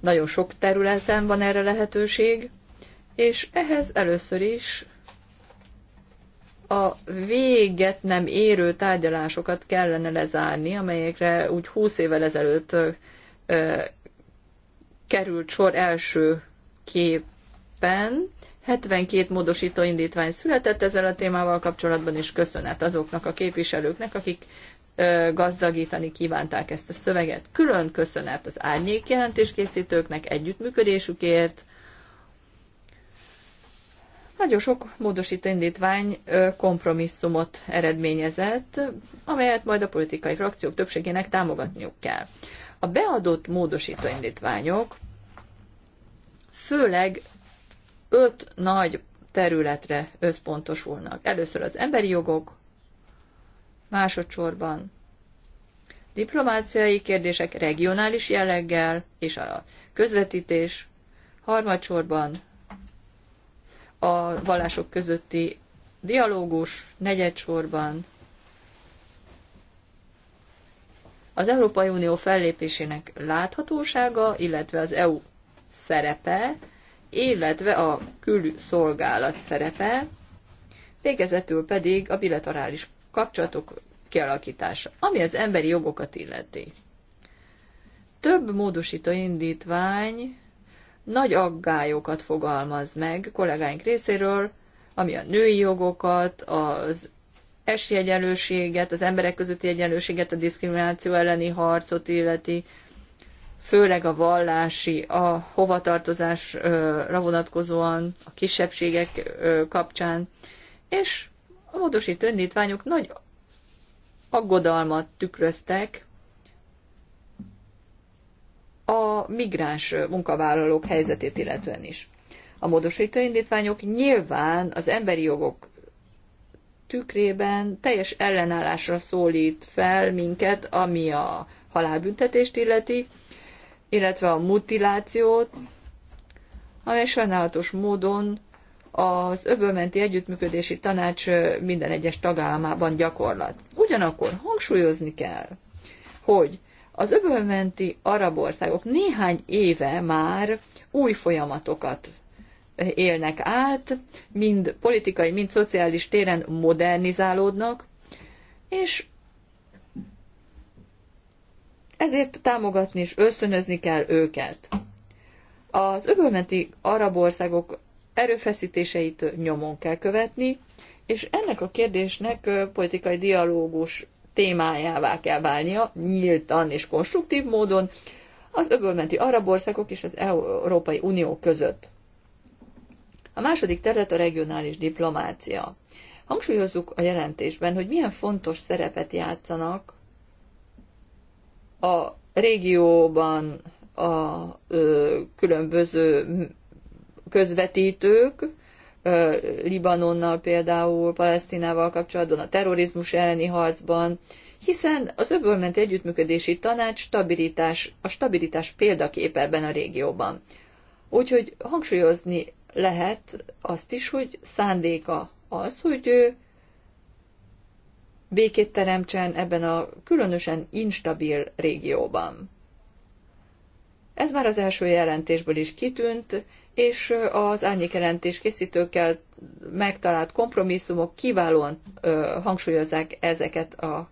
Nagyon sok területen van erre lehetőség, és ehhez először is a véget nem érő tárgyalásokat kellene lezárni, amelyekre úgy 20 évvel ezelőtt ö, ö, került sor első képen. 72 módosító indítvány született ezzel a témával kapcsolatban, és köszönet azoknak a képviselőknek, akik ö, gazdagítani kívánták ezt a szöveget. Külön köszönet az árnyék jelentéskészítőknek együttműködésükért, nagyon sok módosító indítvány kompromisszumot eredményezett, amelyet majd a politikai frakciók többségének támogatniuk kell. A beadott módosító indítványok főleg öt nagy területre összpontosulnak. Először az emberi jogok, másodszorban diplomáciai kérdések regionális jelleggel és a közvetítés, harmadsorban a vallások közötti dialógus negyedsorban az Európai Unió fellépésének láthatósága, illetve az EU szerepe, illetve a külszolgálat szerepe, végezetül pedig a bilaterális kapcsolatok kialakítása, ami az emberi jogokat illeti. Több módosító indítvány nagy aggályokat fogalmaz meg kollégáink részéről, ami a női jogokat, az esélyegyenlőséget, az emberek közötti egyenlőséget, a diszkrimináció elleni harcot illeti, főleg a vallási, a hovatartozásra vonatkozóan, a kisebbségek kapcsán, és a módosító indítványok nagy aggodalmat tükröztek a migráns munkavállalók helyzetét illetően is. A módosító indítványok nyilván az emberi jogok tükrében teljes ellenállásra szólít fel minket, ami a halálbüntetést illeti, illetve a mutilációt, amely sajnálatos módon az öbölmenti együttműködési tanács minden egyes tagállamában gyakorlat. Ugyanakkor hangsúlyozni kell, hogy az öbölmenti arab országok néhány éve már új folyamatokat élnek át, mind politikai, mind szociális téren modernizálódnak, és ezért támogatni és ösztönözni kell őket. Az öbölmenti arab országok erőfeszítéseit nyomon kell követni, és ennek a kérdésnek politikai dialógus témájává kell válnia, nyíltan és konstruktív módon, az öbölmenti arab országok és az Európai Unió között. A második terület a regionális diplomácia. Hangsúlyozzuk a jelentésben, hogy milyen fontos szerepet játszanak a régióban a ö, különböző közvetítők, Libanonnal például, Palesztinával kapcsolatban, a terrorizmus elleni harcban, hiszen az öbölmenti együttműködési tanács stabilitás, a stabilitás példaképe ebben a régióban. Úgyhogy hangsúlyozni lehet azt is, hogy szándéka az, hogy békét teremtsen ebben a különösen instabil régióban. Ez már az első jelentésből is kitűnt, és az árnyékjelentés készítőkkel megtalált kompromisszumok kiválóan hangsúlyozzák ezeket a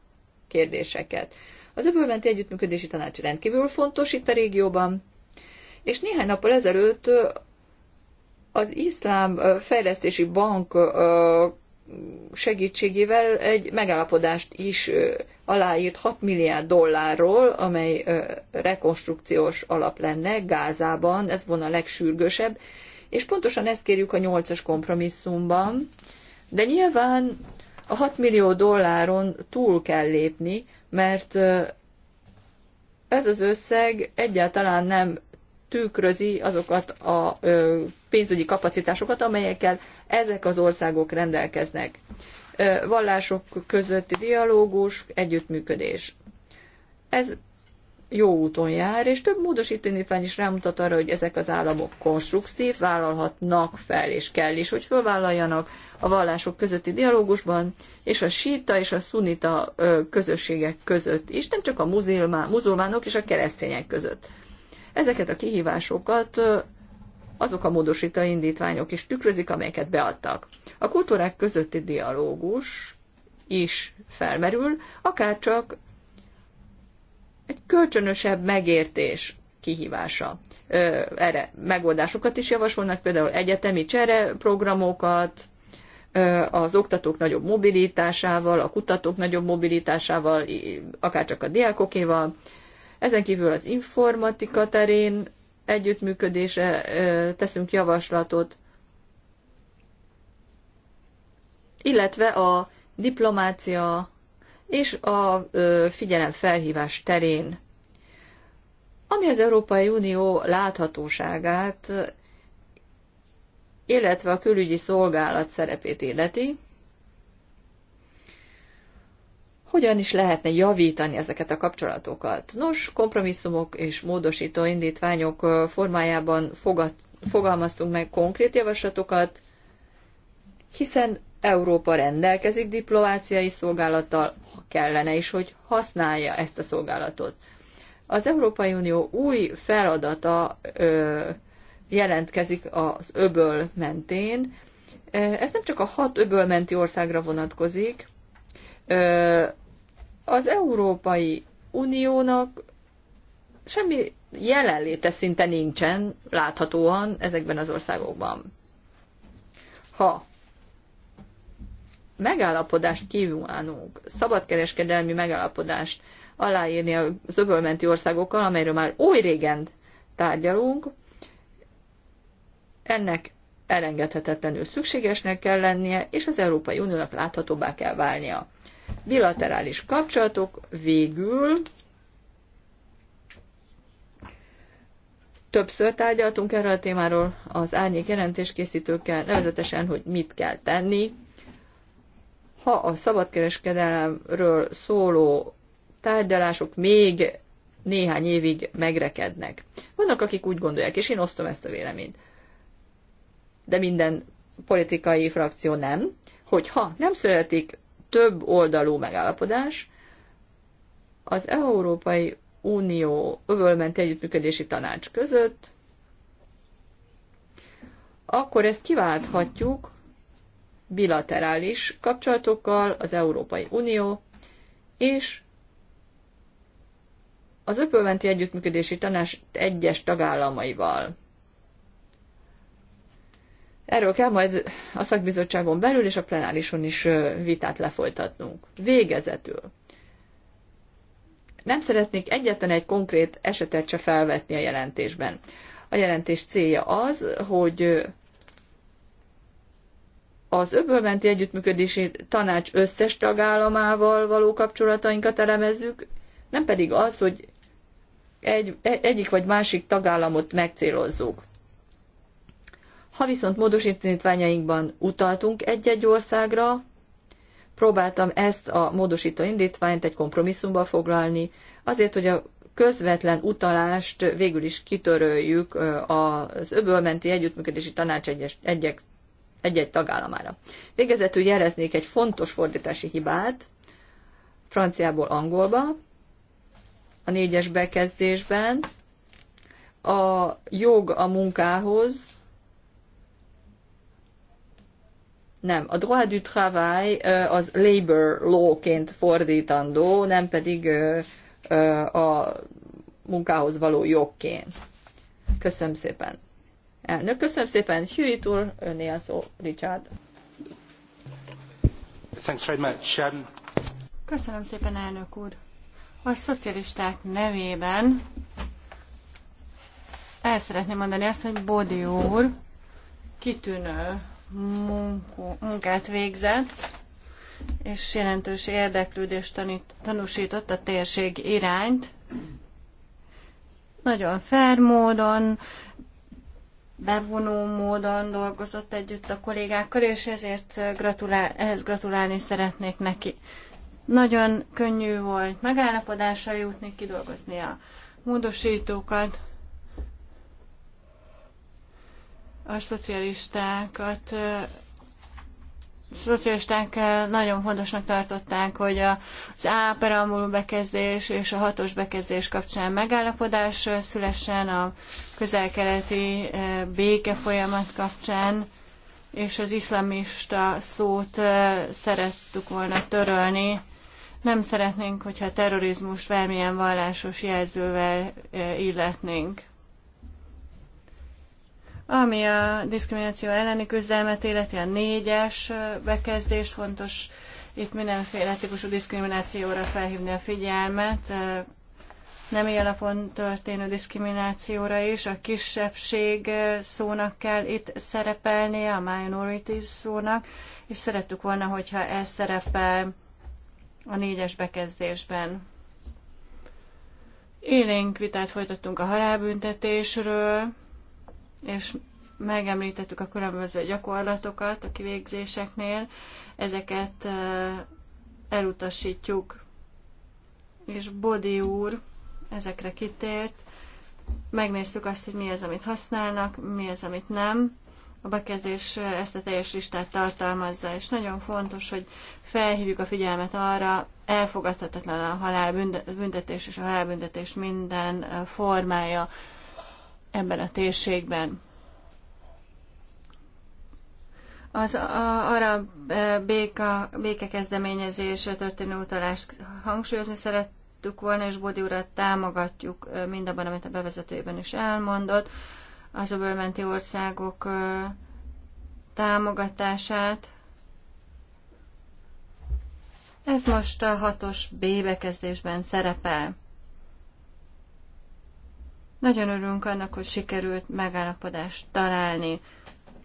kérdéseket. Az öbölmenti együttműködési tanács rendkívül fontos itt a régióban, és néhány nappal ezelőtt az Iszlám Fejlesztési Bank segítségével egy megállapodást is aláírt 6 milliárd dollárról, amely rekonstrukciós alap lenne Gázában, ez volna a legsürgősebb, és pontosan ezt kérjük a 8-as kompromisszumban, de nyilván a 6 millió dolláron túl kell lépni, mert ez az összeg egyáltalán nem tükrözi azokat a pénzügyi kapacitásokat, amelyekkel ezek az országok rendelkeznek. Vallások közötti dialógus, együttműködés. Ez jó úton jár, és több módosítőindítvány is rámutat arra, hogy ezek az államok konstruktív, vállalhatnak fel, és kell is, hogy fölvállaljanak a vallások közötti dialógusban, és a síta és a szunita közösségek között is, nem csak a muzulmánok és a keresztények között. Ezeket a kihívásokat azok a módosító indítványok is tükrözik, amelyeket beadtak. A kultúrák közötti dialógus is felmerül, akár csak egy kölcsönösebb megértés kihívása. Erre megoldásokat is javasolnak, például egyetemi programokat, az oktatók nagyobb mobilitásával, a kutatók nagyobb mobilitásával, akár csak a diákokéval, ezen kívül az informatika terén együttműködése teszünk javaslatot, illetve a diplomácia és a figyelemfelhívás terén. Ami az Európai Unió láthatóságát, illetve a külügyi szolgálat szerepét illeti, hogyan is lehetne javítani ezeket a kapcsolatokat. Nos, kompromisszumok és módosító indítványok formájában fogad, fogalmaztunk meg konkrét javaslatokat, hiszen Európa rendelkezik diplomáciai szolgálattal, ha kellene is, hogy használja ezt a szolgálatot. Az Európai Unió új feladata ö, jelentkezik az öböl mentén. Ez nem csak a hat öböl menti országra vonatkozik, az Európai Uniónak semmi jelenléte szinte nincsen láthatóan ezekben az országokban. Ha megállapodást kívánunk, szabadkereskedelmi megállapodást aláírni az öbölmenti országokkal, amelyről már oly régen tárgyalunk, ennek elengedhetetlenül szükségesnek kell lennie, és az Európai Uniónak láthatóbbá kell válnia bilaterális kapcsolatok végül Többször tárgyaltunk erről a témáról az árnyék jelentéskészítőkkel, nevezetesen, hogy mit kell tenni. Ha a szabadkereskedelemről szóló tárgyalások még néhány évig megrekednek. Vannak, akik úgy gondolják, és én osztom ezt a véleményt. De minden politikai frakció nem, hogy ha nem születik több oldalú megállapodás, az Európai Unió övölmenti együttműködési tanács között, akkor ezt kiválthatjuk bilaterális kapcsolatokkal az Európai Unió és az öpölmenti együttműködési tanács egyes tagállamaival. Erről kell majd a szakbizottságon belül és a plenárison is vitát lefolytatnunk. Végezetül. Nem szeretnék egyetlen egy konkrét esetet se felvetni a jelentésben. A jelentés célja az, hogy az öbölmenti együttműködési tanács összes tagállamával való kapcsolatainkat elemezzük, nem pedig az, hogy egy, e, egyik vagy másik tagállamot megcélozzuk. Ha viszont módosítványainkban utaltunk egy-egy országra, próbáltam ezt a módosító indítványt egy kompromisszumba foglalni, azért, hogy a közvetlen utalást végül is kitöröljük az öbölmenti együttműködési tanács egyes, egyek, egy-egy tagállamára. Végezetül jeleznék egy fontos fordítási hibát, franciából angolba, a négyes bekezdésben, a jog a munkához Nem, a droit du travail az labor law-ként fordítandó, nem pedig a munkához való jogként. Köszönöm szépen. Elnök, köszönöm szépen. Hewitt úr, önné a szó, Richard. Thanks very much. Um... Köszönöm szépen, elnök úr. A szocialisták nevében el szeretném mondani azt, hogy Bodi úr kitűnő munkó, munkát végzett, és jelentős érdeklődést tanít, tanúsított a térség irányt. Nagyon fair módon, bevonó módon dolgozott együtt a kollégákkal, és ezért gratulál, ehhez gratulálni szeretnék neki. Nagyon könnyű volt megállapodásra jutni, kidolgozni a módosítókat. a szocialistákat a szocialisták nagyon fontosnak tartották, hogy az A bekezdés és a hatos bekezdés kapcsán megállapodás szülessen a közelkeleti béke folyamat kapcsán, és az iszlamista szót szerettük volna törölni. Nem szeretnénk, hogyha terrorizmus bármilyen vallásos jelzővel illetnénk. Ami a diszkrimináció elleni küzdelmet illeti, a négyes bekezdés fontos itt mindenféle típusú diszkriminációra felhívni a figyelmet, nem alapon történő diszkriminációra is, a kisebbség szónak kell itt szerepelnie, a minorities szónak, és szerettük volna, hogyha ez szerepel a négyes bekezdésben. Élénk vitát folytattunk a halálbüntetésről, és megemlítettük a különböző gyakorlatokat a kivégzéseknél, ezeket elutasítjuk. És Bodi úr ezekre kitért, megnéztük azt, hogy mi az, amit használnak, mi az, amit nem. A bekezdés ezt a teljes listát tartalmazza, és nagyon fontos, hogy felhívjuk a figyelmet arra, elfogadhatatlan a halálbüntetés és a halálbüntetés minden formája ebben a térségben. Az arab e, béka, kezdeményezés történő utalást hangsúlyozni szerettük volna, és Bodi urat támogatjuk e, mindabban, amit a bevezetőjében is elmondott, az öbölmenti országok e, támogatását. Ez most a hatos B bekezdésben szerepel. Nagyon örülünk annak, hogy sikerült megállapodást találni.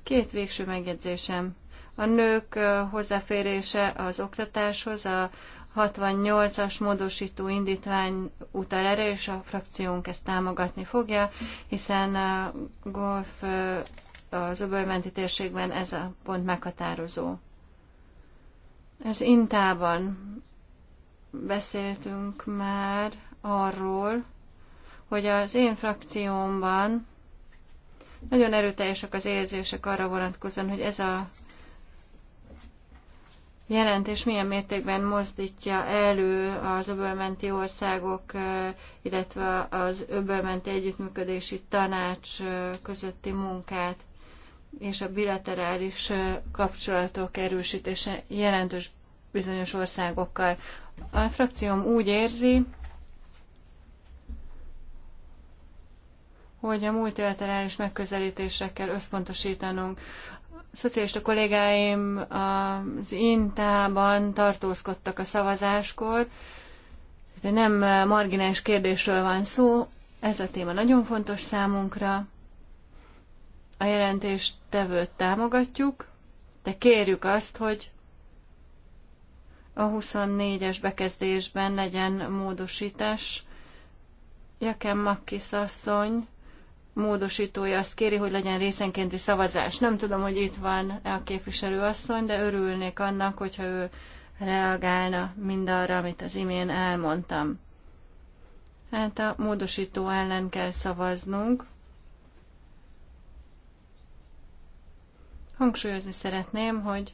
Két végső megjegyzésem. A nők hozzáférése az oktatáshoz, a 68-as módosító indítvány utal erre, és a frakciónk ezt támogatni fogja, hiszen a golf az öbölmenti térségben ez a pont meghatározó. Az Intában beszéltünk már arról, hogy az én frakciómban nagyon erőteljesek az érzések arra vonatkozóan, hogy ez a jelentés milyen mértékben mozdítja elő az öbölmenti országok, illetve az öbölmenti együttműködési tanács közötti munkát és a bilaterális kapcsolatok erősítése jelentős bizonyos országokkal. A frakcióm úgy érzi, hogy a multilaterális megközelítésre kell összpontosítanunk. A szocialista kollégáim az Intában tartózkodtak a szavazáskor, de nem marginális kérdésről van szó, ez a téma nagyon fontos számunkra. A jelentést tevőt támogatjuk, de kérjük azt, hogy a 24-es bekezdésben legyen módosítás. Jakem Makkis asszony módosítója azt kéri, hogy legyen részenkénti szavazás. Nem tudom, hogy itt van -e a asszony, de örülnék annak, hogyha ő reagálna mindarra, amit az imént elmondtam. Hát a módosító ellen kell szavaznunk. Hangsúlyozni szeretném, hogy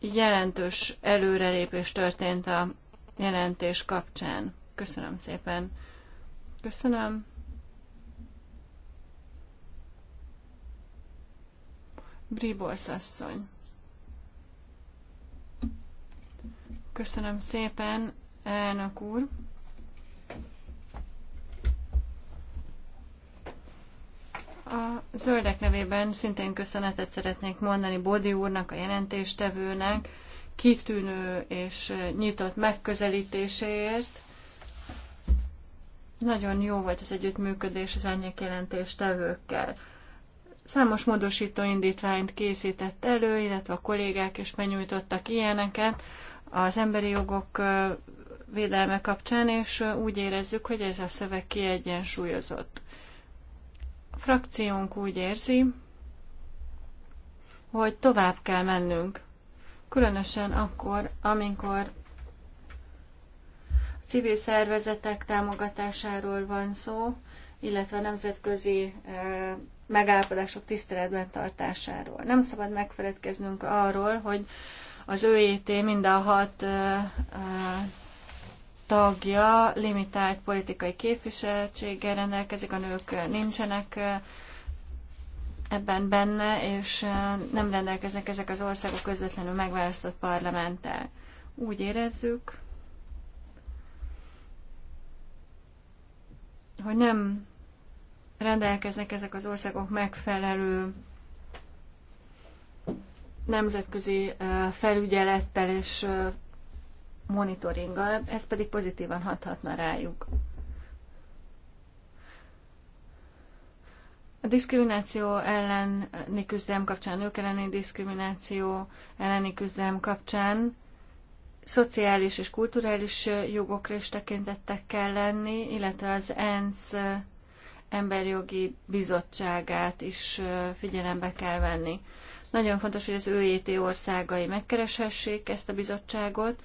jelentős előrelépés történt a jelentés kapcsán. Köszönöm szépen. Köszönöm. Bribolsz asszony. Köszönöm szépen, elnök úr. A zöldek nevében szintén köszönetet szeretnék mondani Bodi úrnak, a jelentéstevőnek, kitűnő és nyitott megközelítéséért. Nagyon jó volt az együttműködés az ennyi jelentéstevőkkel. Számos módosító indítványt készített elő, illetve a kollégák is benyújtottak ilyeneket az emberi jogok védelme kapcsán, és úgy érezzük, hogy ez a szöveg kiegyensúlyozott. A frakciónk úgy érzi, hogy tovább kell mennünk, különösen akkor, amikor a civil szervezetek támogatásáról van szó, illetve a nemzetközi megállapodások tiszteletben tartásáról. Nem szabad megfeledkeznünk arról, hogy az ÖET mind a hat tagja limitált politikai képviseltséggel rendelkezik, a nők nincsenek ebben benne, és nem rendelkeznek ezek az országok közvetlenül megválasztott parlamenttel. Úgy érezzük, hogy nem rendelkeznek ezek az országok megfelelő nemzetközi felügyelettel és monitoringgal, ez pedig pozitívan hathatna rájuk. A diszkrimináció elleni küzdelem kapcsán, nők elleni diszkrimináció elleni küzdelem kapcsán szociális és kulturális jogokra is tekintettek kell lenni, illetve az ENSZ emberjogi bizottságát is figyelembe kell venni. Nagyon fontos, hogy az ÖET országai megkereshessék ezt a bizottságot,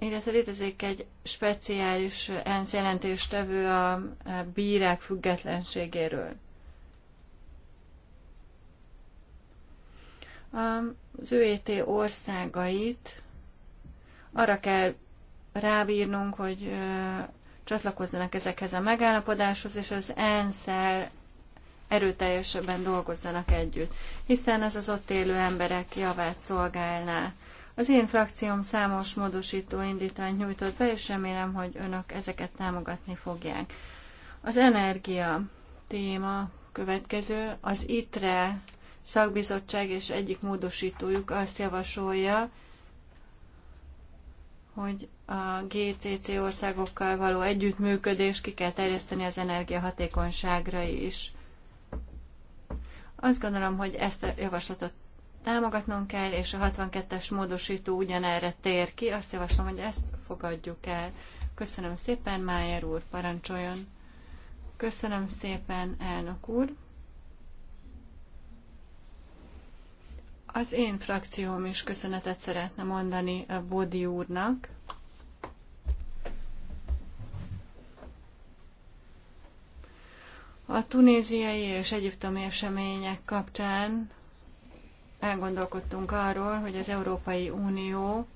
illetve létezik egy speciális ENSZ jelentéstevő a bírák függetlenségéről. Az ÖET országait arra kell rábírnunk, hogy csatlakozzanak ezekhez a megállapodáshoz, és az ensz erőteljesebben dolgozzanak együtt, hiszen ez az ott élő emberek javát szolgálná. Az én frakcióm számos módosító indítványt nyújtott be, és remélem, hogy önök ezeket támogatni fogják. Az energia téma következő, az ITRE szakbizottság és egyik módosítójuk azt javasolja, hogy a GCC országokkal való együttműködést ki kell terjeszteni az energiahatékonyságra is. Azt gondolom, hogy ezt a javaslatot támogatnom kell, és a 62-es módosító ugyanerre tér ki. Azt javaslom, hogy ezt fogadjuk el. Köszönöm szépen, Májer úr, parancsoljon. Köszönöm szépen, elnök úr. Az én frakcióm is köszönetet szeretne mondani a Bodi úrnak A tunéziai és egyiptomi események kapcsán elgondolkodtunk arról, hogy az Európai Unió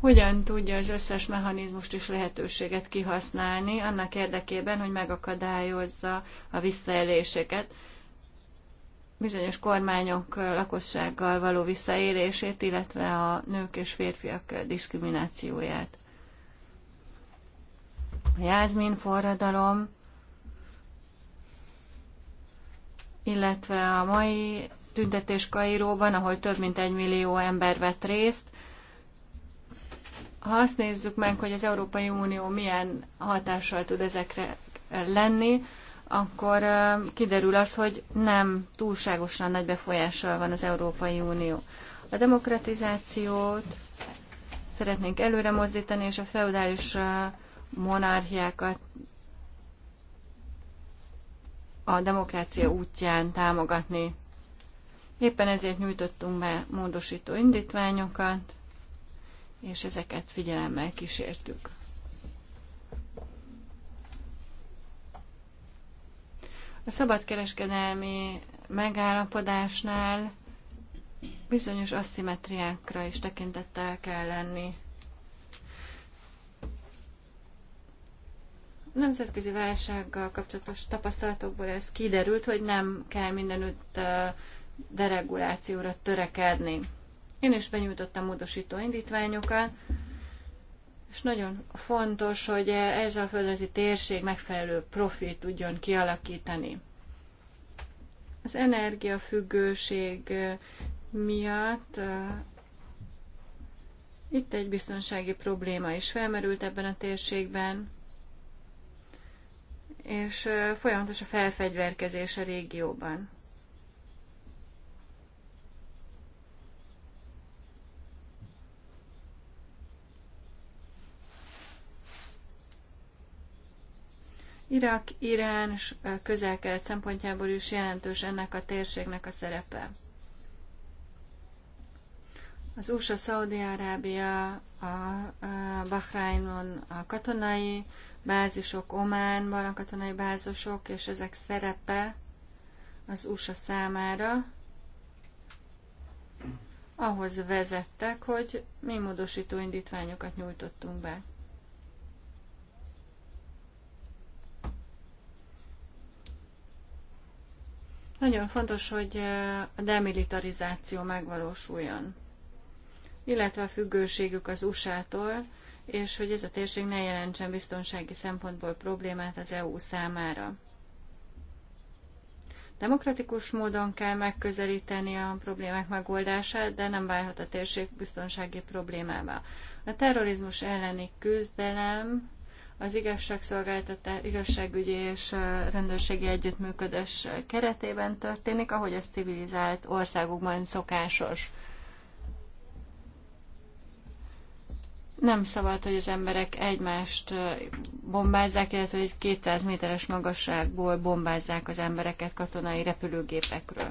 hogyan tudja az összes mechanizmust és lehetőséget kihasználni annak érdekében, hogy megakadályozza a visszaéléseket, bizonyos kormányok lakossággal való visszaélését, illetve a nők és férfiak diszkriminációját. A Jászmin forradalom illetve a mai tüntetés Kairóban, ahol több mint egy millió ember vett részt. Ha azt nézzük meg, hogy az Európai Unió milyen hatással tud ezekre lenni, akkor kiderül az, hogy nem túlságosan nagy befolyással van az Európai Unió. A demokratizációt szeretnénk előre mozdítani, és a feudális monarchiákat a demokrácia útján támogatni. Éppen ezért nyújtottunk be módosító indítványokat, és ezeket figyelemmel kísértük. A szabadkereskedelmi megállapodásnál bizonyos asszimetriákra is tekintettel kell lenni. nemzetközi válsággal kapcsolatos tapasztalatokból ez kiderült, hogy nem kell mindenütt deregulációra törekedni. Én is benyújtottam módosító indítványokat, és nagyon fontos, hogy ez a földrajzi térség megfelelő profit tudjon kialakítani. Az energiafüggőség miatt itt egy biztonsági probléma is felmerült ebben a térségben és folyamatos a felfegyverkezés a régióban. Irak, Irán és közel-kelet szempontjából is jelentős ennek a térségnek a szerepe. Az USA, Szaudi-Arábia, a Bahrainon a katonai bázisok Ománban, a katonai bázisok, és ezek szerepe az USA számára ahhoz vezettek, hogy mi módosító indítványokat nyújtottunk be. Nagyon fontos, hogy a demilitarizáció megvalósuljon, illetve a függőségük az USA-tól, és hogy ez a térség ne jelentsen biztonsági szempontból problémát az EU számára. Demokratikus módon kell megközelíteni a problémák megoldását, de nem válhat a térség biztonsági problémává. A terrorizmus elleni küzdelem az igazságügyi és rendőrségi együttműködés keretében történik, ahogy ez civilizált országokban szokásos. nem szabad, hogy az emberek egymást bombázzák, illetve hogy 200 méteres magasságból bombázzák az embereket katonai repülőgépekről.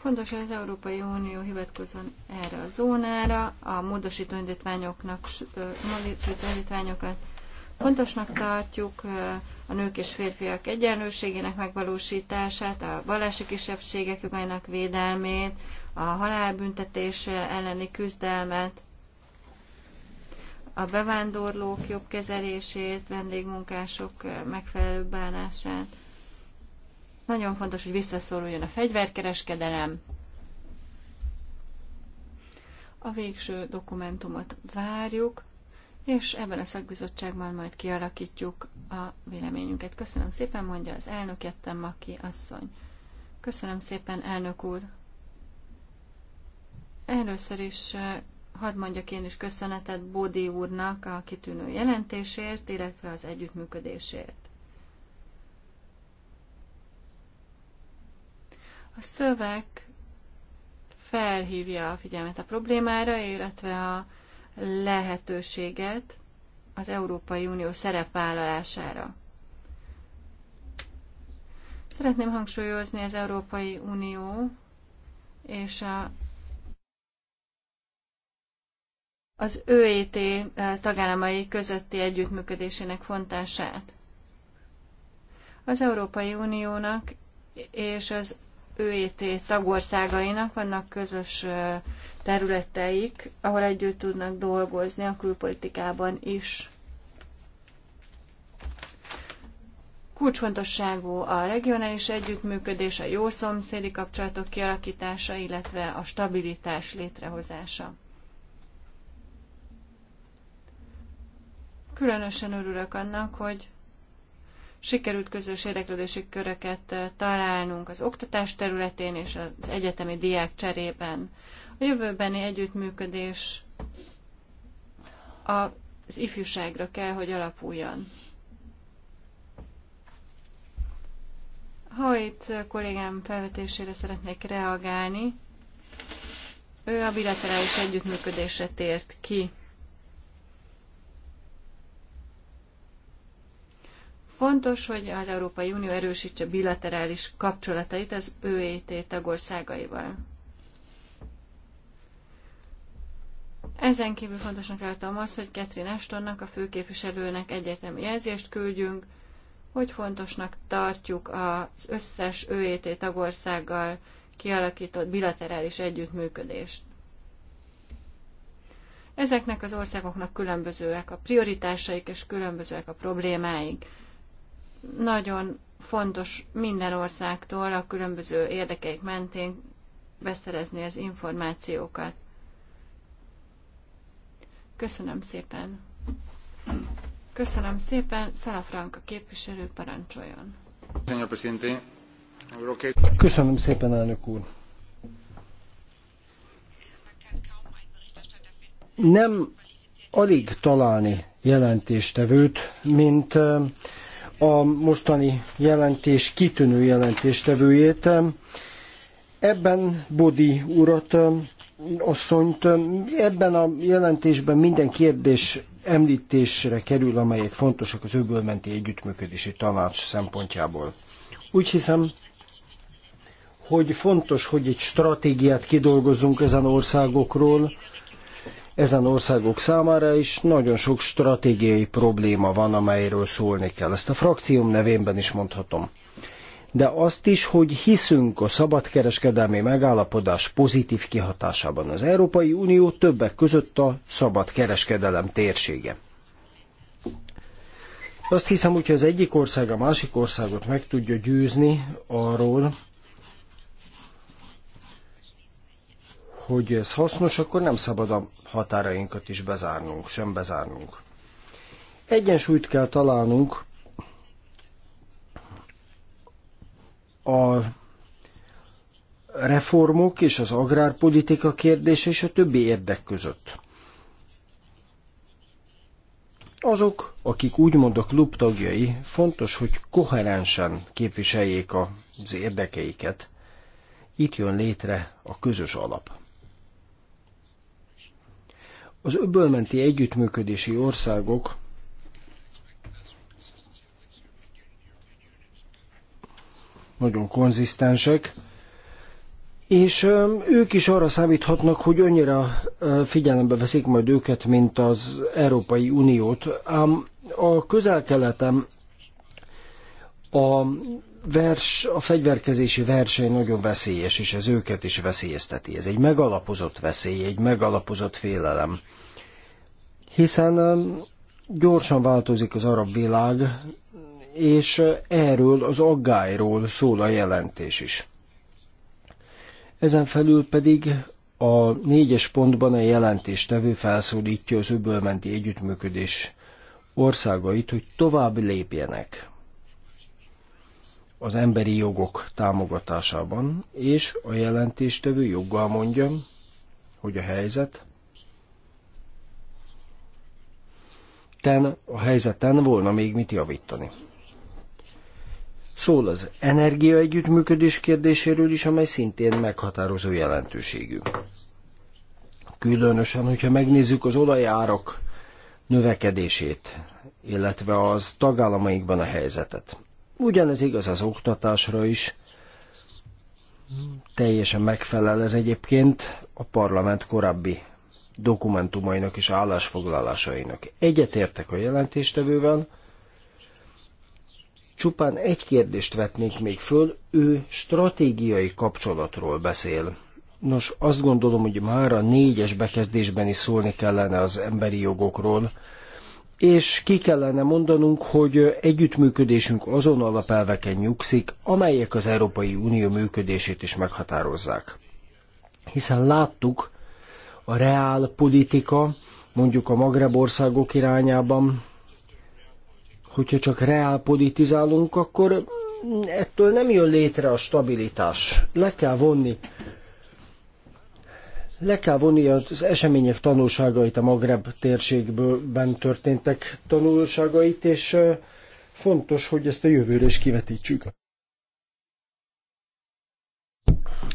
Fontos, hogy az Európai Unió hivatkozzon erre a zónára, a módosító indítványoknak, módosító indítványokat fontosnak tartjuk, a nők és férfiak egyenlőségének megvalósítását, a vallási kisebbségek jogainak védelmét, a halálbüntetés elleni küzdelmet, a bevándorlók jobb kezelését, vendégmunkások megfelelő bánását. Nagyon fontos, hogy visszaszoruljon a fegyverkereskedelem. A végső dokumentumot várjuk, és ebben a szakbizottságban majd kialakítjuk a véleményünket. Köszönöm szépen, mondja az elnök, jöttem Maki asszony. Köszönöm szépen, elnök úr. Először is hadd mondjak én is köszönetet Bódi úrnak a kitűnő jelentésért, illetve az együttműködésért. A szöveg felhívja a figyelmet a problémára, illetve a lehetőséget, az Európai Unió szerepvállalására. Szeretném hangsúlyozni az Európai Unió és a, az ÖET eh, tagállamai közötti együttműködésének fontását. Az Európai Uniónak és az ÖET tagországainak vannak közös területeik, ahol együtt tudnak dolgozni a külpolitikában is. Kulcsfontosságú a regionális együttműködés, a jó szomszédi kapcsolatok kialakítása, illetve a stabilitás létrehozása. Különösen örülök annak, hogy sikerült közös érdeklődési köröket eh, találnunk az oktatás területén és az egyetemi diák cserében. A jövőbeni együttműködés az ifjúságra kell, hogy alapuljon. Ha itt eh, kollégám felvetésére szeretnék reagálni, ő a bilaterális együttműködésre tért ki. Fontos, hogy az Európai Unió erősítse bilaterális kapcsolatait az ÖET tagországaival. Ezen kívül fontosnak tartom azt, hogy Catherine Ashtonnak, a főképviselőnek egyetemi jelzést küldjünk, hogy fontosnak tartjuk az összes ÖET tagországgal kialakított bilaterális együttműködést. Ezeknek az országoknak különbözőek a prioritásaik és különbözőek a problémáik. Nagyon fontos minden országtól a különböző érdekeik mentén beszerezni az információkat. Köszönöm szépen! Köszönöm szépen, Franka képviselő parancsoljon. Köszönöm szépen, elnök úr! Nem alig találni jelentéstevőt, mint eh, a mostani jelentés kitűnő jelentéstevőjét. Ebben Bodi urat, um, asszonyt, um, ebben a jelentésben minden kérdés említésre kerül, amelyek fontosak az öbölmenti együttműködési tanács szempontjából. Úgy hiszem, hogy fontos, hogy egy stratégiát kidolgozzunk ezen országokról, ezen országok számára is nagyon sok stratégiai probléma van, amelyről szólni kell. Ezt a frakcióm nevében is mondhatom. De azt is, hogy hiszünk a szabadkereskedelmi megállapodás pozitív kihatásában. Az Európai Unió többek között a szabadkereskedelem térsége. Azt hiszem, hogyha az egyik ország a másik országot meg tudja győzni arról, hogy ez hasznos, akkor nem szabad a határainkat is bezárnunk, sem bezárnunk. Egyensúlyt kell találnunk a reformok és az agrárpolitika kérdése és a többi érdek között. Azok, akik úgymond a klub tagjai, fontos, hogy koherensen képviseljék az érdekeiket. Itt jön létre a közös alap. Az öbölmenti együttműködési országok nagyon konzisztensek, és ők is arra számíthatnak, hogy annyira figyelembe veszik majd őket, mint az Európai Uniót. Ám a közel-keleten a vers, a fegyverkezési verseny nagyon veszélyes, és ez őket is veszélyezteti. Ez egy megalapozott veszély, egy megalapozott félelem. Hiszen um, gyorsan változik az arab világ, és uh, erről az aggályról szól a jelentés is. Ezen felül pedig a négyes pontban a jelentéstevő felszólítja az öbölmenti együttműködés országait, hogy tovább lépjenek az emberi jogok támogatásában, és a jelentéstevő joggal mondja, hogy a helyzet ten, a helyzeten volna még mit javítani. Szól az energiaegyüttműködés kérdéséről is, amely szintén meghatározó jelentőségű. Különösen, hogyha megnézzük az olajárak növekedését, illetve az tagállamaikban a helyzetet. Ugyanez igaz az oktatásra is. Teljesen megfelel ez egyébként a parlament korábbi dokumentumainak és állásfoglalásainak. Egyetértek a jelentéstevővel, csupán egy kérdést vetnék még föl, ő stratégiai kapcsolatról beszél. Nos, azt gondolom, hogy már a négyes bekezdésben is szólni kellene az emberi jogokról, és ki kellene mondanunk, hogy együttműködésünk azon alapelveken nyugszik, amelyek az Európai Unió működését is meghatározzák. Hiszen láttuk, a reál politika, mondjuk a Magreb országok irányában, hogyha csak reál politizálunk, akkor ettől nem jön létre a stabilitás. Le kell vonni le kell vonni az események tanulságait, a Magreb térségben történtek tanulságait, és fontos, hogy ezt a jövőre is kivetítsük.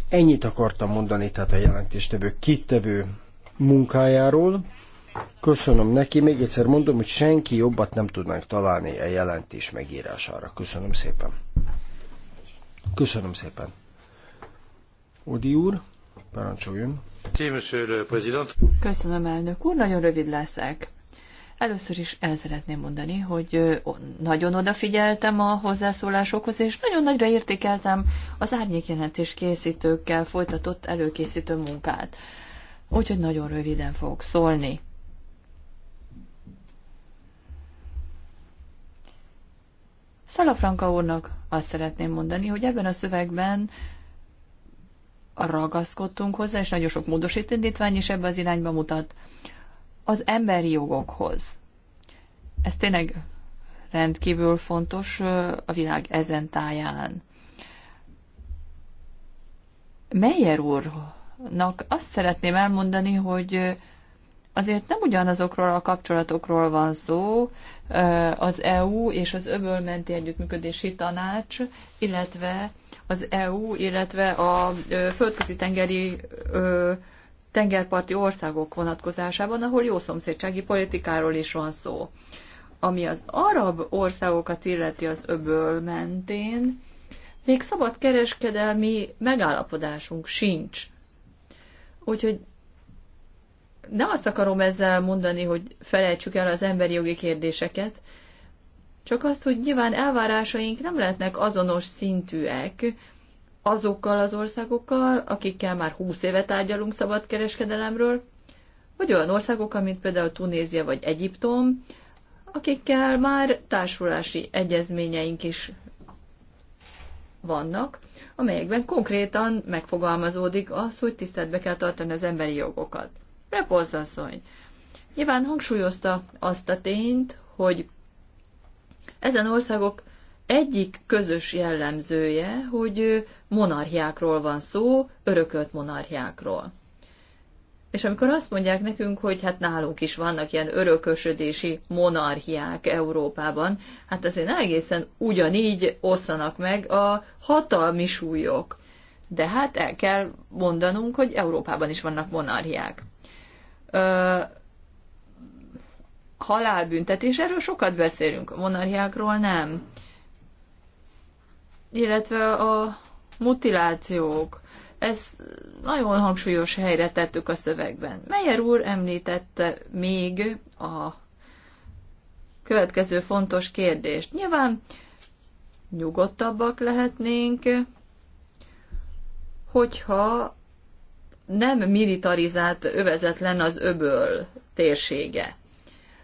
Ennyit akartam mondani, tehát a jelentéstevő kitevő munkájáról. Köszönöm neki, még egyszer mondom, hogy senki jobbat nem tudnánk találni a jelentés megírására. Köszönöm szépen. Köszönöm szépen. Odi úr, parancsoljon. Köszönöm, elnök úr, nagyon rövid leszek. Először is el szeretném mondani, hogy nagyon odafigyeltem a hozzászólásokhoz, és nagyon nagyra értékeltem az árnyékjelentés készítőkkel folytatott előkészítő munkát. Úgyhogy nagyon röviden fogok szólni. Szalafranka úrnak azt szeretném mondani, hogy ebben a szövegben ragaszkodtunk hozzá, és nagyon sok módosító indítvány is ebbe az irányba mutat, az emberi jogokhoz. Ez tényleg rendkívül fontos a világ ezen táján. Meyer úrnak azt szeretném elmondani, hogy azért nem ugyanazokról a kapcsolatokról van szó, az EU és az öbölmenti együttműködési tanács, illetve az EU, illetve a földközi tengeri tengerparti országok vonatkozásában, ahol jó szomszédsági politikáról is van szó. Ami az arab országokat illeti az öböl mentén, még szabad kereskedelmi megállapodásunk sincs. Úgyhogy nem azt akarom ezzel mondani, hogy felejtsük el az emberi jogi kérdéseket, csak azt, hogy nyilván elvárásaink nem lehetnek azonos szintűek azokkal az országokkal, akikkel már húsz éve tárgyalunk szabadkereskedelemről, vagy olyan országokkal, mint például Tunézia vagy Egyiptom, akikkel már társulási egyezményeink is vannak, amelyekben konkrétan megfogalmazódik az, hogy tiszteletbe kell tartani az emberi jogokat. Repolsz asszony nyilván hangsúlyozta azt a tényt, hogy ezen országok egyik közös jellemzője, hogy monarchiákról van szó, örökölt monarchiákról. És amikor azt mondják nekünk, hogy hát nálunk is vannak ilyen örökösödési monarchiák Európában, hát azért egészen ugyanígy osszanak meg a hatalmi súlyok. De hát el kell mondanunk, hogy Európában is vannak monarchiák ö, halálbüntetés, erről sokat beszélünk, a monarchiákról nem. Illetve a mutilációk, ez nagyon hangsúlyos helyre tettük a szövegben. Meyer úr említette még a következő fontos kérdést. Nyilván nyugodtabbak lehetnénk, hogyha nem militarizált övezetlen az öböl térsége.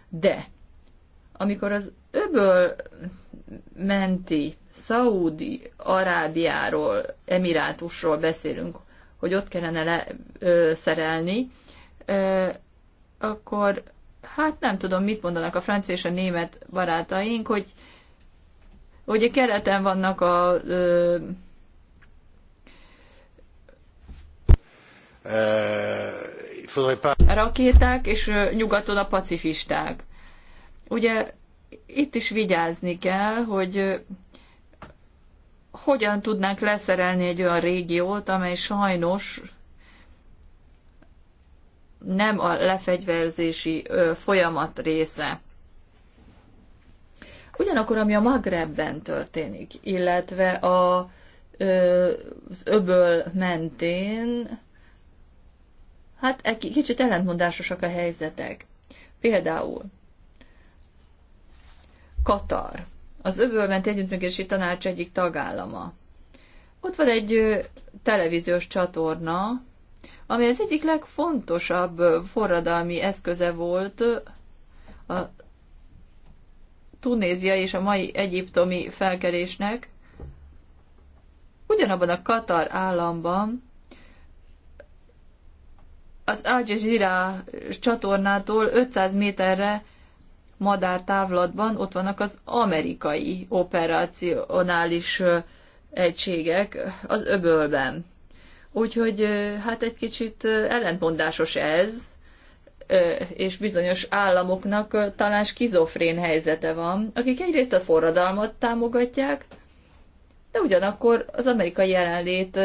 De amikor az öböl menti Szaúdi Arábiáról, Emirátusról beszélünk, hogy ott kellene le, ö, szerelni, ö, akkor hát nem tudom, mit mondanak a francia és a német barátaink, hogy ugye keleten vannak a ö, Euh, rakéták, és nyugaton a pacifisták. Ugye itt is vigyázni kell, hogy hogyan tudnánk leszerelni egy olyan régiót, amely sajnos nem a lefegyverzési folyamat része. Ugyanakkor, ami a Magrebben történik, illetve a, az öböl mentén, Hát egy kicsit ellentmondásosak a helyzetek. Például Katar, az öbölment együttműködési tanács egyik tagállama. Ott van egy televíziós csatorna, ami az egyik legfontosabb forradalmi eszköze volt a Tunézia és a mai egyiptomi felkelésnek, ugyanabban a Katar államban az Al Jazeera csatornától 500 méterre madártávlatban ott vannak az amerikai operacionális egységek az öbölben. Úgyhogy hát egy kicsit ellentmondásos ez, és bizonyos államoknak talán skizofrén helyzete van, akik egyrészt a forradalmat támogatják, de ugyanakkor az amerikai jelenlét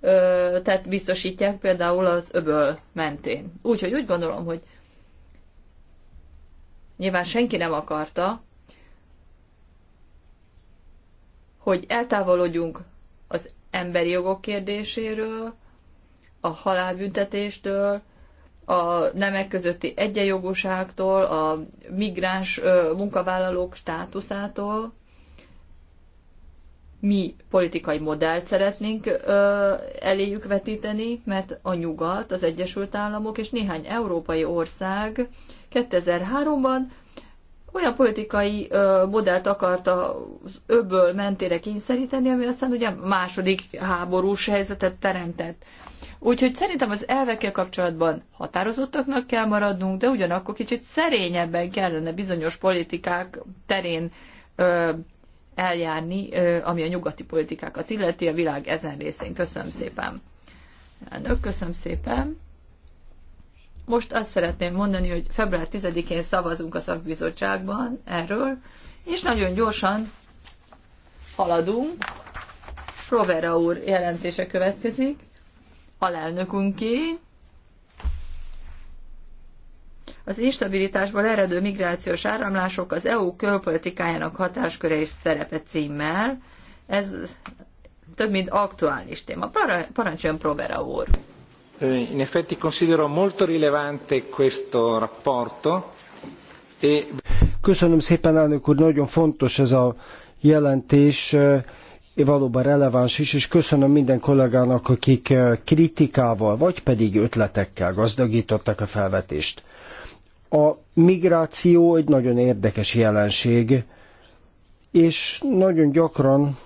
tehát biztosítják például az öböl mentén. Úgyhogy úgy gondolom, hogy nyilván senki nem akarta, hogy eltávolodjunk az emberi jogok kérdéséről, a halálbüntetéstől, a nemek közötti egyenjogúságtól, a migráns munkavállalók státuszától, mi politikai modellt szeretnénk ö, eléjük vetíteni, mert a nyugat, az Egyesült Államok és néhány európai ország 2003-ban olyan politikai ö, modellt akart az öbből mentére kényszeríteni, ami aztán ugye második háborús helyzetet teremtett. Úgyhogy szerintem az elvekkel kapcsolatban határozottaknak kell maradnunk, de ugyanakkor kicsit szerényebben kellene bizonyos politikák terén ö, eljárni, ami a nyugati politikákat illeti a világ ezen részén. Köszönöm szépen. Elnök, köszönöm szépen. Most azt szeretném mondani, hogy február 10-én szavazunk a szakbizottságban erről, és nagyon gyorsan haladunk. Provera úr jelentése következik, alelnökunké, az instabilitásból eredő migrációs áramlások az EU külpolitikájának hatásköre és szerepe címmel. Ez több mint aktuális téma. Parancsoljon Provera úr! Eh, in effetti considero molto rilevante questo rapporto. E... Köszönöm szépen, elnök úr, nagyon fontos ez a jelentés eh, valóban releváns is, és köszönöm minden kollégának, akik eh, kritikával, vagy pedig ötletekkel gazdagították a felvetést. A migráció egy nagyon érdekes jelenség, és nagyon gyakran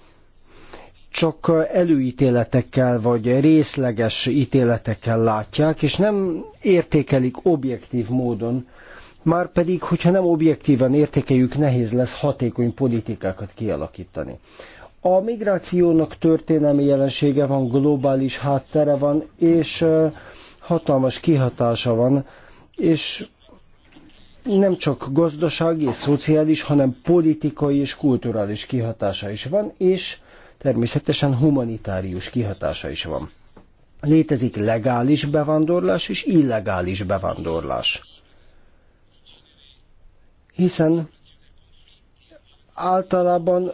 csak előítéletekkel vagy részleges ítéletekkel látják, és nem értékelik objektív módon. Már pedig, hogyha nem objektíven értékeljük, nehéz lesz hatékony politikákat kialakítani. A migrációnak történelmi jelensége van, globális háttere van, és hatalmas kihatása van, és nem csak gazdasági és szociális, hanem politikai és kulturális kihatása is van, és természetesen humanitárius kihatása is van. Létezik legális bevándorlás és illegális bevándorlás. Hiszen általában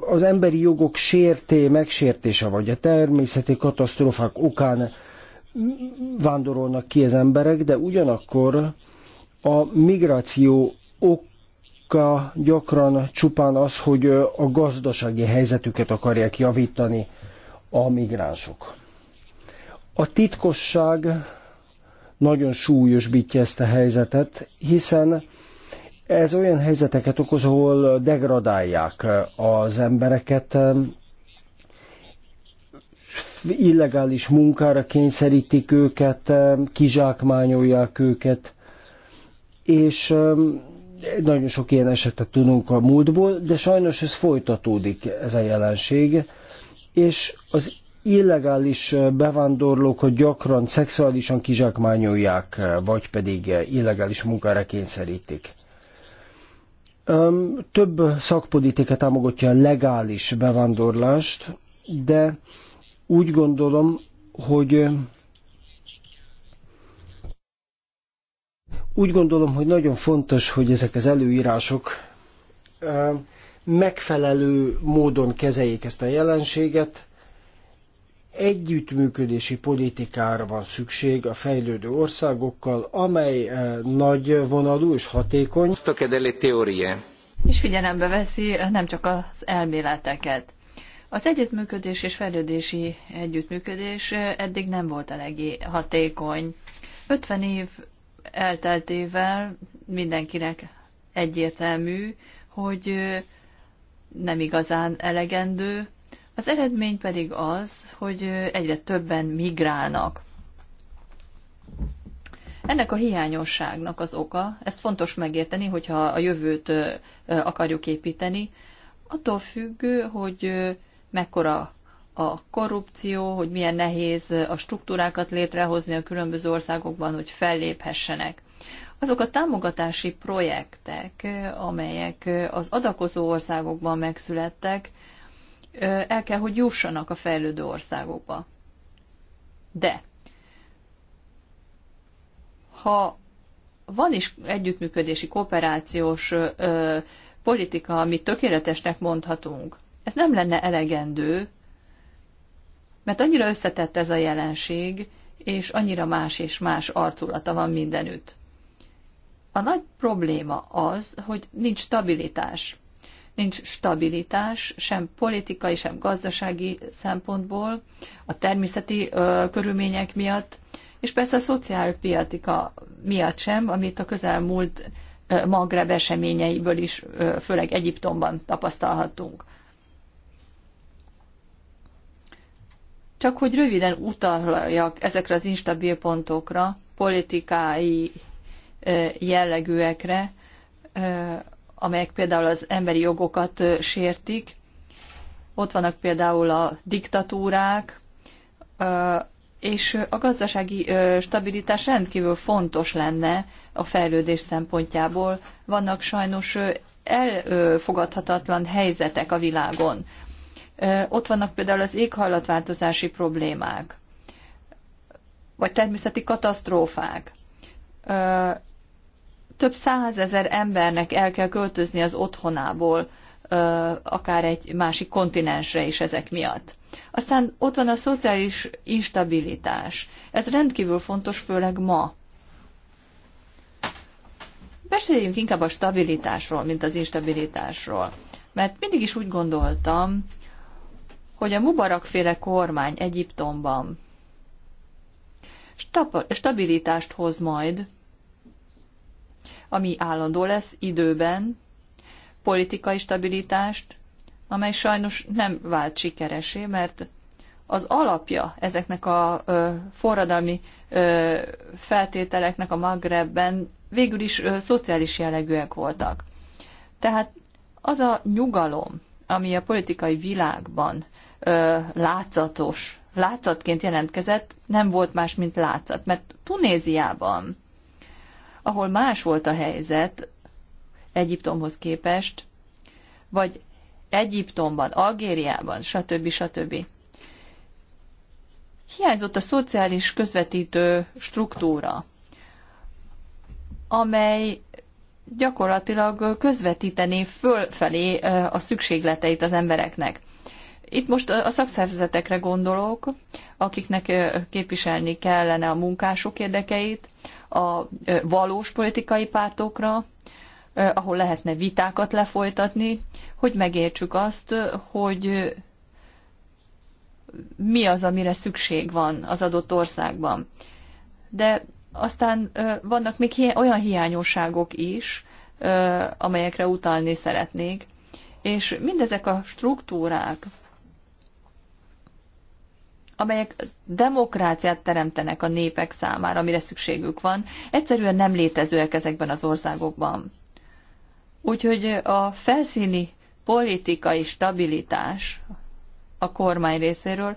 az emberi jogok sérté, megsértése, vagy a természeti katasztrófák okán vándorolnak ki az emberek, de ugyanakkor a migráció oka gyakran csupán az, hogy a gazdasági helyzetüket akarják javítani a migránsok. A titkosság nagyon súlyosbítja ezt a helyzetet, hiszen ez olyan helyzeteket okoz, ahol degradálják az embereket, illegális munkára kényszerítik őket, kizsákmányolják őket, és nagyon sok ilyen esetet tudunk a múltból, de sajnos ez folytatódik, ez a jelenség, és az illegális bevándorlókat gyakran szexuálisan kizsákmányolják, vagy pedig illegális munkára kényszerítik. Több szakpolitika támogatja a legális bevándorlást, de úgy gondolom, hogy Úgy gondolom, hogy nagyon fontos, hogy ezek az előírások megfelelő módon kezeljék ezt a jelenséget. Együttműködési politikára van szükség a fejlődő országokkal, amely nagy vonalú és hatékony. És figyelembe veszi nem csak az elméleteket. Az együttműködés és fejlődési együttműködés eddig nem volt eléggé hatékony. 50 év elteltével mindenkinek egyértelmű, hogy nem igazán elegendő, az eredmény pedig az, hogy egyre többen migrálnak. Ennek a hiányosságnak az oka, ezt fontos megérteni, hogyha a jövőt akarjuk építeni, attól függ, hogy mekkora a korrupció, hogy milyen nehéz a struktúrákat létrehozni a különböző országokban, hogy felléphessenek. Azok a támogatási projektek, amelyek az adakozó országokban megszülettek, el kell, hogy jussanak a fejlődő országokba. De ha van is együttműködési, kooperációs ö, politika, amit tökéletesnek mondhatunk, ez nem lenne elegendő mert annyira összetett ez a jelenség, és annyira más és más arculata van mindenütt. A nagy probléma az, hogy nincs stabilitás. Nincs stabilitás sem politikai, sem gazdasági szempontból, a természeti ö, körülmények miatt, és persze a szociálpiatika miatt sem, amit a közelmúlt Magreb eseményeiből is, főleg Egyiptomban tapasztalhatunk. Csak hogy röviden utaljak ezekre az instabil pontokra, politikai jellegűekre, amelyek például az emberi jogokat sértik. Ott vannak például a diktatúrák, és a gazdasági stabilitás rendkívül fontos lenne a fejlődés szempontjából. Vannak sajnos elfogadhatatlan helyzetek a világon. Ott vannak például az éghajlatváltozási problémák, vagy természeti katasztrófák. Több százezer embernek el kell költözni az otthonából, akár egy másik kontinensre is ezek miatt. Aztán ott van a szociális instabilitás. Ez rendkívül fontos, főleg ma. Beszéljünk inkább a stabilitásról, mint az instabilitásról. Mert mindig is úgy gondoltam, hogy a Mubarak-féle kormány Egyiptomban stabilitást hoz majd, ami állandó lesz időben, politikai stabilitást, amely sajnos nem vált sikeresé, mert az alapja ezeknek a ö, forradalmi ö, feltételeknek a Magrebben végül is ö, szociális jellegűek voltak. Tehát az a nyugalom, ami a politikai világban ö, látszatos, látszatként jelentkezett, nem volt más, mint látszat. Mert Tunéziában, ahol más volt a helyzet Egyiptomhoz képest, vagy Egyiptomban, Algériában, stb. stb. Hiányzott a szociális közvetítő struktúra, amely gyakorlatilag közvetítené fölfelé a szükségleteit az embereknek. Itt most a szakszervezetekre gondolok, akiknek képviselni kellene a munkások érdekeit, a valós politikai pártokra, ahol lehetne vitákat lefolytatni, hogy megértsük azt, hogy mi az, amire szükség van az adott országban. De aztán vannak még olyan hiányosságok is, amelyekre utalni szeretnék, és mindezek a struktúrák, amelyek demokráciát teremtenek a népek számára, amire szükségük van, egyszerűen nem létezőek ezekben az országokban. Úgyhogy a felszíni politikai stabilitás a kormány részéről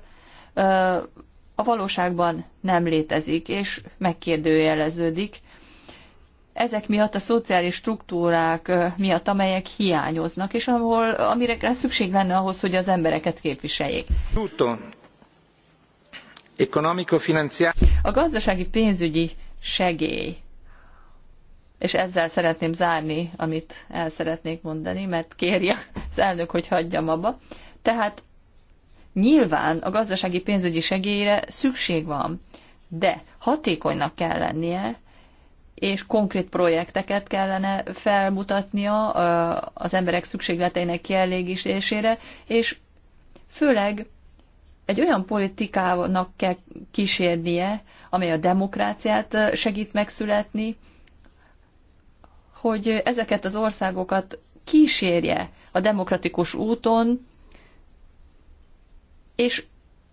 a valóságban nem létezik, és megkérdőjeleződik. Ezek miatt a szociális struktúrák miatt, amelyek hiányoznak, és ahol, amire szükség lenne ahhoz, hogy az embereket képviseljék. A gazdasági pénzügyi segély. És ezzel szeretném zárni, amit el szeretnék mondani, mert kéri az elnök, hogy hagyjam abba. Tehát nyilván a gazdasági pénzügyi segélyre szükség van, de hatékonynak kell lennie, és konkrét projekteket kellene felmutatnia az emberek szükségleteinek kielégítésére, és főleg egy olyan politikának kell kísérnie, amely a demokráciát segít megszületni, hogy ezeket az országokat kísérje a demokratikus úton, és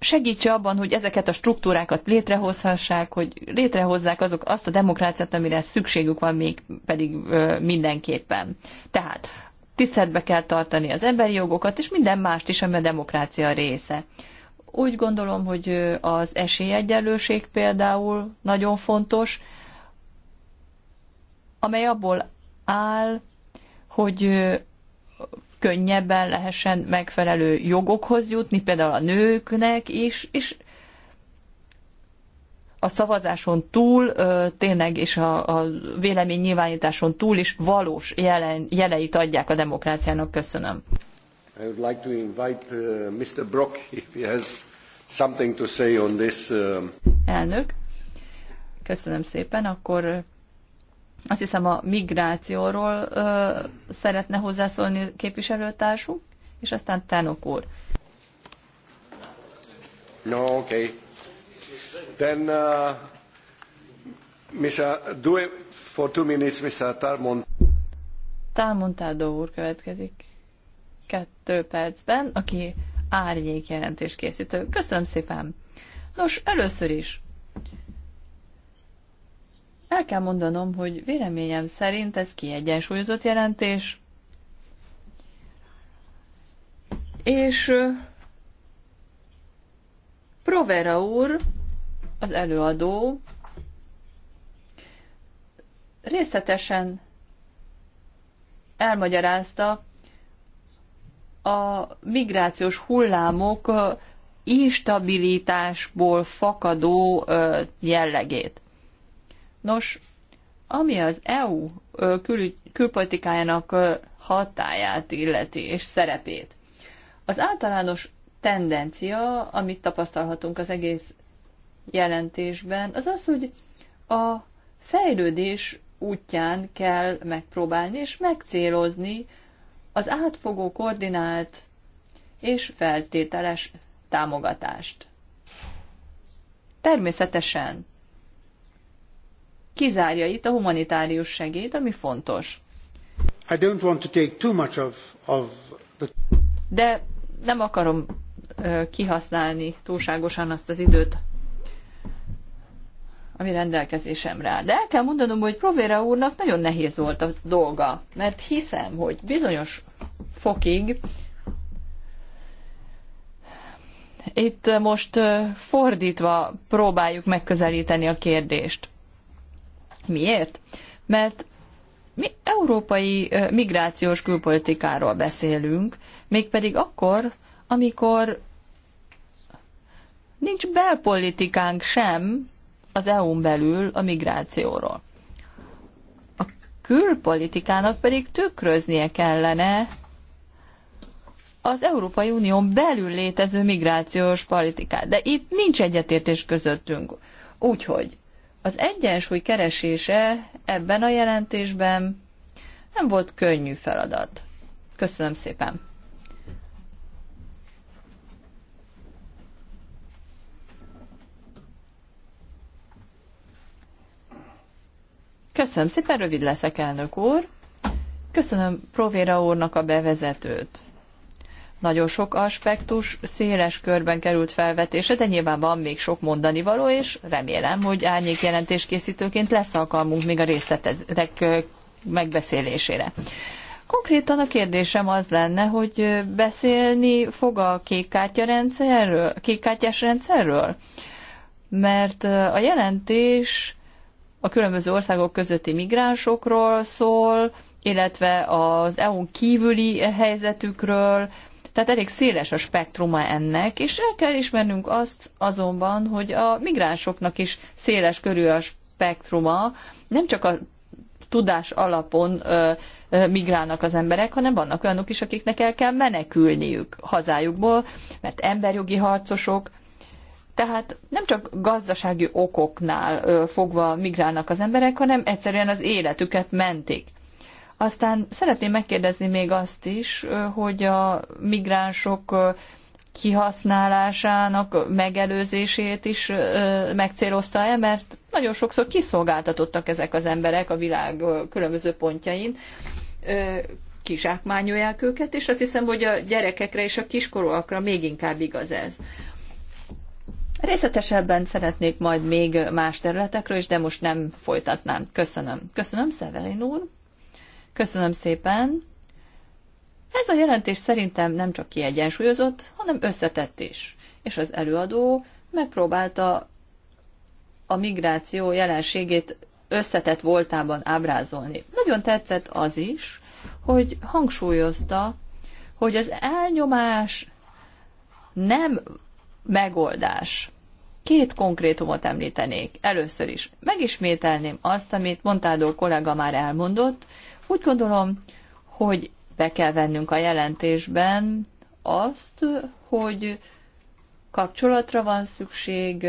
segítse abban, hogy ezeket a struktúrákat létrehozhassák, hogy létrehozzák azok azt a demokráciát, amire szükségük van még pedig mindenképpen. Tehát tiszteletbe kell tartani az emberi jogokat, és minden mást is, ami a demokrácia része. Úgy gondolom, hogy az esélyegyenlőség például nagyon fontos, amely abból áll, hogy könnyebben lehessen megfelelő jogokhoz jutni, például a nőknek is, és a szavazáson túl, tényleg, és a, a vélemény nyilvánításon túl is valós jelen, jeleit adják a demokráciának. Köszönöm. I would like to invite uh, Mr. Brock <laughs> if he has something to say on this. Uh... Elnök, köszönöm szépen. Akkor uh, azt hiszem a migrációról ö, uh, szeretne hozzászólni képviselőtársunk, és aztán Tánok úr. No, okay. Then, uh, Mr. it for two minutes, Mr. Tarmont. Tarmontádó úr következik kettő percben, aki árnyék jelentés készítő. Köszönöm szépen! Nos, először is el kell mondanom, hogy véleményem szerint ez kiegyensúlyozott jelentés, és Provera úr, az előadó, részletesen elmagyarázta a migrációs hullámok instabilitásból fakadó jellegét. Nos, ami az EU kül- külpolitikájának hatáját illeti és szerepét. Az általános tendencia, amit tapasztalhatunk az egész jelentésben, az az, hogy a fejlődés útján kell megpróbálni és megcélozni az átfogó, koordinált és feltételes támogatást. Természetesen kizárja itt a humanitárius segéd, ami fontos. I don't want to take too much of, of the... De nem akarom kihasználni túlságosan azt az időt, ami rendelkezésemre áll. De el kell mondanom, hogy Provera úrnak nagyon nehéz volt a dolga, mert hiszem, hogy bizonyos fokig itt most fordítva próbáljuk megközelíteni a kérdést. Miért? Mert mi európai migrációs külpolitikáról beszélünk, mégpedig akkor, amikor nincs belpolitikánk sem, az EU-n belül a migrációról. A külpolitikának pedig tükröznie kellene az Európai Unión belül létező migrációs politikát. De itt nincs egyetértés közöttünk. Úgyhogy az egyensúly keresése ebben a jelentésben nem volt könnyű feladat. Köszönöm szépen! Köszönöm szépen, rövid leszek, elnök úr. Köszönöm Provéra úrnak a bevezetőt. Nagyon sok aspektus széles körben került felvetése, de nyilván van még sok mondani való, és remélem, hogy árnyék jelentéskészítőként lesz alkalmunk még a részletek megbeszélésére. Konkrétan a kérdésem az lenne, hogy beszélni fog a kék rendszerről, kékkártyás rendszerről? Mert a jelentés a különböző országok közötti migránsokról szól, illetve az EU-n kívüli helyzetükről, tehát elég széles a spektruma ennek, és el kell ismernünk azt azonban, hogy a migránsoknak is széles körül a spektruma, nem csak a tudás alapon ö, ö, migrálnak az emberek, hanem vannak olyanok is, akiknek el kell menekülniük hazájukból, mert emberjogi harcosok, tehát nem csak gazdasági okoknál fogva migrálnak az emberek, hanem egyszerűen az életüket mentik. Aztán szeretném megkérdezni még azt is, hogy a migránsok kihasználásának megelőzését is megcélozta-e, mert nagyon sokszor kiszolgáltatottak ezek az emberek a világ különböző pontjain, kizsákmányolják őket, és azt hiszem, hogy a gyerekekre és a kiskorúakra még inkább igaz ez. Részletesebben szeretnék majd még más területekről is, de most nem folytatnám. Köszönöm. Köszönöm, Szevelin úr. Köszönöm szépen. Ez a jelentés szerintem nem csak kiegyensúlyozott, hanem összetett is. És az előadó megpróbálta a migráció jelenségét összetett voltában ábrázolni. Nagyon tetszett az is, hogy hangsúlyozta, hogy az elnyomás nem megoldás. Két konkrétumot említenék. Először is megismételném azt, amit Montádó kollega már elmondott. Úgy gondolom, hogy be kell vennünk a jelentésben azt, hogy kapcsolatra van szükség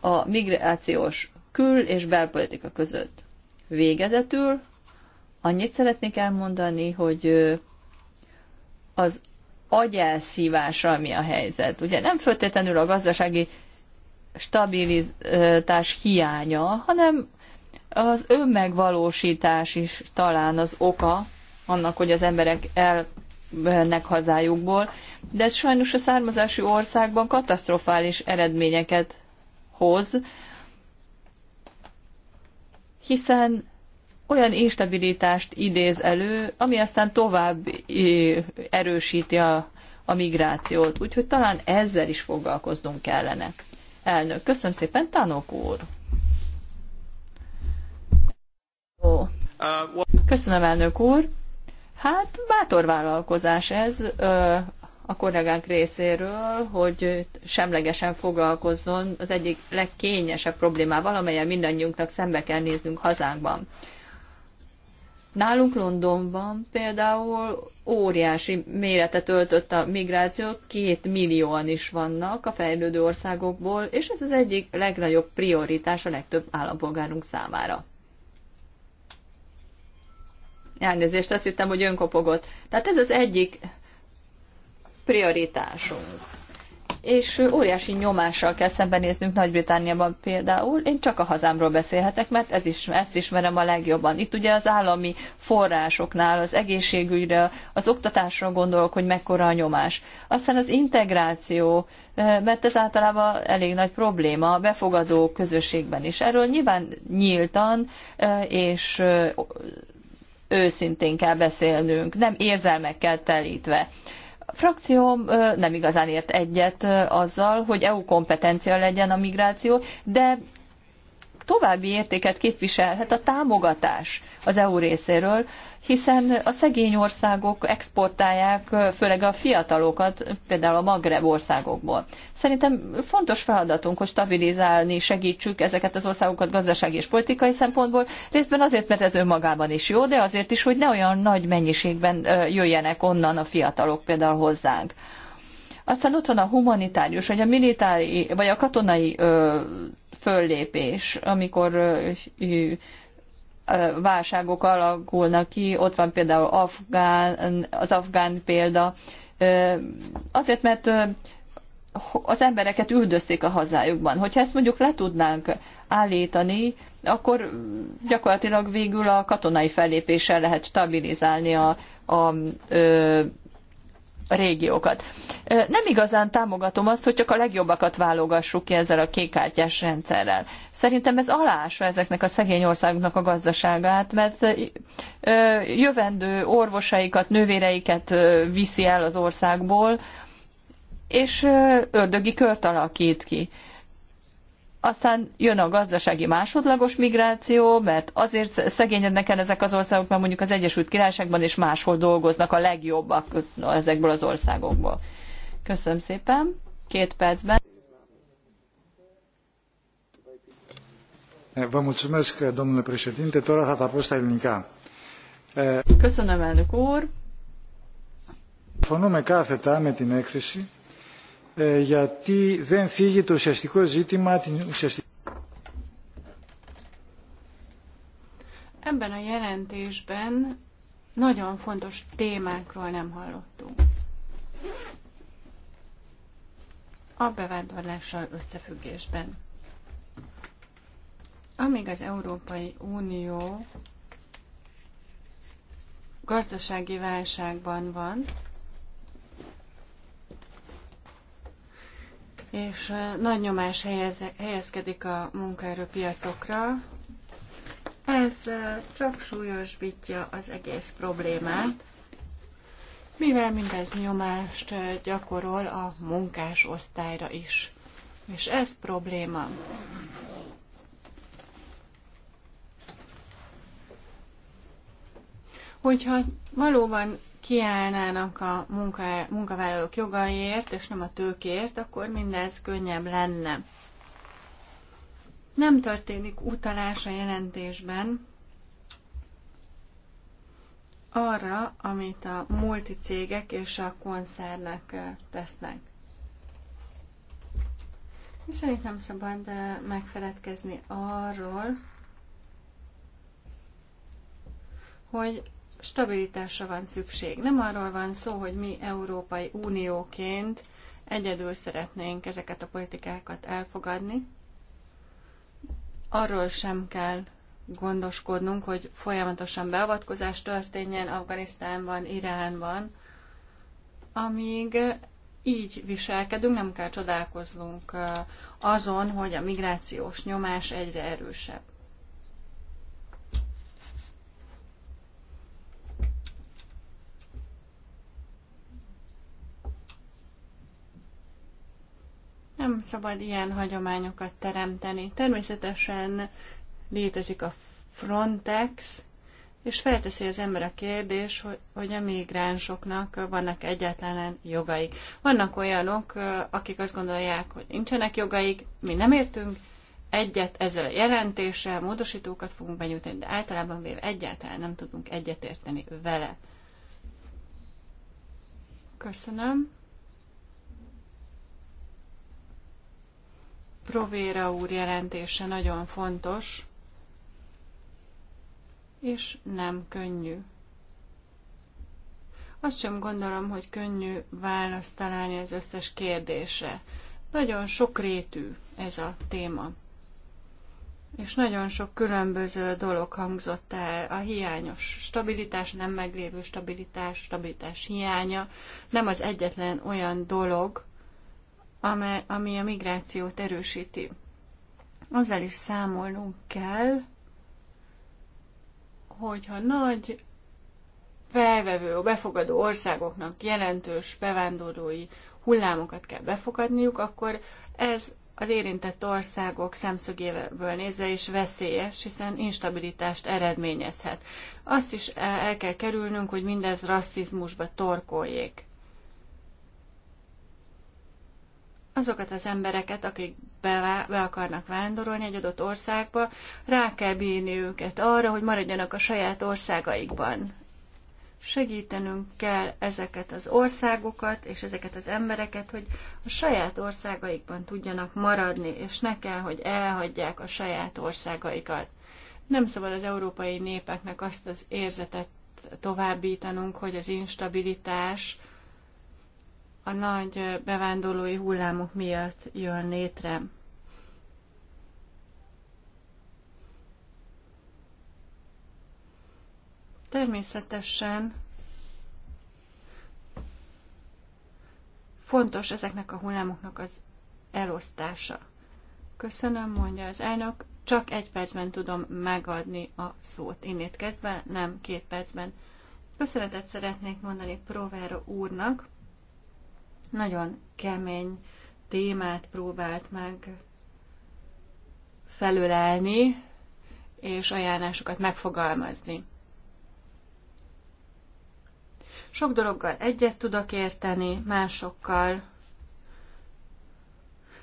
a migrációs kül- és belpolitika között. Végezetül annyit szeretnék elmondani, hogy az agyelszívása, mi a helyzet. Ugye nem föltétlenül a gazdasági stabilitás hiánya, hanem az önmegvalósítás is talán az oka annak, hogy az emberek elmennek hazájukból, de ez sajnos a származási országban katasztrofális eredményeket hoz, hiszen olyan instabilitást idéz elő, ami aztán tovább erősíti a, a migrációt. Úgyhogy talán ezzel is foglalkoznunk kellene. Elnök, köszönöm szépen, Tanok úr! Köszönöm, elnök úr! Hát bátor vállalkozás ez a kollégánk részéről, hogy semlegesen foglalkozzon az egyik legkényesebb problémával, amelyen mindannyiunknak szembe kell néznünk hazánkban. Nálunk Londonban például óriási méretet öltött a migráció, két millióan is vannak a fejlődő országokból, és ez az egyik legnagyobb prioritás a legtöbb állampolgárunk számára. Elnézést, azt hittem, hogy önkopogott. Tehát ez az egyik prioritásunk és óriási nyomással kell szembenéznünk Nagy-Britániában például. Én csak a hazámról beszélhetek, mert ez is, ezt ismerem a legjobban. Itt ugye az állami forrásoknál, az egészségügyre, az oktatásra gondolok, hogy mekkora a nyomás. Aztán az integráció, eh, mert ez általában elég nagy probléma a befogadó közösségben is. Erről nyilván nyíltan eh, és eh, őszintén kell beszélnünk, nem érzelmekkel telítve frakcióm nem igazán ért egyet azzal, hogy EU kompetencia legyen a migráció, de további értéket képviselhet a támogatás az EU részéről, hiszen a szegény országok exportálják főleg a fiatalokat, például a Magreb országokból. Szerintem fontos feladatunk, hogy stabilizálni, segítsük ezeket az országokat gazdasági és politikai szempontból, részben azért, mert ez önmagában is jó, de azért is, hogy ne olyan nagy mennyiségben jöjjenek onnan a fiatalok például hozzánk. Aztán ott van a humanitárius, vagy a militári, vagy a katonai ö, föllépés, amikor ö, ö, válságok alakulnak ki, ott van például afgán, az afgán példa, azért, mert az embereket üldözték a hazájukban. Hogyha ezt mondjuk le tudnánk állítani, akkor gyakorlatilag végül a katonai fellépéssel lehet stabilizálni a, a ö, régiókat. Nem igazán támogatom azt, hogy csak a legjobbakat válogassuk ki ezzel a kékkártyás rendszerrel. Szerintem ez alása ezeknek a szegény országoknak a gazdaságát, mert jövendő orvosaikat, nővéreiket viszi el az országból, és ördögi kört alakít ki. Aztán jön a gazdasági másodlagos migráció, mert azért szegényednek el ezek az országok, mert mondjuk az Egyesült Királyságban és máshol dolgoznak a legjobbak ezekből az országokból. Köszönöm szépen. Két percben. Vă mulțumesc, domnule președinte. Tora hata posta elnica. E, Köszönöm, elnök úr. Φωνούμε κάθετα με την έκθεση γιατί δεν το ουσιαστικό ζήτημα την ουσιαστική. Ebben a jelentésben nagyon fontos témákról nem hallottunk. A bevándorlással összefüggésben. Amíg az Európai Unió gazdasági válságban van, és nagy nyomás helyez, helyezkedik a munkaerőpiacokra. Ez csak súlyosbítja az egész problémát, mivel mindez nyomást gyakorol a munkás osztályra is. És ez probléma. Hogyha valóban kiállnának a munka, munkavállalók jogaiért, és nem a tőkért, akkor mindez könnyebb lenne. Nem történik utalás a jelentésben arra, amit a multicégek és a koncernek tesznek. Hiszen nem szabad megfeledkezni arról, hogy stabilitásra van szükség. Nem arról van szó, hogy mi Európai Unióként egyedül szeretnénk ezeket a politikákat elfogadni. Arról sem kell gondoskodnunk, hogy folyamatosan beavatkozás történjen Afganisztánban, Iránban. Amíg így viselkedünk, nem kell csodálkoznunk azon, hogy a migrációs nyomás egyre erősebb. Nem szabad ilyen hagyományokat teremteni. Természetesen létezik a Frontex, és felteszi az ember a kérdés, hogy, hogy a migránsoknak vannak egyetlen jogaik. Vannak olyanok, akik azt gondolják, hogy nincsenek jogaik, mi nem értünk egyet ezzel a jelentéssel, módosítókat fogunk benyújtani, de általában véve egyáltalán nem tudunk egyetérteni vele. Köszönöm. Provéra úr jelentése nagyon fontos, és nem könnyű. Azt sem gondolom, hogy könnyű választ találni az összes kérdésre. Nagyon sokrétű ez a téma. És nagyon sok különböző dolog hangzott el. A hiányos stabilitás, nem meglévő stabilitás, stabilitás hiánya nem az egyetlen olyan dolog, ami a migrációt erősíti. Azzal is számolnunk kell, hogyha nagy felvevő, befogadó országoknak jelentős bevándorlói hullámokat kell befogadniuk, akkor ez az érintett országok szemszögéből nézve is veszélyes, hiszen instabilitást eredményezhet. Azt is el kell kerülnünk, hogy mindez rasszizmusba torkoljék. azokat az embereket, akik be, be akarnak vándorolni egy adott országba, rá kell bírni őket arra, hogy maradjanak a saját országaikban. Segítenünk kell ezeket az országokat és ezeket az embereket, hogy a saját országaikban tudjanak maradni, és ne kell, hogy elhagyják a saját országaikat. Nem szabad az európai népeknek azt az érzetet továbbítanunk, hogy az instabilitás, a nagy bevándorlói hullámok miatt jön létre. Természetesen fontos ezeknek a hullámoknak az elosztása. Köszönöm, mondja az elnök, csak egy percben tudom megadni a szót. Innét kezdve, nem két percben. Köszönetet szeretnék mondani Provera úrnak, nagyon kemény témát próbált meg felülelni, és ajánlásokat megfogalmazni. Sok dologgal egyet tudok érteni, másokkal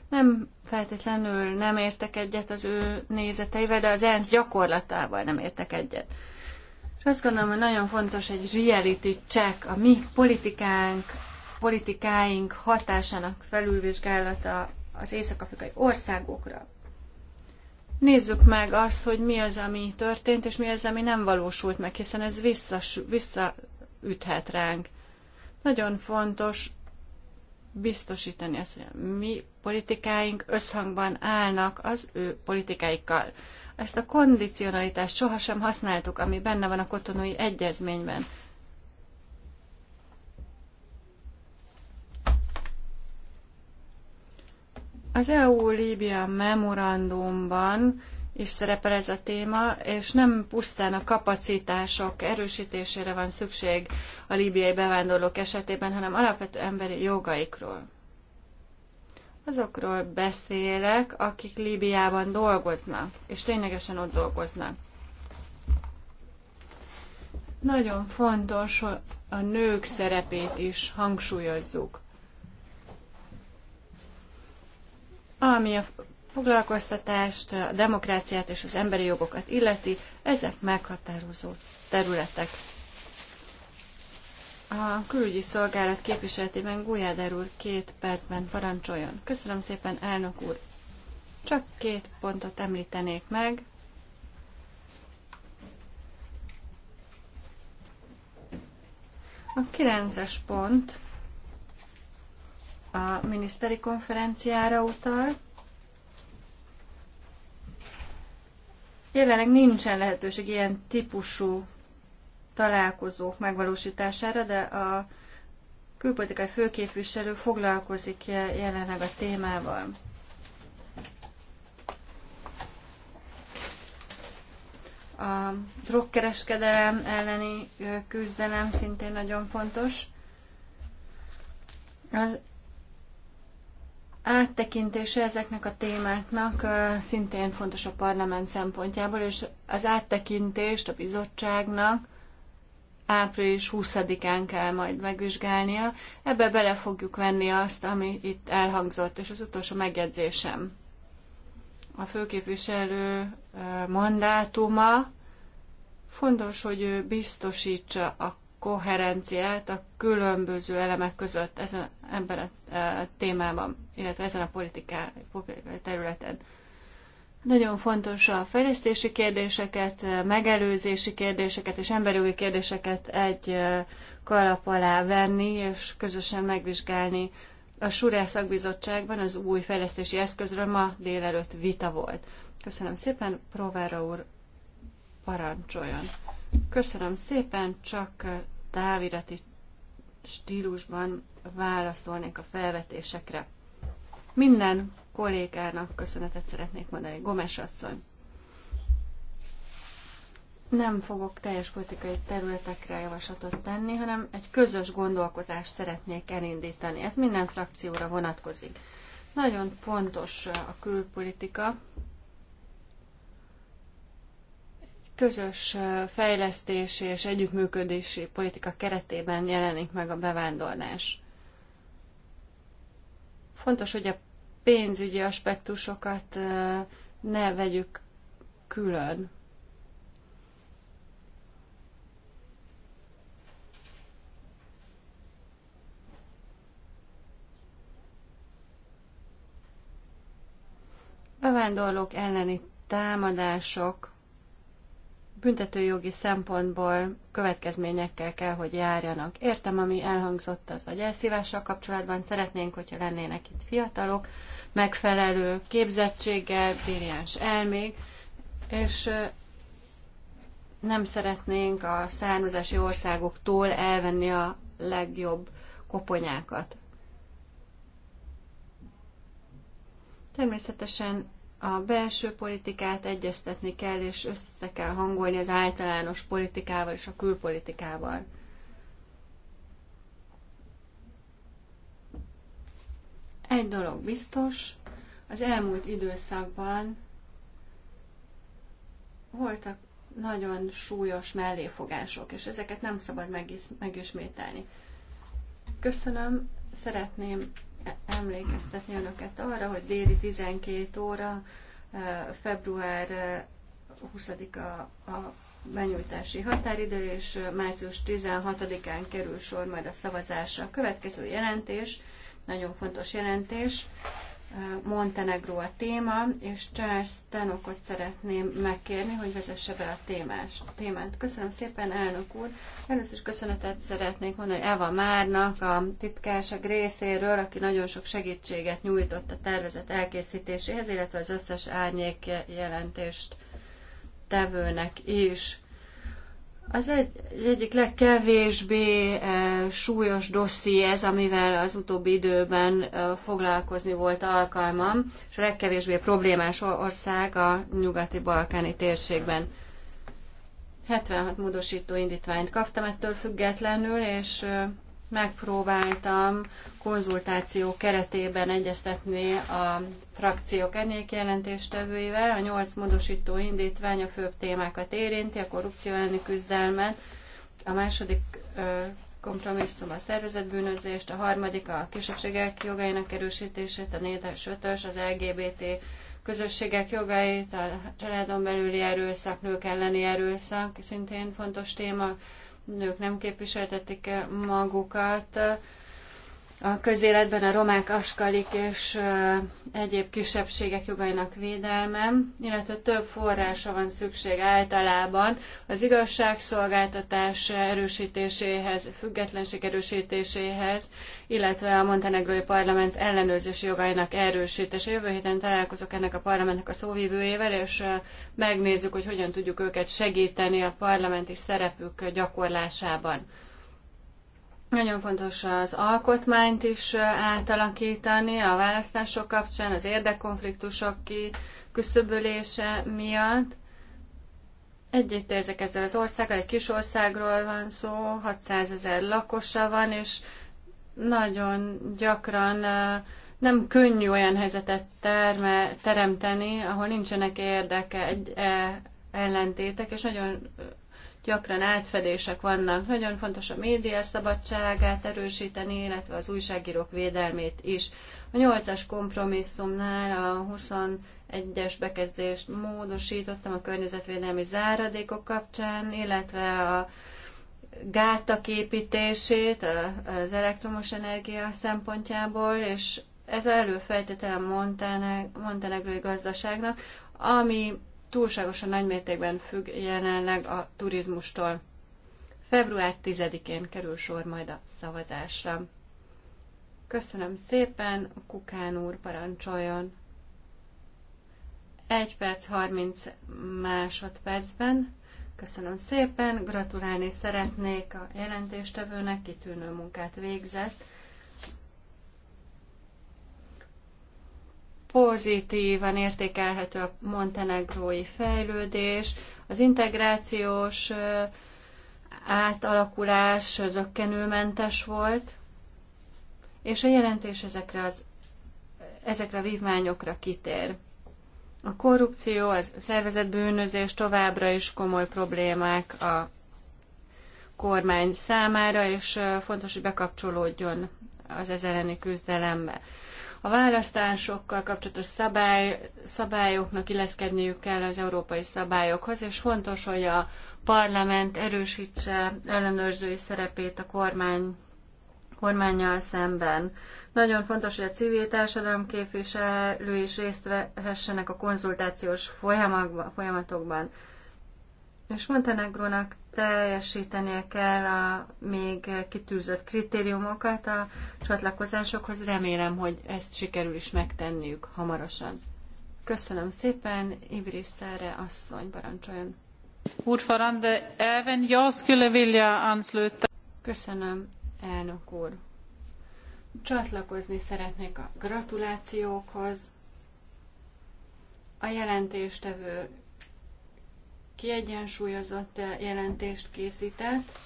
nem feltétlenül nem értek egyet az ő nézeteivel, de az ENSZ gyakorlatával nem értek egyet. És azt gondolom, hogy nagyon fontos egy reality check a mi politikánk, politikáink hatásának felülvizsgálata az észak-afrikai országokra. Nézzük meg azt, hogy mi az, ami történt, és mi az, ami nem valósult meg, hiszen ez visszas, visszaüthet ránk. Nagyon fontos biztosítani azt, hogy a mi politikáink összhangban állnak az ő politikáikkal. Ezt a kondicionalitást sohasem használtuk, ami benne van a kotonói egyezményben. Az EU-Líbia memorandumban is szerepel ez a téma, és nem pusztán a kapacitások erősítésére van szükség a líbiai bevándorlók esetében, hanem alapvető emberi jogaikról. Azokról beszélek, akik Líbiában dolgoznak, és ténylegesen ott dolgoznak. Nagyon fontos a nők szerepét is hangsúlyozzuk. Ami a foglalkoztatást, a demokráciát és az emberi jogokat illeti, ezek meghatározó területek. A külügyi szolgálat képviseletében Gulyáder úr két percben parancsoljon. Köszönöm szépen, elnök úr. Csak két pontot említenék meg. A kilences pont a miniszteri konferenciára utal. Jelenleg nincsen lehetőség ilyen típusú találkozók megvalósítására, de a külpolitikai főképviselő foglalkozik jelenleg a témával. A drogkereskedelem elleni küzdelem szintén nagyon fontos. Az áttekintése ezeknek a témáknak szintén fontos a parlament szempontjából, és az áttekintést a bizottságnak április 20-án kell majd megvizsgálnia. Ebbe bele fogjuk venni azt, ami itt elhangzott, és az utolsó megjegyzésem. A főképviselő mandátuma fontos, hogy ő biztosítsa a koherenciát a különböző elemek között ezen ebben a e, témában, illetve ezen a politikai területen. Nagyon fontos a fejlesztési kérdéseket, megelőzési kérdéseket és emberjogi kérdéseket egy e, kalap alá venni, és közösen megvizsgálni. A Surel szakbizottságban az új fejlesztési eszközről ma délelőtt vita volt. Köszönöm szépen, Provera úr, parancsoljon! Köszönöm szépen, csak távirati stílusban válaszolnék a felvetésekre. Minden kollégának köszönetet szeretnék mondani. Gomes asszony. Nem fogok teljes politikai területekre javaslatot tenni, hanem egy közös gondolkozást szeretnék elindítani. Ez minden frakcióra vonatkozik. Nagyon fontos a külpolitika, közös fejlesztési és együttműködési politika keretében jelenik meg a bevándorlás. Fontos, hogy a pénzügyi aspektusokat ne vegyük külön. Bevándorlók elleni támadások büntetőjogi szempontból következményekkel kell, hogy járjanak. Értem, ami elhangzott az agyelszívással kapcsolatban, szeretnénk, hogyha lennének itt fiatalok, megfelelő képzettséggel, brilliáns elmék, és nem szeretnénk a származási országoktól elvenni a legjobb koponyákat. Természetesen a belső politikát egyeztetni kell, és össze kell hangolni az általános politikával és a külpolitikával. Egy dolog biztos, az elmúlt időszakban voltak nagyon súlyos melléfogások, és ezeket nem szabad megis, megismételni. Köszönöm, szeretném emlékeztetni önöket arra, hogy déli 12 óra, eh, február 20-a eh, a benyújtási határidő, és eh, március 16-án kerül sor majd a szavazásra. A következő jelentés, nagyon fontos jelentés, Montenegró a téma, és Charles Tenokot szeretném megkérni, hogy vezesse be a témást, témát. Köszönöm szépen, elnök úr. Először is köszönetet szeretnék mondani Eva Márnak, a titkárság részéről, aki nagyon sok segítséget nyújtott a tervezet elkészítéséhez, illetve az összes árnyék jelentést tevőnek is. Az egy, egyik legkevésbé e, súlyos dosszié ez, amivel az utóbbi időben e, foglalkozni volt alkalmam, és a legkevésbé problémás ország a nyugati-balkáni térségben. 76 módosító indítványt kaptam ettől függetlenül, és e, megpróbáltam konzultáció keretében egyeztetni a frakciók ennék jelentéstevőivel. A nyolc módosító indítvány a főbb témákat érinti, a korrupció elleni küzdelmet, a második kompromisszum a szervezetbűnözést, a harmadik a kisebbségek jogainak erősítését, a négyes ötös az LGBT közösségek jogait, a családon belüli erőszak, nők elleni erőszak, szintén fontos téma, nők nem képviseltetik magukat, a közéletben a romák, askalik és egyéb kisebbségek jogainak védelme, illetve több forrása van szükség általában az igazságszolgáltatás erősítéséhez, függetlenség erősítéséhez, illetve a montenegrói parlament ellenőrzési jogainak erősítése. Jövő héten találkozok ennek a parlamentnek a szóvívőjével, és megnézzük, hogy hogyan tudjuk őket segíteni a parlamenti szerepük gyakorlásában. Nagyon fontos az alkotmányt is átalakítani a választások kapcsán, az érdekkonfliktusok kiküszöbölése miatt. Egyet érzek ezzel az országgal, egy kis országról van szó, 600 ezer lakosa van, és nagyon gyakran nem könnyű olyan helyzetet terme, teremteni, ahol nincsenek érdeke, egy, e, ellentétek, és nagyon gyakran átfedések vannak. Nagyon fontos a média szabadságát erősíteni, illetve az újságírók védelmét is. A 8-as kompromisszumnál a 21-es bekezdést módosítottam a környezetvédelmi záradékok kapcsán, illetve a gátak építését az elektromos energia szempontjából, és ez előfeltétele a montenegrói gazdaságnak, ami túlságosan nagy mértékben függ jelenleg a turizmustól. Február 10-én kerül sor majd a szavazásra. Köszönöm szépen, a Kukán úr parancsoljon. 1 perc 30 másodpercben. Köszönöm szépen, gratulálni szeretnék a jelentéstevőnek, kitűnő munkát végzett pozitívan értékelhető a montenegrói fejlődés, az integrációs átalakulás zöggenőmentes volt, és a jelentés ezekre, az, ezekre a vívmányokra kitér. A korrupció, a szervezetbűnözés továbbra is komoly problémák a kormány számára, és fontos, hogy bekapcsolódjon az ez elleni küzdelembe. A választásokkal kapcsolatos szabály, szabályoknak illeszkedniük kell az európai szabályokhoz, és fontos, hogy a parlament erősítse ellenőrzői szerepét a kormány kormányjal szemben. Nagyon fontos, hogy a civil társadalom képviselői is részt vehessenek a konzultációs folyamatokban. És Montenegrónak teljesítenie kell a még kitűzött kritériumokat a csatlakozásokhoz. Remélem, hogy ezt sikerül is megtenniük hamarosan. Köszönöm szépen, Ibris Szerre asszony, parancsoljon. Ordförande, även jag skulle vilja ansluta. Köszönöm, elnök úr. Csatlakozni szeretnék a gratulációkhoz. A jelentéstevő kiegyensúlyozott jelentést készített.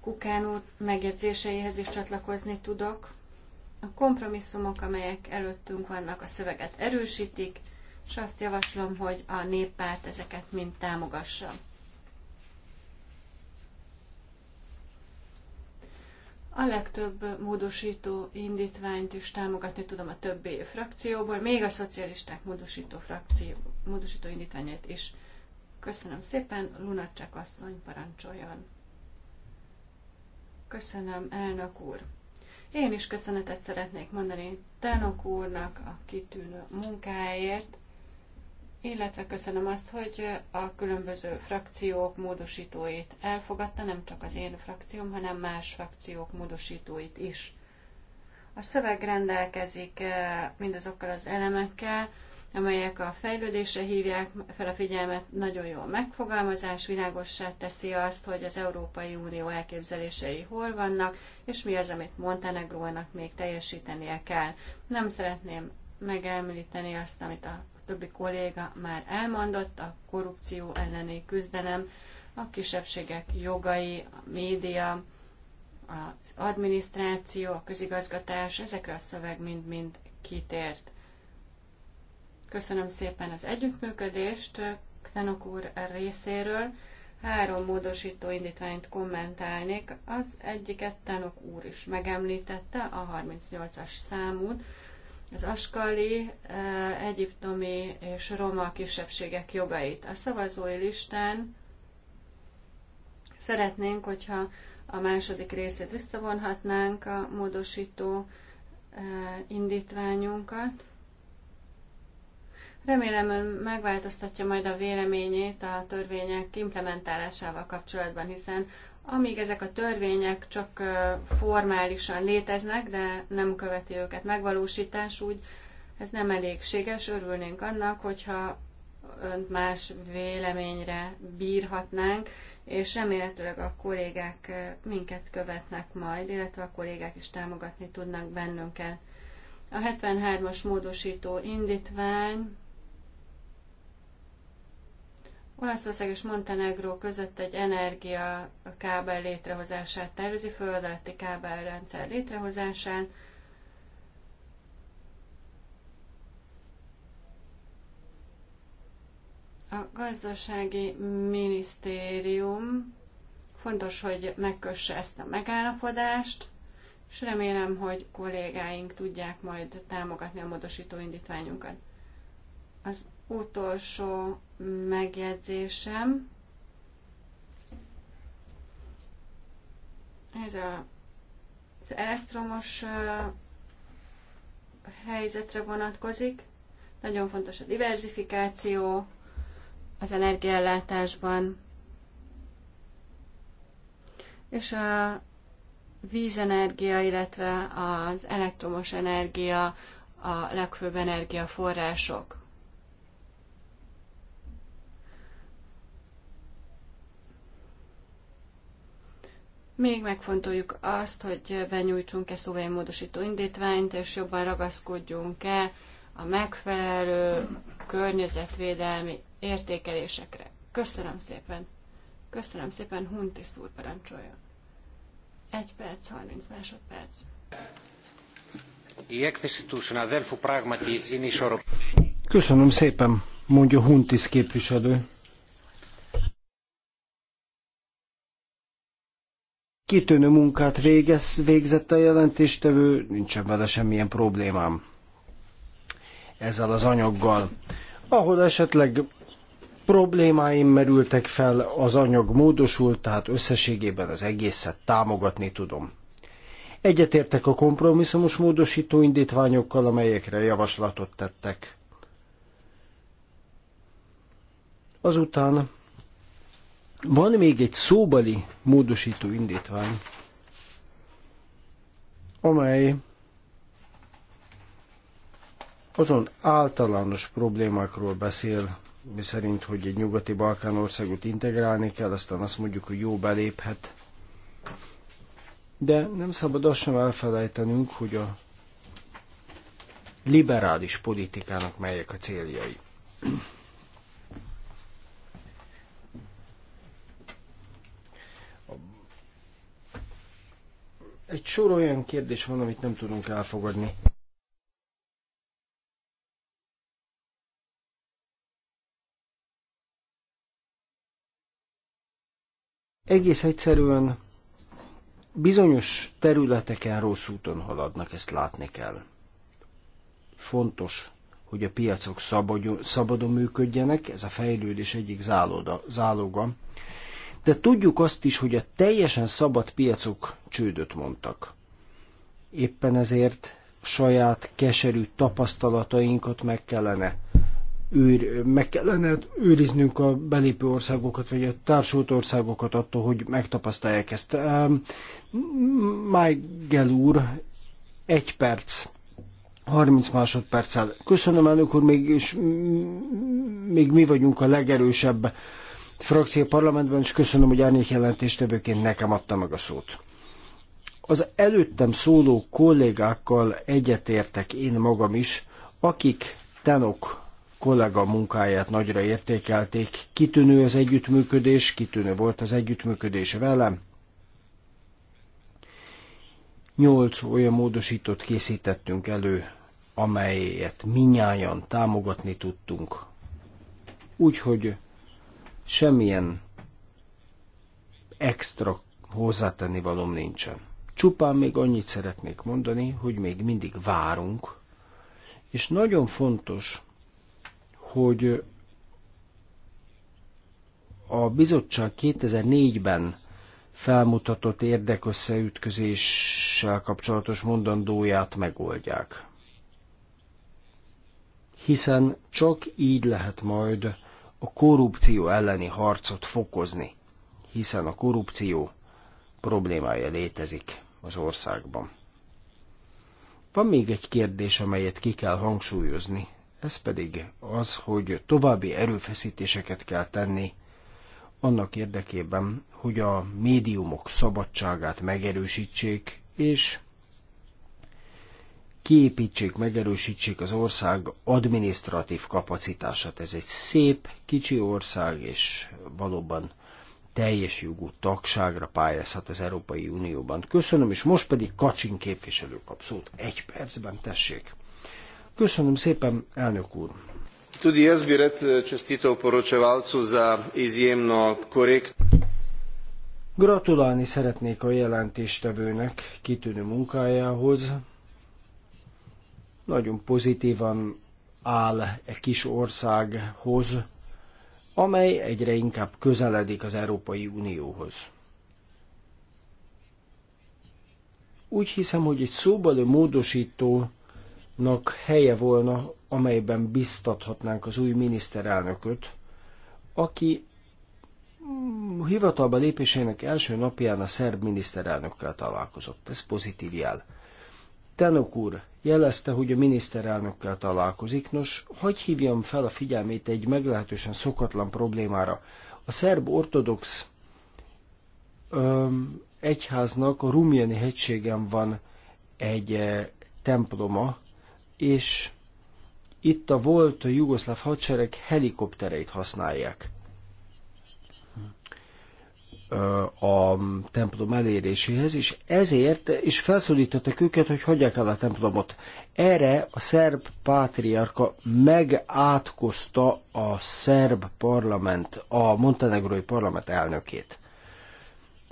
Kukán úr megjegyzéseihez is csatlakozni tudok. A kompromisszumok, amelyek előttünk vannak, a szöveget erősítik, és azt javaslom, hogy a néppárt ezeket mind támogassa. A legtöbb módosító indítványt is támogatni tudom a többi frakcióból, még a szocialisták módosító, frakció, módosító indítványát is. Köszönöm szépen, Lunacsek asszony parancsoljon. Köszönöm, elnök úr. Én is köszönetet szeretnék mondani Tenok úrnak a kitűnő munkáért, illetve köszönöm azt, hogy a különböző frakciók módosítóit elfogadta, nem csak az én frakcióm, hanem más frakciók módosítóit is. A szöveg rendelkezik eh, mindazokkal az elemekkel, amelyek a fejlődésre hívják fel a figyelmet, nagyon jó a megfogalmazás, világossá teszi azt, hogy az Európai Unió elképzelései hol vannak, és mi az, amit Montenegrónak még teljesítenie kell. Nem szeretném megemlíteni azt, amit a többi kolléga már elmondott, a korrupció elleni küzdelem, a kisebbségek jogai, a média, az adminisztráció, a közigazgatás, ezekre a szöveg mind-mind kitért. Köszönöm szépen az együttműködést Kvenok úr részéről. Három módosító indítványt kommentálnék. Az egyiket Tenok úr is megemlítette, a 38-as számút, az askali, eh, egyiptomi és roma kisebbségek jogait. A szavazói listán szeretnénk, hogyha a második részét visszavonhatnánk a módosító eh, indítványunkat. Remélem ön megváltoztatja majd a véleményét a törvények implementálásával kapcsolatban, hiszen amíg ezek a törvények csak formálisan léteznek, de nem követi őket megvalósítás, úgy ez nem elégséges. Örülnénk annak, hogyha önt más véleményre bírhatnánk, és remélhetőleg a kollégák minket követnek majd, illetve a kollégák is támogatni tudnak bennünket. A 73-as módosító indítvány Olaszország és Montenegró között egy energia kábel létrehozását tervezi, föld alatti kábelrendszer létrehozásán. A gazdasági minisztérium fontos, hogy megkösse ezt a megállapodást, és remélem, hogy kollégáink tudják majd támogatni a módosító indítványunkat. Az utolsó megjegyzésem. Ez a, az elektromos helyzetre vonatkozik. Nagyon fontos a diversifikáció az energiállátásban. és a vízenergia, illetve az elektromos energia a legfőbb energiaforrások. Még megfontoljuk azt, hogy benyújtsunk-e szóvai módosító indítványt, és jobban ragaszkodjunk-e a megfelelő környezetvédelmi értékelésekre. Köszönöm szépen! Köszönöm szépen, Hunti úr parancsoljon. Egy perc, 30 másodperc. Köszönöm szépen, mondja Huntis képviselő. kitűnő munkát végez, végzett a jelentéstevő, nincsen vele semmilyen problémám ezzel az anyaggal. Ahol esetleg problémáim merültek fel, az anyag módosult, tehát összességében az egészet támogatni tudom. Egyetértek a kompromisszumos módosító indítványokkal, amelyekre javaslatot tettek. Azután van még egy szóbali módosító indítvány, amely azon általános problémákról beszél, mi szerint, hogy egy nyugati Balkán országot integrálni kell, aztán azt mondjuk, hogy jó beléphet. De nem szabad azt sem elfelejtenünk, hogy a liberális politikának melyek a céljai. egy sor olyan kérdés van, amit nem tudunk elfogadni. Egész egyszerűen bizonyos területeken rossz úton haladnak, ezt látni kell. Fontos, hogy a piacok szabadon, szabadon működjenek, ez a fejlődés egyik záloga, záloga de tudjuk azt is, hogy a teljesen szabad piacok csődöt mondtak. Éppen ezért saját keserű tapasztalatainkat meg kellene őr, meg kellene őriznünk a belépő országokat, vagy a társult országokat attól, hogy megtapasztalják ezt. Michael úr, egy perc, 30 másodperccel. Köszönöm, elnök úr, mégis még mi vagyunk a legerősebb frakció parlamentben, és köszönöm, hogy árnyék jelentéstevőként nekem adta meg a szót. Az előttem szóló kollégákkal egyetértek én magam is, akik Tenok kollega munkáját nagyra értékelték. Kitűnő az együttműködés, kitűnő volt az együttműködés velem. Nyolc olyan módosítót készítettünk elő, amelyet minnyáján támogatni tudtunk. Úgyhogy semmilyen extra valom nincsen. Csupán még annyit szeretnék mondani, hogy még mindig várunk, és nagyon fontos, hogy a bizottság 2004-ben felmutatott érdekösszeütközéssel kapcsolatos mondandóját megoldják. Hiszen csak így lehet majd a korrupció elleni harcot fokozni, hiszen a korrupció problémája létezik az országban. Van még egy kérdés, amelyet ki kell hangsúlyozni, ez pedig az, hogy további erőfeszítéseket kell tenni annak érdekében, hogy a médiumok szabadságát megerősítsék, és kiépítsék, megerősítsék az ország adminisztratív kapacitását. Ez egy szép, kicsi ország, és valóban teljes jogú tagságra pályázhat az Európai Unióban. Köszönöm, és most pedig Kacsin képviselő kap szót. Egy percben tessék. Köszönöm szépen, elnök úr. Tudi jaz bi rad eh, čestitev poročevalcu za izjemno korrekt. Gratulálni szeretnék a jelentéstevőnek kitűnő munkájához, nagyon pozitívan áll egy kis országhoz, amely egyre inkább közeledik az Európai Unióhoz. Úgy hiszem, hogy egy szóbeli módosítónak helye volna, amelyben biztathatnánk az új miniszterelnököt, aki hivatalba lépésének első napján a szerb miniszterelnökkel találkozott. Ez pozitív jel. Tenok úr jelezte, hogy a miniszterelnökkel találkozik. Nos, hagy hívjam fel a figyelmét egy meglehetősen szokatlan problémára. A szerb ortodox öm, egyháznak a Rumjani hegységen van egy e, temploma, és itt a volt a jugoszláv hadsereg helikoptereit használják a templom eléréséhez, és ezért, is felszólítottak őket, hogy hagyják el a templomot. Erre a szerb pátriárka megátkozta a szerb parlament, a montenegrói parlament elnökét.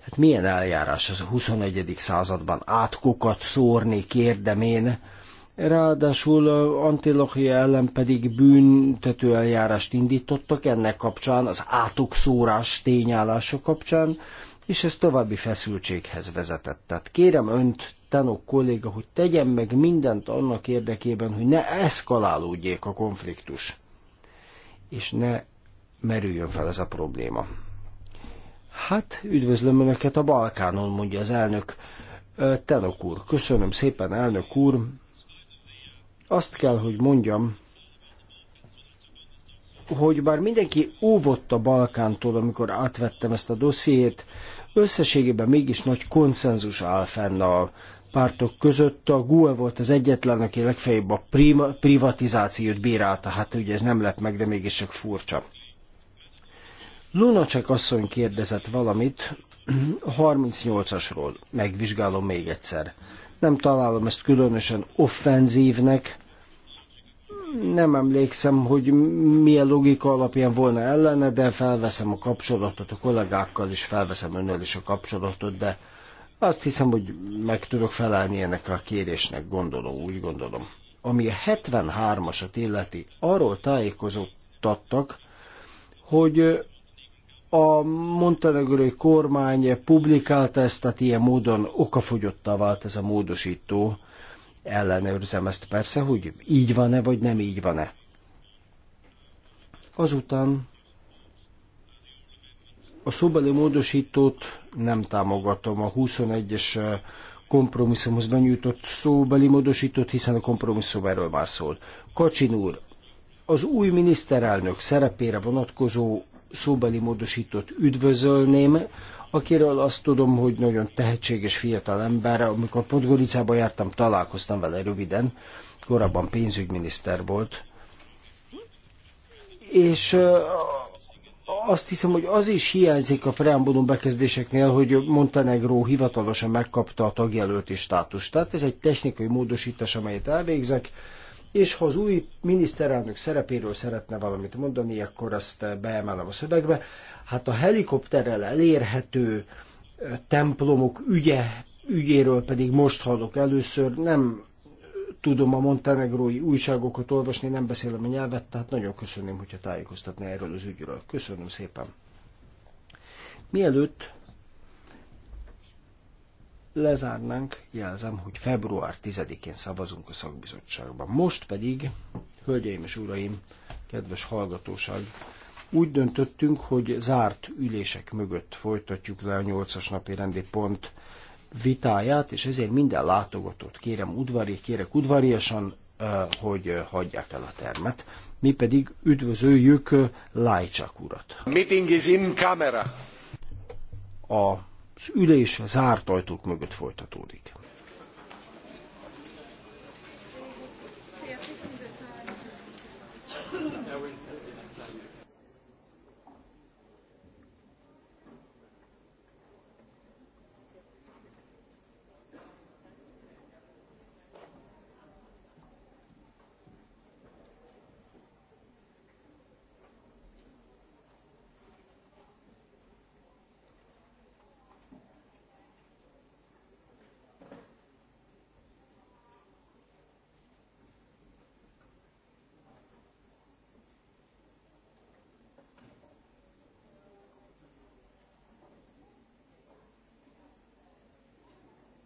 Hát milyen eljárás ez a 21. században átkokat szórni, kérdemén, Ráadásul Antilochia ellen pedig büntető eljárást indítottak ennek kapcsán, az átokszórás tényállása kapcsán, és ez további feszültséghez vezetett. Tehát kérem önt, Tanok kolléga, hogy tegyen meg mindent annak érdekében, hogy ne eszkalálódjék a konfliktus, és ne merüljön fel ez a probléma. Hát, üdvözlöm Önöket a Balkánon, mondja az elnök. Tenok úr, köszönöm szépen, elnök úr. Azt kell, hogy mondjam, hogy bár mindenki óvott a Balkántól, amikor átvettem ezt a dossziét, összességében mégis nagy konszenzus áll fenn a pártok között. A GUE volt az egyetlen, aki legfeljebb a privatizációt bírálta. Hát ugye ez nem lett meg, de mégis csak furcsa. Lunacek asszony kérdezett valamit 38-asról. <clears throat> Megvizsgálom még egyszer. Nem találom ezt különösen offenzívnek. Nem emlékszem, hogy milyen logika alapján volna ellene, de felveszem a kapcsolatot a kollégákkal, és felveszem önnel is a kapcsolatot, de azt hiszem, hogy meg tudok felelni ennek a kérésnek, gondolom, úgy gondolom. Ami a 73-asat illeti, arról tájékozottattak, hogy a montenegrói kormány publikálta ezt, tehát ilyen módon okafogyottá vált ez a módosító. Ellenőrzem ezt persze, hogy így van-e, vagy nem így van-e. Azután a szóbeli módosítót nem támogatom. A 21-es eh, kompromisszumhoz benyújtott szóbeli módosítót, hiszen a kompromisszum erről már szól. Kacsin úr, az új miniszterelnök szerepére vonatkozó szóbeli módosítót üdvözölném, akiről azt tudom, hogy nagyon tehetséges fiatal ember, amikor Podgoricába jártam, találkoztam vele röviden, korábban pénzügyminiszter volt, és azt hiszem, hogy az is hiányzik a preambulum bekezdéseknél, hogy Montenegró hivatalosan megkapta a tagjelölti státust. Tehát ez egy technikai módosítás, amelyet elvégzek, és ha az új miniszterelnök szerepéről szeretne valamit mondani, akkor azt beemelem a szövegbe. Hát a helikopterrel elérhető templomok ügye, ügyéről pedig most hallok először, nem tudom a montenegrói újságokat olvasni, nem beszélem a nyelvet, tehát nagyon köszönöm, hogyha tájékoztatná erről az ügyről. Köszönöm szépen. Mielőtt lezárnánk, jelzem, hogy február 10-én szavazunk a szakbizottságban. Most pedig, hölgyeim és uraim, kedves hallgatóság, úgy döntöttünk, hogy zárt ülések mögött folytatjuk le a 8-as napi rendi pont vitáját, és ezért minden látogatót kérem udvari, kérek udvariasan, hogy hagyják el a termet. Mi pedig üdvözöljük Lajcsak urat. Meeting is in camera. A az ülés zárt ajtók mögött folytatódik.